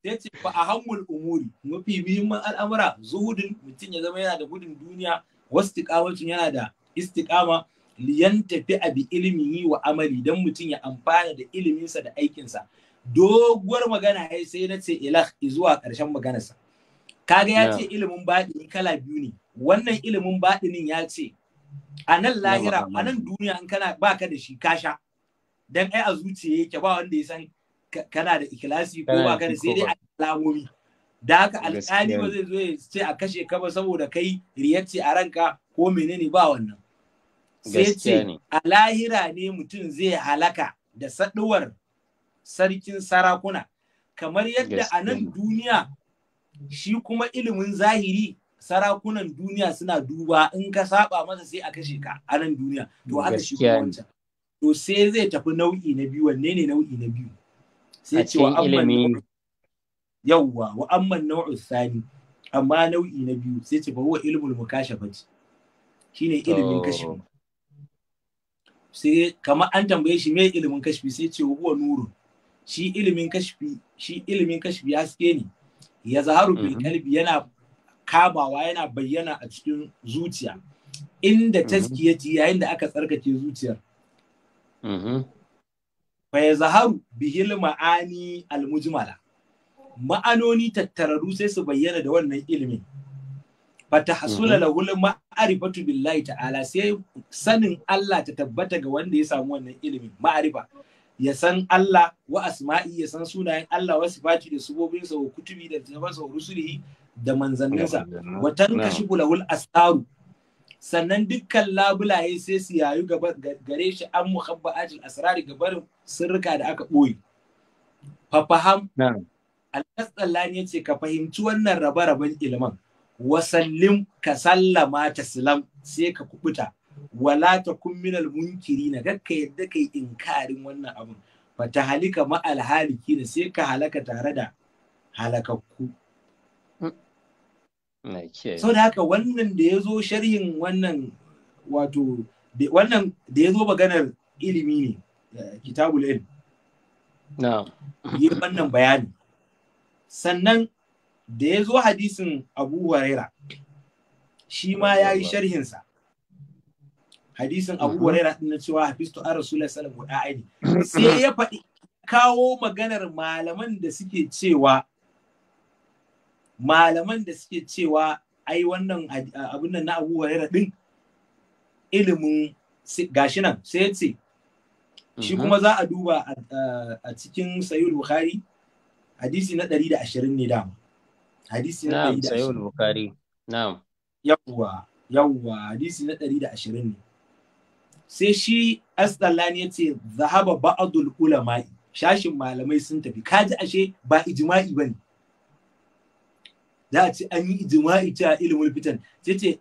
yace fa hamul umuri mafi muhimman al'amura zuhudin mutum ya zama yana da gudun duniya wasu yana da istiqama liyan tafi abi yi wa amali don mutum ya amfana da iliminsa da aikinsa doguwar magana ya sai na ce ilah zuwa ƙarshen maganarsa kaga ya ce ilimin baɗini kala biyu ne wannan ilimin baɗinin ya ce a nan lahira a nan duniya in kana baka da shi kasha dan ai a zuciya yake ba wanda ya san kana da ikilasi ko ba ka da sai dai alamomi da haka alƙali ba zai zo ya ce a kashe ka ba saboda kai riyacce a ranka ko menene ba wannan sai ce a lahira ne mutum zai halaka da saduwar sarkin sarakuna kamar yadda a nan duniya shi kuma ilimin zahiri sarakunan duniya suna duba in ka saba masa sai a kashe ka a nan duniya to haka shi kuma wancan to sai zai tafi nau'i na biyu wanne ne nau'i na biyu sai ce wa amman yawwa wa amman nau'in sani amma nau'i na biyu sai ce fa huwa ilmul mukashafati shine ilimin kashe sai kamar an tambaye shi me ilimin kashfi sai ce huwa nurun shi ilimin kashfi shi ilimin kashfi haske ne ya zaharu bil mhm. kalbi yana kabawa yana bayyana a cikin zuciya inda mhm. ji yayin da aka tsarkake zuciyar mhm. fa ya zaharu bihil ma'ani almujmala ma'anoni tattararu sai su bayyana da wannan ilimin fata da mm-hmm. lahu ma'arifatu billahi ta'ala sai sanin Allah ta tabbata ga wanda ya samu wannan ilimin ma'arifa ya san Allah wa asma'i ya san sunayen Allah wasu sifati da subobinsa wa kutubi da tabansa wa rusulihi da manzanninsa wa tankashibu lahul asaru sannan dukkan labulaye sai su yayu gare shi an muhabba ajil asrari gabarin sirrika da aka ɓoye fafaham al-kasallani ya ce ka fahimci wannan rabe-raben ilman wasallim ka sallama ta silam sai ka kubuta wala ta kun minal munkiri na gakka yadda kai inkarin wannan abun ta halika ma haliki na sai ka halaka tare da halakakku sau da haka wannan da ya zo sharhin wannan wato wannan da ya zo maganar ilimi ne eh, kitabul ilm yi wannan bayani sannan da ya zo hadisin abu huraira shi ma ya yi sharhinsa hadisin abu mhm. huraira din na cewa hafistu an rasulullah sallallahu alaihi aini sai ya faɗi kawo maganar malaman da suke cewa malaman da suke cewa ai wannan abin nan na abu huraira din ilimin gashi nan sai ya ce shi mhm. kuma za a duba a cikin sayul bukhari hadisi na 120 ne dama hadisi na da ashirin. bukhari na'am yawwa yawwa hadisi na ɗari da ashirin ne sai shi ya ce zahaba baadul ulama'i shashin malamai sun tafi kaji ashe ba ba ne? za a ce an yi ijima'i ta ilmul fitan sai ce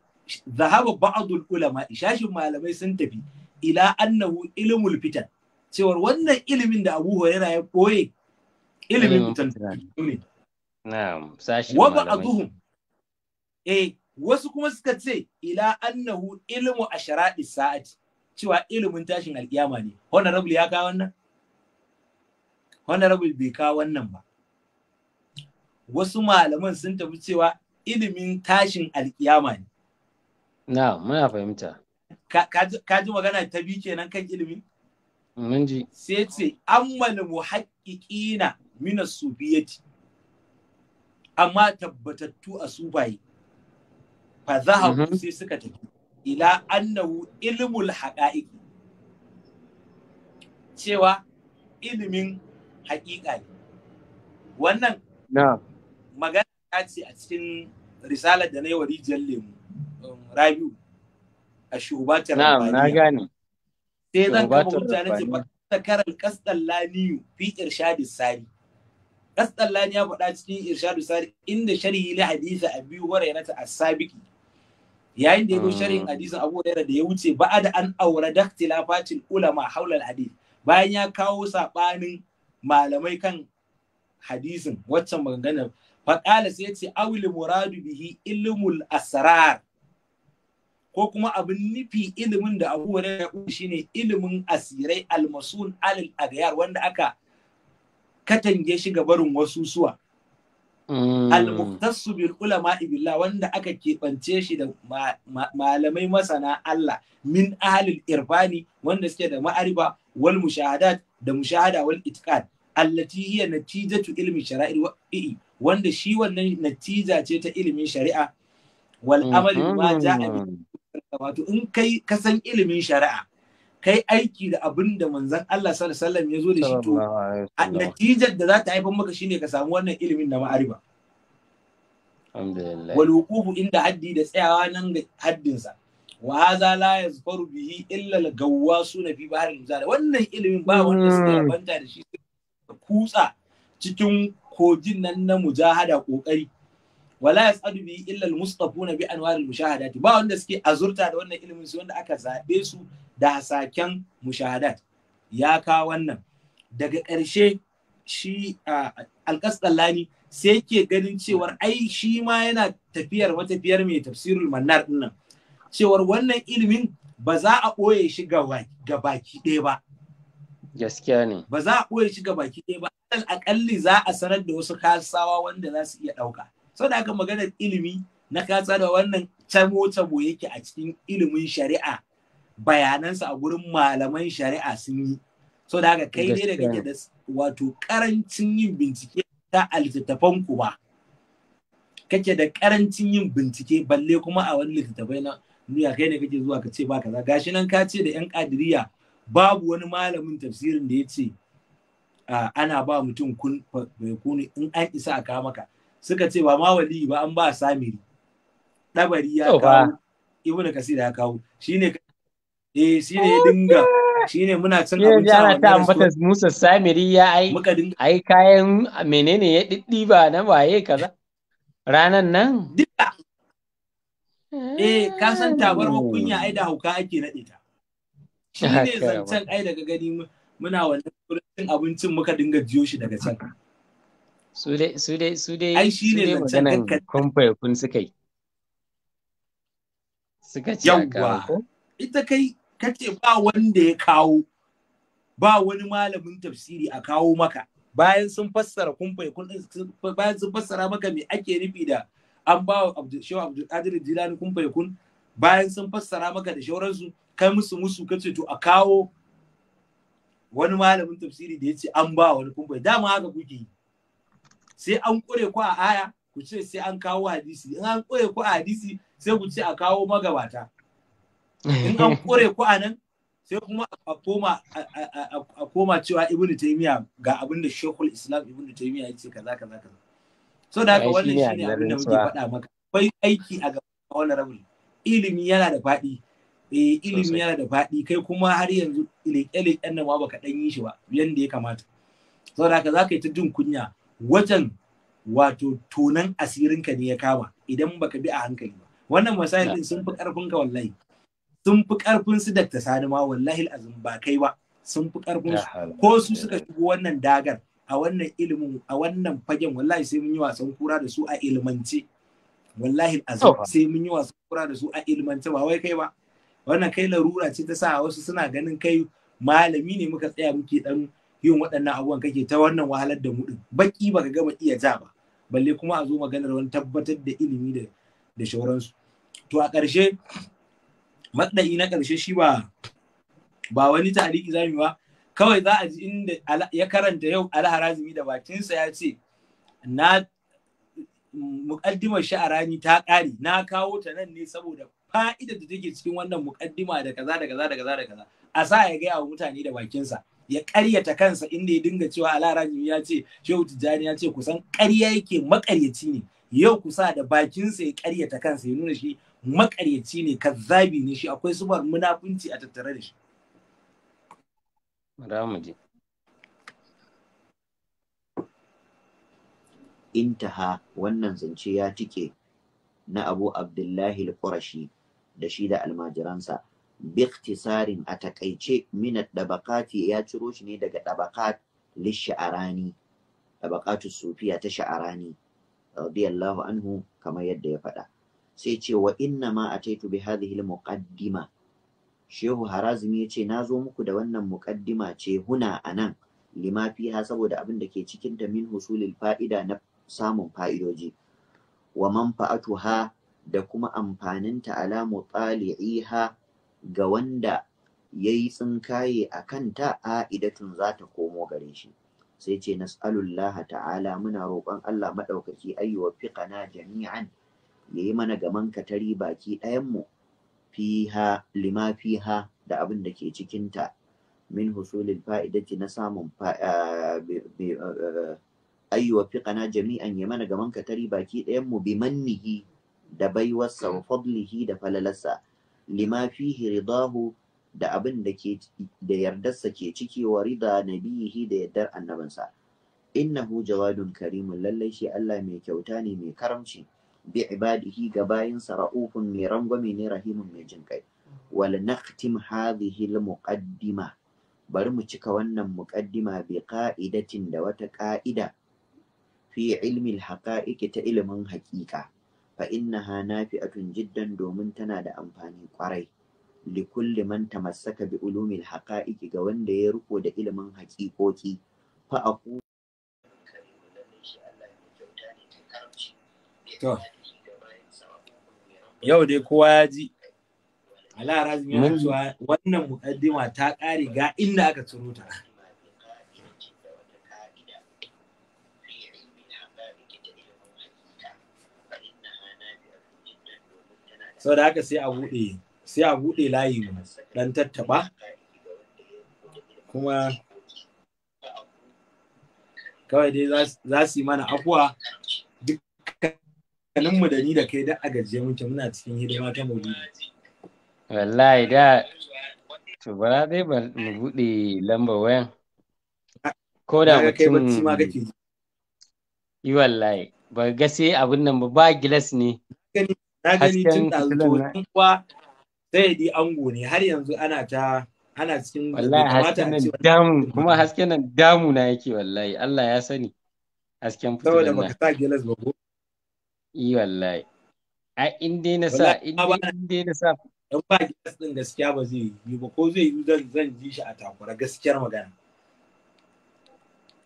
zahaba ba'adul-ulama'i, shashin malamai sun tafi ila annahu ilimin fitan cewar wannan ilimin da Abu Hurairah ya koye ilimin fitan ne wa ba'aduhum eh wasu kuma suka ce ila annahu ilmu asharadi sa'ati cewa ilimin tashin alkiyama ne. Honorable ya kawo wannan? Honorable bai kawo wannan ba. Wasu malaman sun tafi cewa ilimin tashin alkiyama ne. Na, muna fahimta. Ka ji magana ta bi kenan kan ilimi? Mun ji. Sai ce, ammal muhaqqiqina min as-sufiyati amma tabbatattu a baye fa zahabu mhm. sai suka tafi ila annahu ilmul haqa'iq cewa ilimin haƙiƙa ne wannan magana ta ce a cikin risalar da na yi wa rijiyar lemu um, rabiu a shubatar na gane sai zan kama mutane ce ba ta karar kastan fi irshadin sari Rastallani ya faɗa cikin Irshadu Sari inda sharhi na hadisa a biyu warairata a sabiki. Yayin da ya zo hmm. sharhin hadisin Abu Hurairah da ya wuce ba da an aure daktilafatil ulama haulal hadis. Bayan ya kawo saɓanin malamai kan hadisin waccan maganganar faƙala sai ce awil muradu bihi ilmul asrar ko kuma abin nufi ilimin da Abu Hurairah shine ilimin asirai almasun alal agyar wanda aka katange shi ga barin wasu suwa mm. al-muqtasu bil ulama billah wanda aka keɓance shi da malamai masana Allah min ahlil irfani wanda suke da ma'arifa wal mushahadat da mushahada wal itqad allati hiya natijatu ilmi shara'i wa'i wanda shi wannan natija ce ta ilimin shari'a wal amali ma ja'a mm-hmm. wato in kai ka san ilimin shari'a kai aiki da abin da manzan Allah sallallahu alaihi wasallam ya zo da shi to natijar da za ta haifar maka shine ka samu wannan ilimin na ma'arifa wal wuqufu inda haddi da tsayawa nan ga haddinsa wa hadha la yazfaru bihi illa al gawwasuna fi bahril muzara wannan ilimin ba wanda suka hmm. banta da shi kutsa cikin kojin nan na mujahada kokari wala yasadu bihi illa al mustafuna bi anwar al mushahadati ba wanda suke azurta da wannan ilimin su wanda aka zabe su da hasaken mushahadat ya kawo wannan daga ƙarshe shi alƙasɗallani sai yake ganin cewar ai shi ma yana tafiyar matafiyar mai tafsirul mannar dinnan cewar wannan ilimin ba za a ɓoye shi ga baki ɗaya ba gaskiya ne ba za a ɓoye shi ga baki ɗaya ba A akalli za a sanar da wasu kasawa wanda za su iya ɗauka Sau da haka maganar ilimi na kasa da wannan camo camo yake a cikin ilimin shari'a bayanansa a gurin malaman shari'a sun yi so da haka kai ne da kake da wato karancin yin bincike ta littattafan ku ba kake da karancin yin bincike balle kuma a wani littattafai na duniya kai ne kake zuwa ka ce ba kaza gashi nan ka ce da yan kadiriya babu wani malamin tafsirin da ya ce ana ba mutum kun kuni in an isa a kawo maka suka ce ba ma wali ba an ba samiri dabari ya kawo ibnu kasir ya kawo shine eh shi ne dinga shi ne muna cin abinci a ta ambata Musa Samiri ya ai ai kayan menene ya diddiba na waye kaza ranan nan duka eh ka san ah. tabar kunya ai da hauka ake nade ta shi ne zancen ai daga gani muna wannan cin abincin muka dinga jiyo shi daga can su dai su dai su dai ai shi ne zancen kumfa kun suka yi suka ci aka ita kai kace ba wanda ya kawo ba wani malamin tafsiri a kawo maka bayan sun fassara kun bayan sun fassara maka me ake nufi da an ba wa shehu abdulkadir jilani kun kun bayan sun fassara maka da shauransu kai musu musu kace to a kawo wani malamin tafsiri da ya ce an ba wani kun dama haka kuke yi sai an kure ku a aya ku ce sai an kawo hadisi in an kure ku a hadisi sai ku ce a kawo magabata in an kore ku anan sai kuma a koma a koma cewa ibn taymiya ga abin da shekul islam ibn taymiya yace kaza kaza kaza so da haka wannan shine abin da muke faɗa maka akwai aiki a gaba wannan rabin ilimi yana da faɗi eh ilimi yana da faɗi kai kuma har yanzu leƙe-leƙen nan ba ka ɗan yi shi ba yanda ya kamata da haka za ka yi ta jin kunya wajen wato tonan asirinka ne ya kama idan baka bi a hankali ba wannan masayin sun fi ƙarfinka ka wallahi sun fi karfin su Dr. Sani ma wallahi azum ba kai ba sun fi karfin su ko su suka shigo wannan dagar a wannan ilimin a wannan fagen wallahi sai mun yi wasan kura da su a ilmance wallahi azum sai mun yi wasan kura da su a ilmance ba wai kai ba wannan kai larura ce ta sa wasu suna ganin kai malami ne muka tsaya muke dan yin waɗannan abubuwan kake ta wannan wahalar da mu din baki baka gama iya ja ba balle kuma a zo maganar wani tabbatar da ilimi da da shauransu to a ƙarshe matsayi na ƙarshe shi ba ba wani tariki za mu ba kawai za a ji inda ya karanta yau alharazimi da bakinsa ya ce na a rani ta ƙare na kawo ta nan ne saboda fa'idar da take cikin wannan mukaddima da kaza da kaza da kaza da kaza a sa ya gaya wa mutane da bakinsa ya ƙaryata kansa inda ya dinga cewa alharajin ya ce shehu tijjani ya ce kusan ƙarya yake maƙaryaci ne yau kusa da bakinsa ya ƙaryata kansa ya nuna shi makaryaci ne kazzabi ne shi akwai zubar munafunci a tattare da shi intaha wannan zance ya cike na abu abdullahi al-qurashi da shi da almajiransa biktisarin a takaice minat dabakati ya ciro shi ne daga dabakat lisha'arani dabakatu sufiya ta sha'arani radiyallahu anhu kamar yadda ya faɗa sai ce wa inna ma ataitu bi hadhihi muqaddima shehu harazimi ya ce na zo muku da wannan muqaddima ce huna anan lima fiha saboda abin da ke cikin ta min husulil fa'ida na samun fa'idoji wa manfa'atuha da kuma amfaninta ala mutsali'iha ga wanda ya yi tsinkaye a kanta a'idatun za ta komo gare shi sai ce nas'alullaha ta'ala muna roƙon Allah maɗaukaki ayyuwa fiƙana jami'an ya yi mana gaman katari baki ɗayanmu fiha lima fiha da abin da ke cikinta min husulil fa'idati na samun ayyuwa fiƙana jami'an ya mana gaman katari baki ɗayanmu bi mannihi da baiwarsa wa fadlihi da falalarsa lima fihi ridahu da abin da yardarsa ke ciki wa rida nabiyihi da yardar annabinsa innahu jawadun karimun lallai shi Allah mai kyauta ne mai karamci bi ibadihi ga bayinsa ra'ufun mai rangwame ne rahimun mai jin kai wal naqtim hadhihi al muqaddima bari mu cika wannan muqaddima bi qa'idatin da wata qa'ida fi ilmi al haqa'iqi ta ilimin haqiqa fa innaha nafi'atun jiddan domin tana da amfani kwarai li kulli man tamassaka bi ulumi al ga wanda ya riko da ilimin haqiqoki fa aqu to yau dai kowa ya ji Allah razumi cewa wannan mukaddima ta ƙare ga inda aka ciro ta sau da haka sai a buɗe sai a buɗe layi ɗan tattaɓa kuma kawai dai za su yi mana akuwa. hankalin mu da ni da kai da a gajiye muke muna cikin hidima ta wallahi da to bara dai mu bude lamba wayan ko da mutum yi wallahi ba ga sai abin nan ba ba gilas ne na gani tun ɗazu kuwa sai di ango ne har yanzu ana ta ana cikin wallahi hasken nan damu kuma hasken nan damu na yake wallahi Allah ya sani hasken fitar saboda baka sa gilas ba I wallahi. A in dai na sa in dai na sa dan ba gas din gaskiya ba zai yi ba ko zai yi zan zan ji shi a takura gaskiyar magana.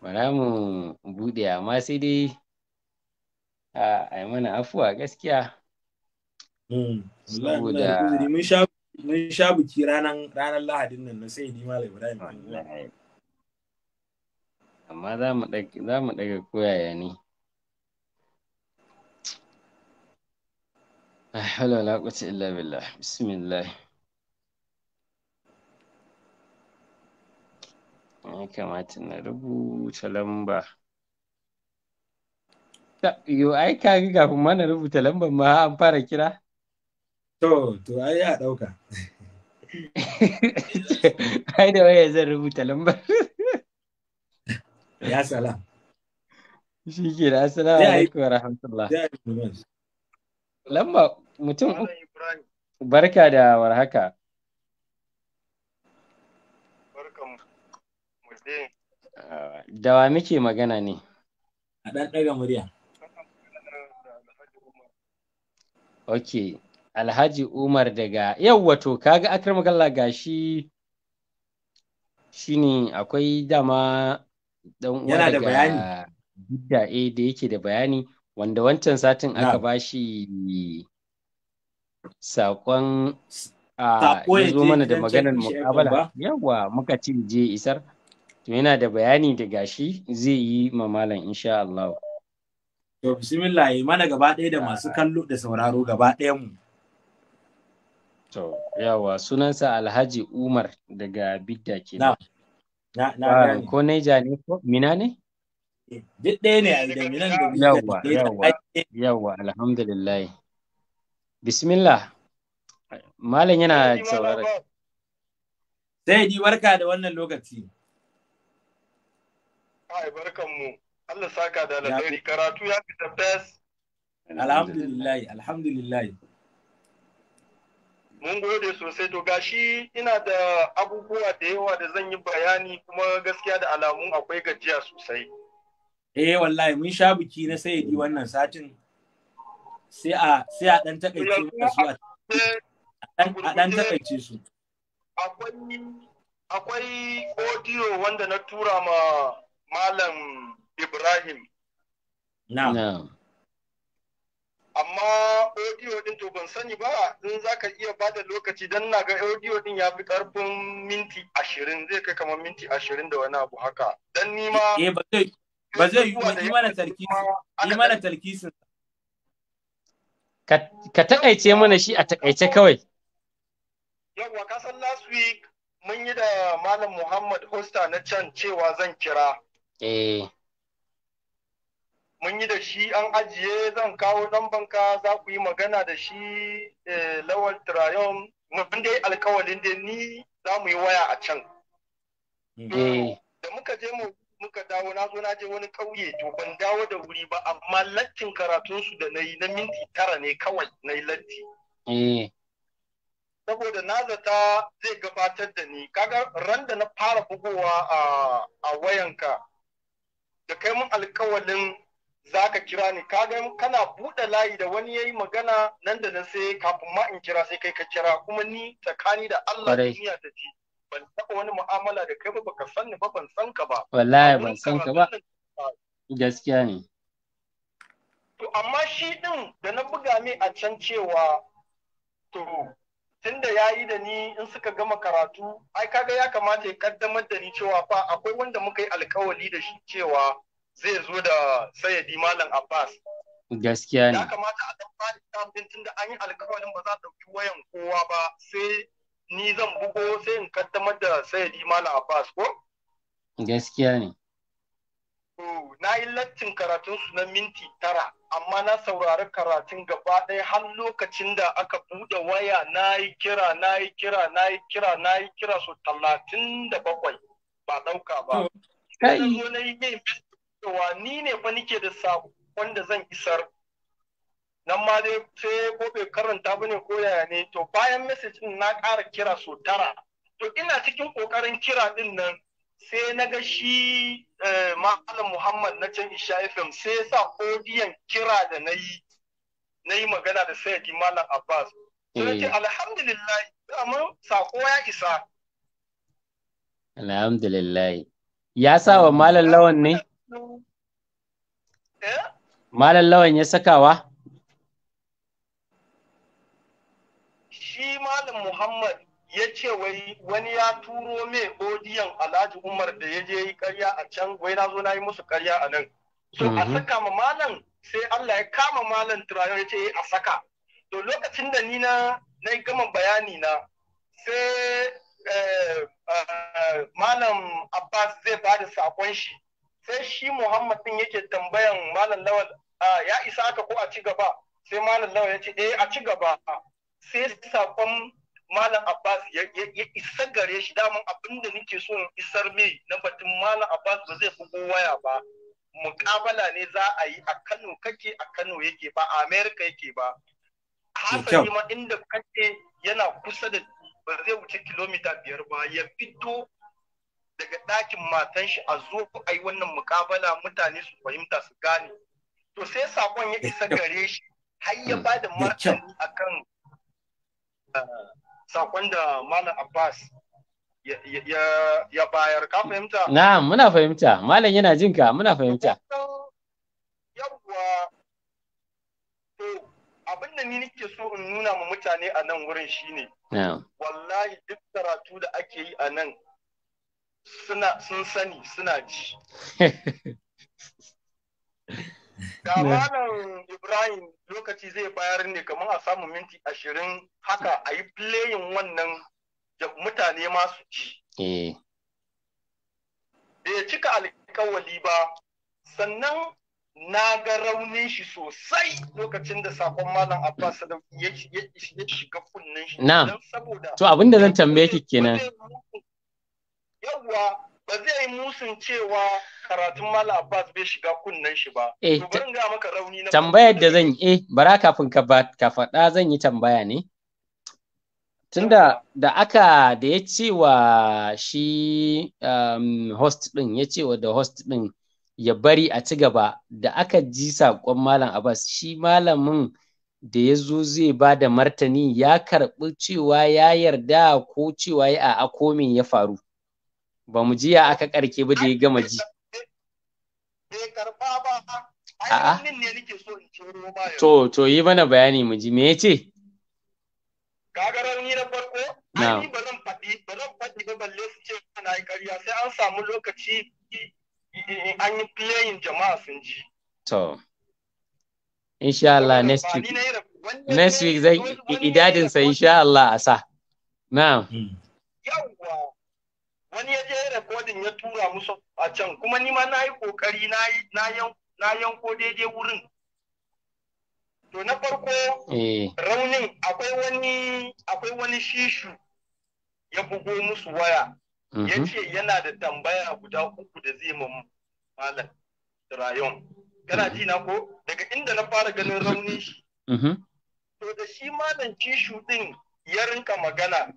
Bara mu bude amma sai dai a ai mana afuwa gaskiya. Hmm, Saboda mun sha mun sha biki ranar ranar Lahadin nan na sai ni Malam Ibrahim. Amma za mu daga koyaya ne. لا حول ولا قوة إلا بالله بسم الله ya kamata na rubuta lamba yo ai ka ga kafin mana rubuta lambar ma an fara kira to to ai ya dauka ai da waya zan rubuta lambar ya salam shi ke da assalamu alaikum wa rahmatullah Lamba mutum barka da warhaka. Da wa muke magana ne? A ɗan ɗaga murya. Ok, Alhaji Umar daga yau wato kaga akram galla shi shine akwai dama dan uwa daga Yana da eh, da yake da bayani. wanda wancan satin aka ba shi saƙon a ya zo mana da maganar mukabala yawa muka ci je isar to yana da bayani da gashi zai yi mamalan insha Allah to bismillah mana gaba ɗaya da masu ah. kallo da sauraro gaba ɗaya mu to yawa sunansa Alhaji Umar daga Bidda kenan na na ah, ko Naija ne ko Mina ne duk ɗaya ne a da milan da yawa yawa yawa alhamdulillah bismillah malam yana saurara sai di warka da wannan lokaci ai barkan mu Allah saka da alheri karatu ya fi the best alhamdulillah alhamdulillah mun gode sosai to gashi ina da abubuwa da yawa da zan yi bayani kuma gaskiya da alamun akwai gajiya sosai eh wallahi mun sha biki na sayyidi wannan satin sai a sai a dan takaice su a dan takaice su akwai akwai audio wanda na tura ma malam Ibrahim na'am amma audio din to ban sani ba in za ka iya bada lokaci don na ga audio din ya fi karfin minti ashirin zai kai kamar minti ashirin da wani abu haka dan nima eh, ba zai yi mana imana talkisin imana ka takaice mana shi a takaice kawai yawwa ka san last week mun yi da malam Muhammad Hosta na can cewa zan kira eh mun yi da shi an ajiye zan kawo dan banka za ku yi magana da shi eh, lawal trayon mun dai alkawalin da ni za mu yi waya a can eh. da muka je mu muka dawo na zo na je wani kauye to ban dawo da wuri ba amma lattin karatunsu da na yi na minti tara ne kawai na yi latti. Eh. Saboda na zata zai gabatar da ni kaga ran da na fara bugowa a wayanka da kai mun alkawalin za ka kira ni kaga kana buɗe layi da wani ya yi magana nan da nan sai kafin ma in kira sai kai ka kira kuma ni tsakani da Allah duniya ta ce. ban taɓa wani mu'amala da kai ba baka san ni ba ban san ka ba wallahi ban san ka ba gaskiya ne to amma shi ɗin da na buga mai a can cewa to tunda ya yi da ni in suka gama karatu ai kaga ya kamata ya kaddamar da ni cewa fa akwai wanda muka yi alkawali da shi cewa zai zo da sayyadi malam abbas gaskiya ne ya kamata a dan bani tun tunda an yi alkawalin ba za a ɗauki wayan kowa ba sai ni zan bugo sai in kaddamar da sayyidi malam abbas ko gaskiya ne na yi lattin karatun su na minti tara amma na saurari karatun gaba ɗaya har lokacin da aka buɗe waya na yi kira na yi kira na yi kira na yi kira su talatin da bakwai ba ɗauka ba. Kai. zo na yi ni ne fa nike da wanda zan isar nan ma dai sai ko bai karanta bane ko yaya ne to bayan message na ƙara kira so tara to ina cikin ƙoƙarin kira din nan sai na ga shi eh, malam muhammad na can isha fm sai ya sa odiyan kira da na yi na yi magana da sayyidi malam abbas sai ce eh. alhamdulillah amma sako ya isa alhamdulillah ya sa wa malam lawan ne eh? malam lawan ya sakawa Muhammad ya ce wani ya turo mai odiyan Alhaji Umar da ya je yi karya a can wai na zo na yi musu karya a nan. So a mhm. saka ma malam sai Allah ya kama malam turayen ya ce eh, a saka. To lokacin da ni na na gama bayani na sai eh, eh, malam Abbas zai ba da sakon shi. Sai shi Muhammad din yake tambayan malam Lawal ya isa aka ko a ci gaba. Sai malam Lawal ya ce eh a ci gaba. Sai sakon Malam Abbas ya isa gare shi daman abinda da nake so in isar mai na batun Malam Abbas ba zai bugo waya ba. Mukabala ne za a yi a Kano kake a Kano yake ba a Amerika yake ba. Hasali ma inda kake yana kusa da ba zai wuce kilomita biyar ba ya fito daga ɗakin matan shi a zo a yi wannan mukabala mutane su fahimta su gane. To sai sakon ya isa eh, gare shi har ya mm, ba da martani akan eh, sakon da Malam Abbas ya bayar ka fahimta? Na muna fahimta Malam yana jin ka muna fahimta. Yawwa to abin da ni nake so in nuna ma mutane a nan wurin shi ne. Wallahi duk karatu da ake yi a nan suna sun sani suna ji. malam ibrahim lokaci zai bayar ne kamar a samu minti ashirin haka a yi playin wannan mutane masu ci. Eh. bai cika alkawali ba sannan na ga raunin shi sosai lokacin da sakon malam abbas ya shiga kunnen shi na to abinda zan tambaye ki kenan yawwa ba zai yi musun cewa karatun Malam Abbas bai shiga kunnen shi ba. Eh, tambayar da zan yi eh bara kafin ka faɗa zan yi tambaya ne. Tunda da aka da ya ce wa shi um, host ɗin ya ce wa da host ɗin ya bari a ci gaba da aka ji saƙon Malam Abbas shi malamin da ya zo zai ba da martani ya karɓi cewa ya yarda ko cewa ya a ko me ya faru. ba mu ji ya aka karke ba da ya gama ji bai karba ba a'a ne nake so in ciro ba to to yi mana bayani mu ji me ya ce? Gagarar rauni na farko ai ba zan faɗi ba zan faɗi ba balle su ce ana yi ƙarya sai an samu lokaci an yi playing jama'a sun ji to insha Allah next week next week zai idadinsa sa insha Allah a sa na'am hmm. yawwa wani ya je rekodin ya tura musu a can kuma ni ma na yi kokari na yanko daidai wurin to na farko eh. raunin akwai wani akwai wani shishu ya bugo musu waya mhm. ya ce yana da tambaya guda uku da zai ma malam rayon kana mhm. ji na ko daga inda na fara ganin raunin shi mhm. to da shi malam shishu din ya rinka magana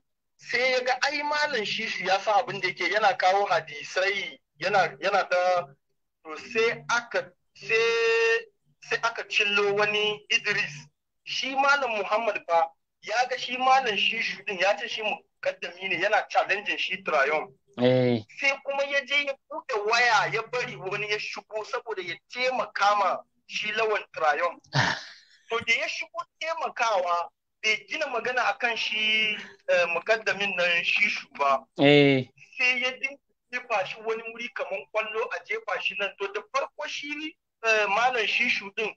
sai ya ga ai malam shi san abin da yake yana kawo hadisai yana yana da to sai aka sai aka cillo wani Idris shi malam Muhammad ba ya ga shi malam shi din ya ce shi mukaddami ne yana challenge shi Trayon eh. sai kuma ya je ya buɗe waya ya bari wani ya shigo saboda ya taimaka ma shi lawan Trayon ah. to da ya shigo taimakawa bai gina magana a kan shi eh, mukaddamin nan shi ba. Eh. Sai ya jefa shi wani wuri kamar kwallo a jefa shi nan to da farko shi eh, malam shishu din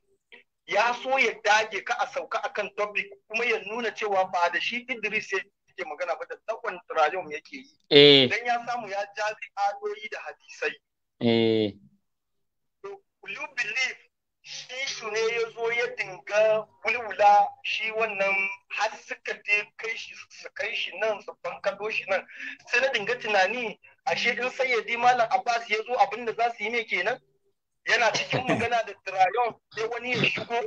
ya so ya dage ka a sauka akan topic kuma ya nuna cewa ba da shi Idris ya ke magana ba da tsakon ya yake yi. Dan ya samu ya jazi aloyi da hadisai. Do you believe shi su ne ya zo ya dinga wulwula shi wannan har suka je kai shi su kai shi nan su bankado shi nan sai na dinga tunani ashe in sayyadi malam abbas ya zo abin da za su yi ne kenan yana cikin magana da tirayon sai wani ya shigo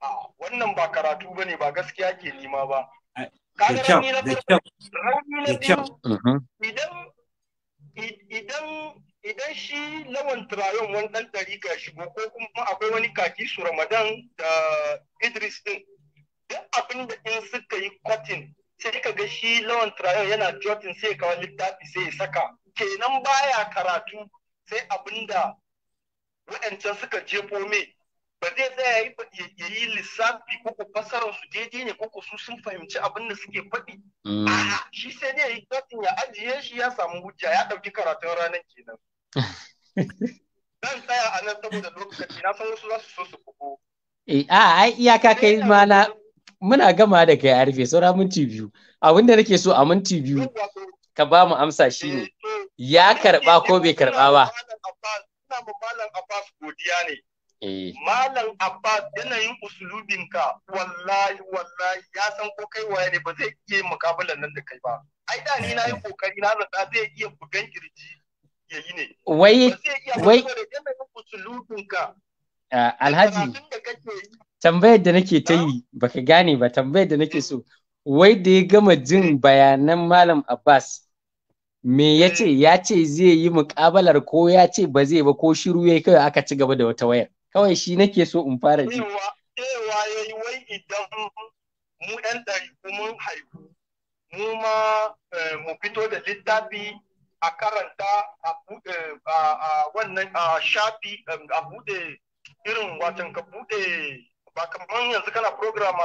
a wannan ba karatu ba ne ba gaskiya ke nima ba da idan idan shi lawan turayen wani ɗan ɗari ga shigo ko kuma akwai wani kaki su ramadan da idris ɗin duk abin da in suka yi kwatin sai ka ga shi lawan turayen yana jotin sai ya kawo littafi sai ya saka kenan baya karatu sai abin da waɗancan suka jefo me ba zai tsaya ya yi lissafi ko fasarar su daidai ne ko su sun fahimci abin da suke faɗi. Mm. Shi sai ne ya yi ya ajiye shi ya samu hujja ya ɗauki karatun ranar kenan. Zan tsaya a nan saboda lokaci na san wasu za su so su bugu. Eh, a ai iyaka kai eh, ma na muna gama da kai a rufe saura minti biyu. Abin da nake so a minti biyu ka ba mu amsa shi ne. Eh, ya karɓa ko bai karɓa ba. Ina ma Malam Abbas godiya ne. Malam Abbas yanayin usulubinka wallahi wallahi ya san ko kai waye ne ba zai iya mukabalan nan da kai ba. Ai da ni na yi kokari na zata zai iya bugan kirji ne. Wai, Alhaji, tambayar da nake ta yi baka gane ba tambayar da nake so. Wai da ya gama jin eh. bayanan Malam Abbas, me ya ce eh. ya ce zai yi muƙabalar ko ya ce ba zai ba ko shiru ya kawai aka ci gaba da wata wayar. Kawai shi nake so in fara ji. Cewa ya yi wai idan mu ɗan ɗari kuma haihu, mu ma eh, mu fito da littafi a karanta a wannan shafi um, a bude irin watan ka bude ba kamar yanzu kana program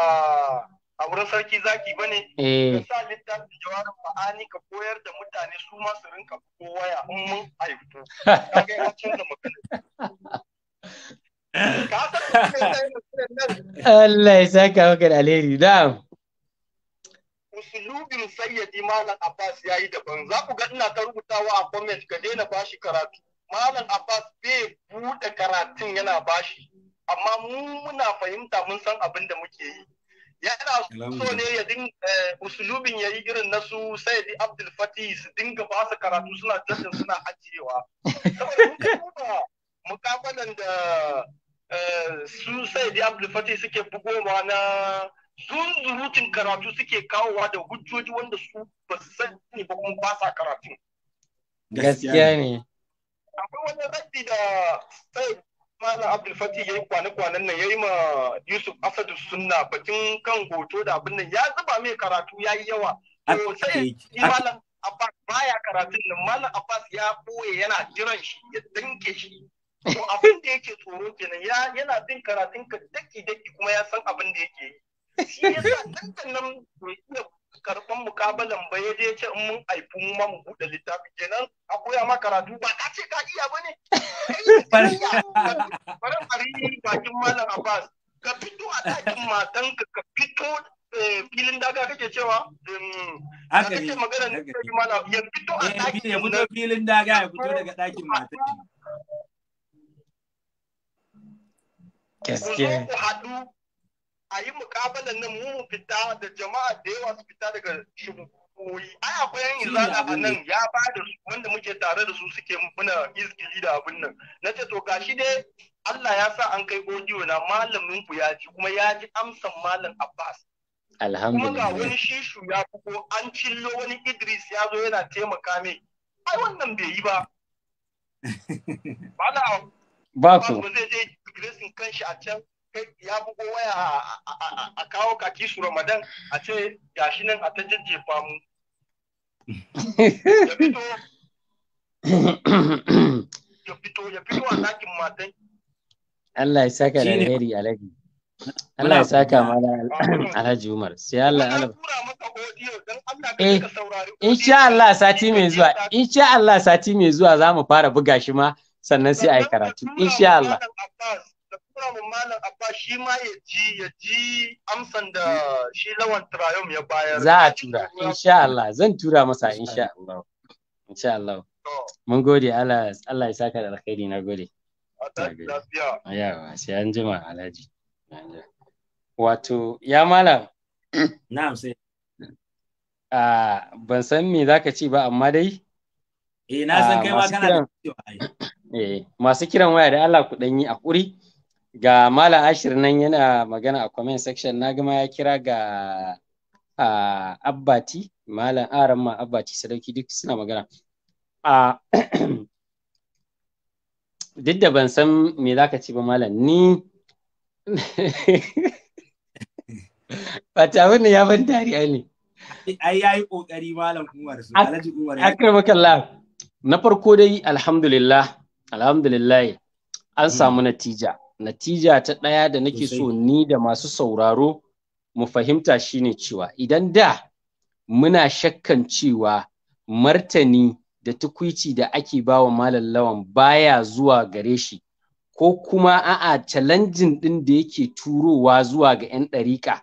a wurin sarki zaki bane ne eh. ka sa littafin jawarin ma'ani ka koyar da mutane su ma su rinka ko waya in mun haifu ka ga ya canza magana Allah ya saka maka da alheri da'am usulubin sayyadi malam abbas ya yi daban za ku ga ina ta rubutawa a comment ka daina bashi karatu malam abbas bai buɗe karatun yana bashi amma mu muna fahimta mun san abin da muke yi yana so ne ya din eh, usulubin ya yi irin na su sayyadi abdul fatih su dinga ba su karatu suna tashin suna ajiyewa saboda mukabalan da eh, su sayyadi abdul fatih suke bugowa na zurutun karatu suke kawowa da hujjoji wanda su ba su sani ba kuma ba sa karatu. Gaskiya ne. Akwai wani raddi da sai Mala Abdul Fatih ya yi kwane-kwanen nan ya yi ma Yusuf Asadu Sunna bakin kan hoto da abin nan ya zuba mai karatu ya yi yawa. To sai Malam Abbas baya karatun nan Malam Abbas ya ɓoye yana jiran shi ya danke shi. To abin da yake tsoro kenan yana bin karatun ka daki-daki kuma ya san abin da yake yi. shi nan bai iya mukabalan ba ya ce in mun haifu mu ma mu buɗe littafi kenan a koya ma karatu ba ka ce ka iya ba ne bakin malam abbas ka fito a ɗakin matanka ka fito eh, filin daga kake cewa haka ne magana ne kai ya fito a eh, ya fito filin daga ya fito daga gaskiya ku a yi mukabalan nan mu mu fita da jama'a da yawa su fita daga shugoyi ai akwai yan izala a nan ya ba da su wanda muke tare da su suke muna izgili da abin nan na ce to gashi dai Allah ya sa an kai audio na malamin ku ya ji kuma ya ji amsan malam Abbas alhamdulillah kuma ga wani shishu ya fito an cillo wani Idris ya zo yana taimaka mai ai wannan bai yi ba ba ku ba zai je Grace kanshi a can ya bugo waya a kawo kaki su ramadan a ce gashi nan a ta jajjefa mu ya fito ya fito a ɗakin matan Allah ya saka da alheri alhaji Allah ya saka mana alhaji Umar sai Allah Allah eh insha Allah sati mai zuwa insha Allah sati mai zuwa za mu fara buga shi ma sannan sai a yi karatu insha Allah tura mu malam abba shi ma ya ji ya ji amsan da shi lawan trayom ya bayar za a tura insha Allah zan tura masa insha Allah insha Allah mun gode Allah Allah ya saka da alkhairi na gode yawa sai an jima alhaji wato ya malam na'am sai ban san me zaka ci ba amma dai Eh, na san kai ma kana da eh masu kiran waya da Allah ku ɗanyi a ƙuri ga Malam Ashir nan yana magana a comment section na gama ya kira ga uh, Abbati Malam Aram ma Abbati Sadauki duk suna magana a duk da ban san me za ka ce ba Malam ni Fata wani ya ban dariya ne ai yi kokari Malam Umar su Alhaji Umar kalla na farko dai alhamdulillah alhamdulillah an hmm. samu natija natija ta ɗaya da nake so ni da masu sauraro mu fahimta shine cewa idan da muna shakkan cewa martani da tukwici da ake bawa malam lawan baya zuwa gare shi ko kuma a'a challenging ɗin da yake turowa zuwa ga 'yan ɗarika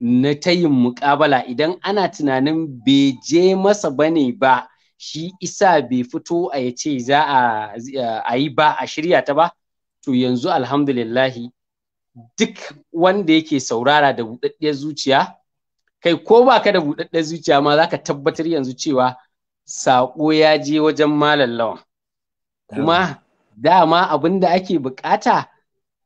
na tayin muƙabala idan ana tunanin bai je masa bane ba shi isa bai fito a ya ce za a yi ba a shirya ta ba to yanzu alhamdulillahi duk wanda yake saurara da buɗaɗɗiyar zuciya kai ko ba ka da buɗaɗɗiyar zuciya ma zaka tabbatar yanzu cewa saƙo ya je wajen malam lawan kuma dama abin da ake buƙata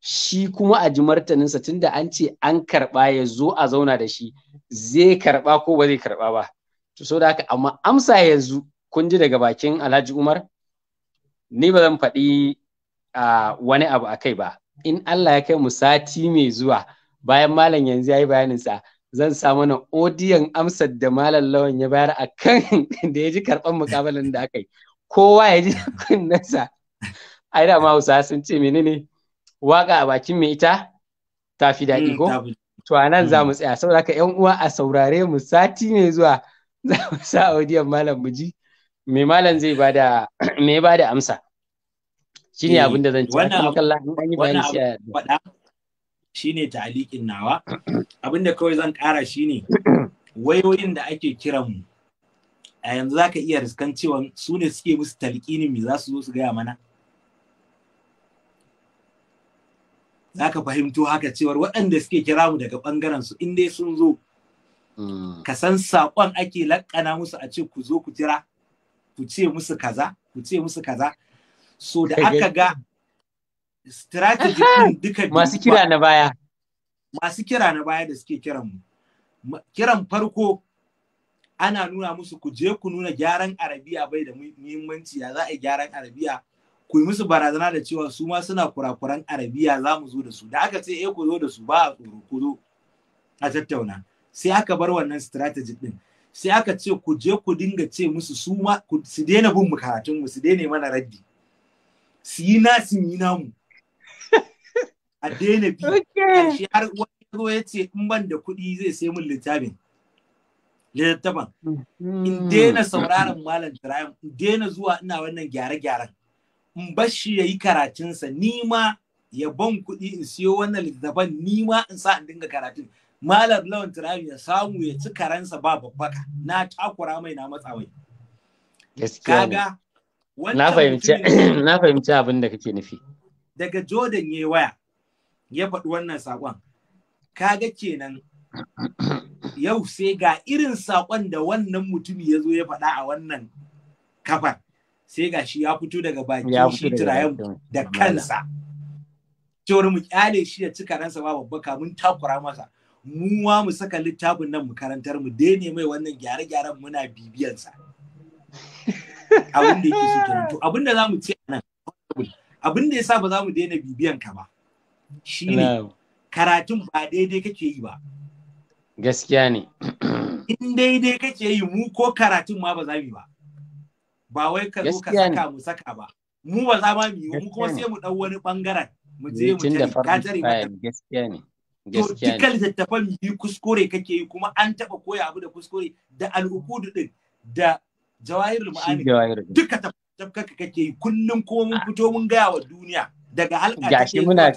shi kuma a ji martaninsa tunda an ce an karɓa ya zo a zauna da shi zai karɓa ko ba zai karɓa ba to so da haka amma amsa yanzu kun ji daga bakin alhaji umar ni ba zan faɗi wani abu a kai ba in Allah ya kai mu sati mai zuwa bayan malam yanzu ya yi bayaninsa zan sa mana odiyan amsar da malam lawan ya bayar a kan da ya ji karɓar mukabalin da aka yi kowa ya ji kunnensa ai da hausa sun ce menene waƙa a bakin mai ita ta fi daɗi mm, ko to a nan za mu mm. tsaya saboda haka yan uwa a saurare mu sati mai zuwa za mu sa odiyan malam mu ji me malam zai bada me bada amsa shi ne eh, abin da zan ci wannan kallon an yi shi faɗa shi ne talikin nawa abin da kawai zan ƙara shi ne wayoyin da ake kiran mu a yanzu za ka iya riskan cewa su ne suke musu talikinin me za su zo su gaya mana za ka fahimto haka cewar waɗanda suke kira mu daga ɓangaren su in dai sun zo hmm. ka san saƙon ake laƙana musu a ce ku zo ku jira kaza ku ce musu kaza so da aka ga strategy din duka masu kira na baya masu kira na baya da suke kiran mu kiran farko ana nuna musu ku je ku nuna gyaran arabiya bai da muhimmanci ya za a gyaran arabiya ku yi musu barazana da cewa su ma suna kurakuran arabiya za mu zo da su da aka ce eh ku zo da su ba a tsoro ku zo a tattauna sai aka bar wannan strategy din sai aka ce ku je ku dinga ce musu su ma su daina bin mu mu su daina mana raddi su yi nasu yi namu a daina bi har wani zo ya ce in ban da kuɗi zai sai mun littafin Littafin. Hmm. in daina sauraron malam Ibrahim in daina zuwa ina wannan gyare-gyaren in bashi ya yi karatunsa ni ma ya ban kuɗi in siyo wannan littafin ni ma in sa in dinga karatun malam lawan Ibrahim ya samu ya ci karensa ba babbaka na takura mai na matsawai kaga na fahimci abin da kake nufi daga Jordan ya waya ya faɗi wannan saƙon kaga kenan yau sai ga irin saƙon da wannan mutumin ya zo ya faɗa a wannan kafar sai ga shi ya fito daga bakin shi turayen da kansa cewar mu kyale shi ya cika ransa ba babba kamun takura masa mu wa mu saka littafin nan mu karantar mu daine mai wannan gyare-gyaren muna bibiyansa abin da yake so kenan to abin da za mu ce nan abin da yasa ba za mu daina bibiyan ka ba shine karatun ba daidai kake yi ba gaskiya ne in daidai kake yi mu ko karatun ma ba za mu ba ba wai ka zo ka saka mu saka ba mu ba za ma mu yi mu kuma sai mu dau wani bangaren mu je mu tare ka tare gaskiya ne To duka littattafan biyu kuskure kake yi kuma an taɓa koya abu da kuskure da al'ukudu ɗin da jawahirul ma'ani duka tafkaka kake yi kullum kuma mun ah. fito mun gaya wa duniya daga halka gashi muna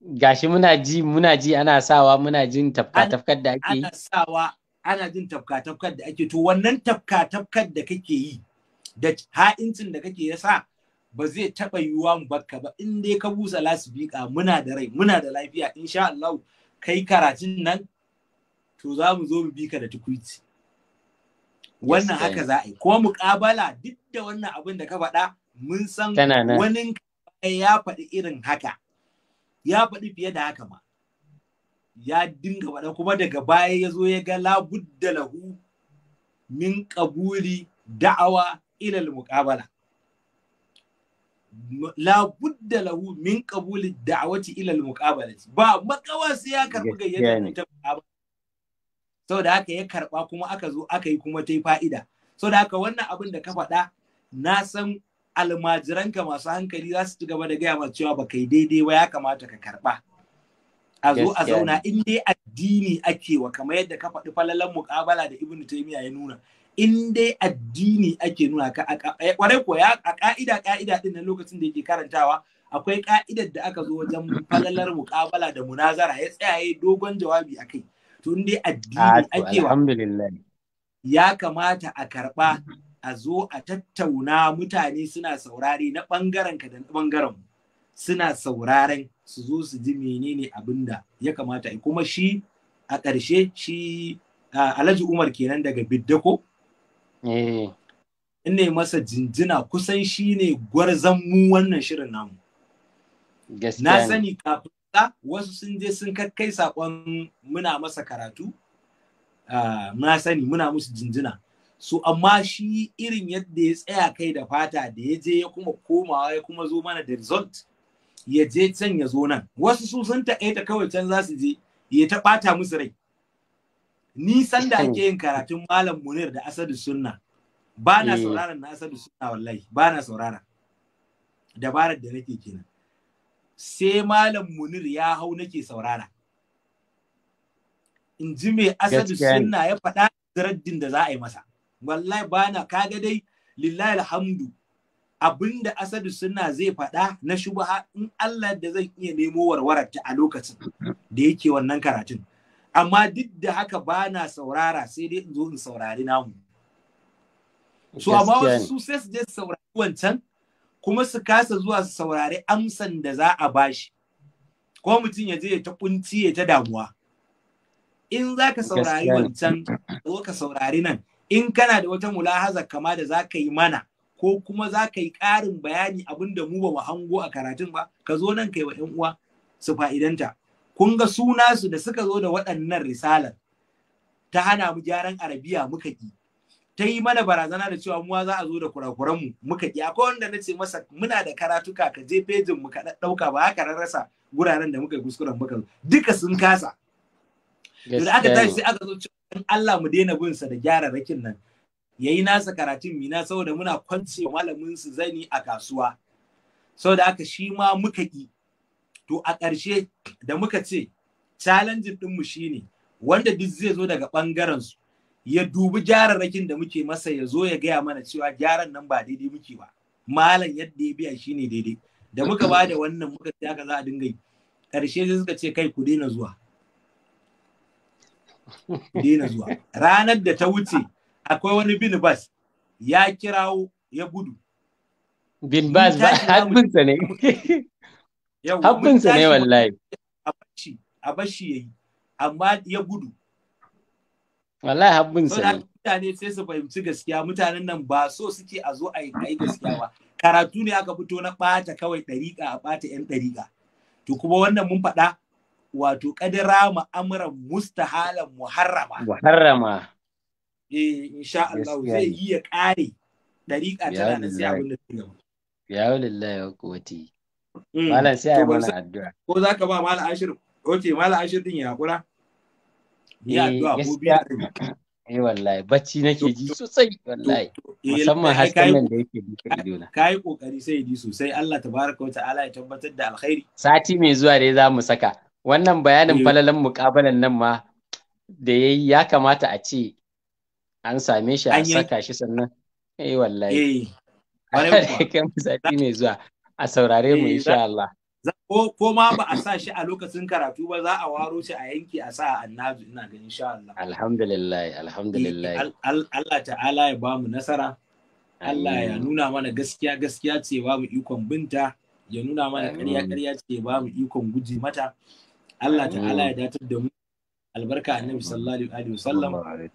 gashi muna ji muna ji ana sawa muna jin tafka tafkar da ake ana sawa ana jin tafka tafkar da ake to wannan tafka tafkar da kake yi da ha'incin da kake yasa ba zai taɓa yiwuwa mu bakka ba in dai ka busa lasifika muna da rai muna da lafiya insha Allah kai karatun nan to za mu zo mu bi ka da tukuici wannan haka za a yi ko muƙabala duk da wannan abin da ka faɗa mun san wani ya faɗi irin haka ya faɗi fiye da haka ma ya dinga faɗa kuma daga baya ya zo ya ga labudda lahu min kabuli da'awa ilal muƙabala labudda lahu min ƙabuli da'awati ilal muƙabala ba makawa sai ya karɓi gayyatar ta muƙabala sau da haka ya karba kuma aka zo aka yi kuma ta yi fa'ida sau da haka wannan abin da ka faɗa na san almajiranka masu hankali za su ci gaba da gaya masu cewa ba kai daidai ba ya kamata ka karba a zo a zauna in dai addini ake wa kamar yadda ka faɗi falalan muƙabala da ibnu taymiya ya nuna in dai addini ake nuna ka kwarai eh, ko ya a ka'ida ka'ida din nan lokacin da yake karantawa akwai ka'idar da aka zo wajen falalar muƙabala da munazara ya tsaya dogon jawabi akai tun dai addini ah, ake wa ya kamata a karɓa a zo a tattauna mutane suna saurare na ɓangaren ka da na ɓangaren suna sauraren su zo su ji menene abin da ya kamata a kuma shi a ƙarshe shi alhaji umar kenan daga biddako eh. ne masa jinjina kusan shi ne gwarzon mu wannan shirin namu na sani kafin wasu sun je sun kai sakon muna masa karatu ah, na sani muna musu jinjina so amma shi irin yadda ya tsaya kai da fata da ya je ya kuma komawa ya kuma zo mana da result ya je can ya zo nan wasu su sun taƙaita kawai can za su je ya ta ɓata musu rai ni da ake yin karatun malam munir da asadu sunna ba na eh. sauraron na asadu sunna wallahi ba na sauraron dabarar da nake kenan sai malam munir ya hau nake saurara in ji mai Asad sunna ya faɗa zaraddin da za a yi masa wallahi bana kaga dai lillahi alhamdu abinda asadu sunna zai faɗa na shubha in Allah da zan iya nemo warwararta a lokacin da yake wannan karatun amma duk da haka bana saurara sai dai in zo in saurari namu so amma wasu sai su je saurari wancan kuma su kasa zuwa su saurari amsan da za a bashi ko mutum ya je ya ta kunci ya ta damuwa in za ka saurari wancan ko ka saurari nan in kana da wata mulahaza kama da za ka yi mana ko kuma za ka yi ƙarin bayani abin da mu ba mu hango a karatun ba ka zo nan kai wa ƴan uwa su fa'idanta kun ga suna da suka zo da waɗannan risalar ta hana mu gyaran arabiya muka yi. ta yi mana barazana da cewa muwa za a zo da kurakuran mu muka ki akwai wanda na ce masa muna da karatuka ka je pejin mu ka dauka ba haka rarrasa guraren da muka kuskuren muka duka sun kasa da aka tashi sai aka zo cewa Allah mu daina bin sa da gyara rakin nan yayi nasa karatun mina saboda muna kwance malamin su zani a kasuwa saboda aka shi ma muka ki to a ƙarshe da muka ce challenge din mu shine wanda duk zai zo daga bangaren su ya dubi jararrakin da muke masa ya zo ya gaya mana cewa jaran nan ba daidai muke ba malam yadda ya biya shine daidai da muka ba da wannan muka ce haka za a dinga yi ƙarshe sai suka ce kai ku daina zuwa daina zuwa ranar da ta wuce akwai wani bin bas ya kirawo ya gudu bin bas ba haɓinsa ne haɓinsa ne wallahi a bashi yayi amma ya gudu wallahi habbin sai mutane sai su fahimci gaskiya mutanen nan ba so suke a zo a yi gaskiya ba karatu ne aka fito na ɓata kawai ɗariƙa a ɓata 'yan ɗariƙa to kuma wannan mun faɗa wato kadira ma'amuran mustahalan muharrama muharrama eh insha Allah zai yi ya ƙare ɗariƙa ta da sai abin da ya wallahi ya kuwati mm. malam sai a mana addu'a ko zaka ba malam ashir oke malam ashir din ya hakura Ya eh, addu'a ko biyu. Eh wallahi bacci nake ji sosai wallahi eh, musamman hasken nan da yake duka idona. Kai kokari sai ji sosai Allah tabaraka wa ta'ala ya tabbatar da alkhairi. Sati mai zuwa dai za mu saka. Wannan bayanin eh. falalan mukabalan nan ma da yayi ya kamata a ce an same shi a saka shi sannan eh wallahi. Eh. Kai sati mai zuwa a saurare mu insha Allah. ko ma ba a sa shi a lokacin karatu ba za a waro shi a yanki a sa annabi ina ganin sha Allah alhamdulillah alhamdulillah Allah ta'ala ya bamu nasara Allah ya nuna mana gaskiya gaskiya ce ba mu ikon binta ya nuna mana ƙarya ƙarya ce ba mu ikon guji mata Allah ta'ala ya datar da mu albarka annabi sallallahu alaihi wasallam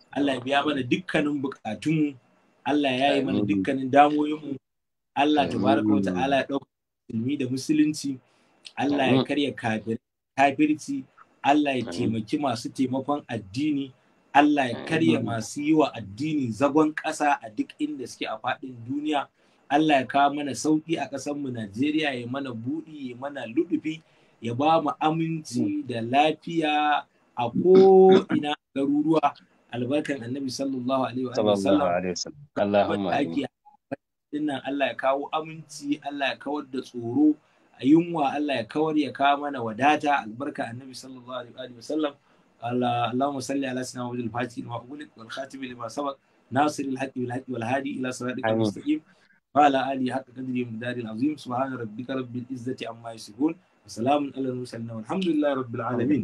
Allah ya biya mana dukkanin mu Allah ya yi mana dukkanin mu. Allah tabaraka wa ta'ala ya dauka musulmi da musulunci Allah ya mm. karya kafirci Allah ya mm. taimaki masu taimakon addini Allah ya karya mm. masu yi wa addini zagon ƙasa a duk inda suke a faɗin duniya Allah ya kawo mana sauƙi a ƙasanmu Najeriya ya mana buɗi ya mana luɗufi ya ba mu aminci da lafiya a ko'ina garuruwa albarkan annabi sallallahu alaihi wa sallam Allah ya kawo aminci Allah ya kawar da tsoro yunwa Allah ya kawar ya kawo mana wadata albarka annabi sallallahu alaihi wa sallam اللهم صل على سيدنا محمد الفاتح لما أغلق والخاتم لما سبق ناصر الحق بالحق والهادي إلى صراطك المستقيم وعلى آله حق قدره ومقداره العظيم سبحان ربك رب العزة عما يصفون وسلام على المرسلين والحمد لله رب العالمين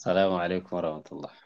السلام عليكم ورحمة الله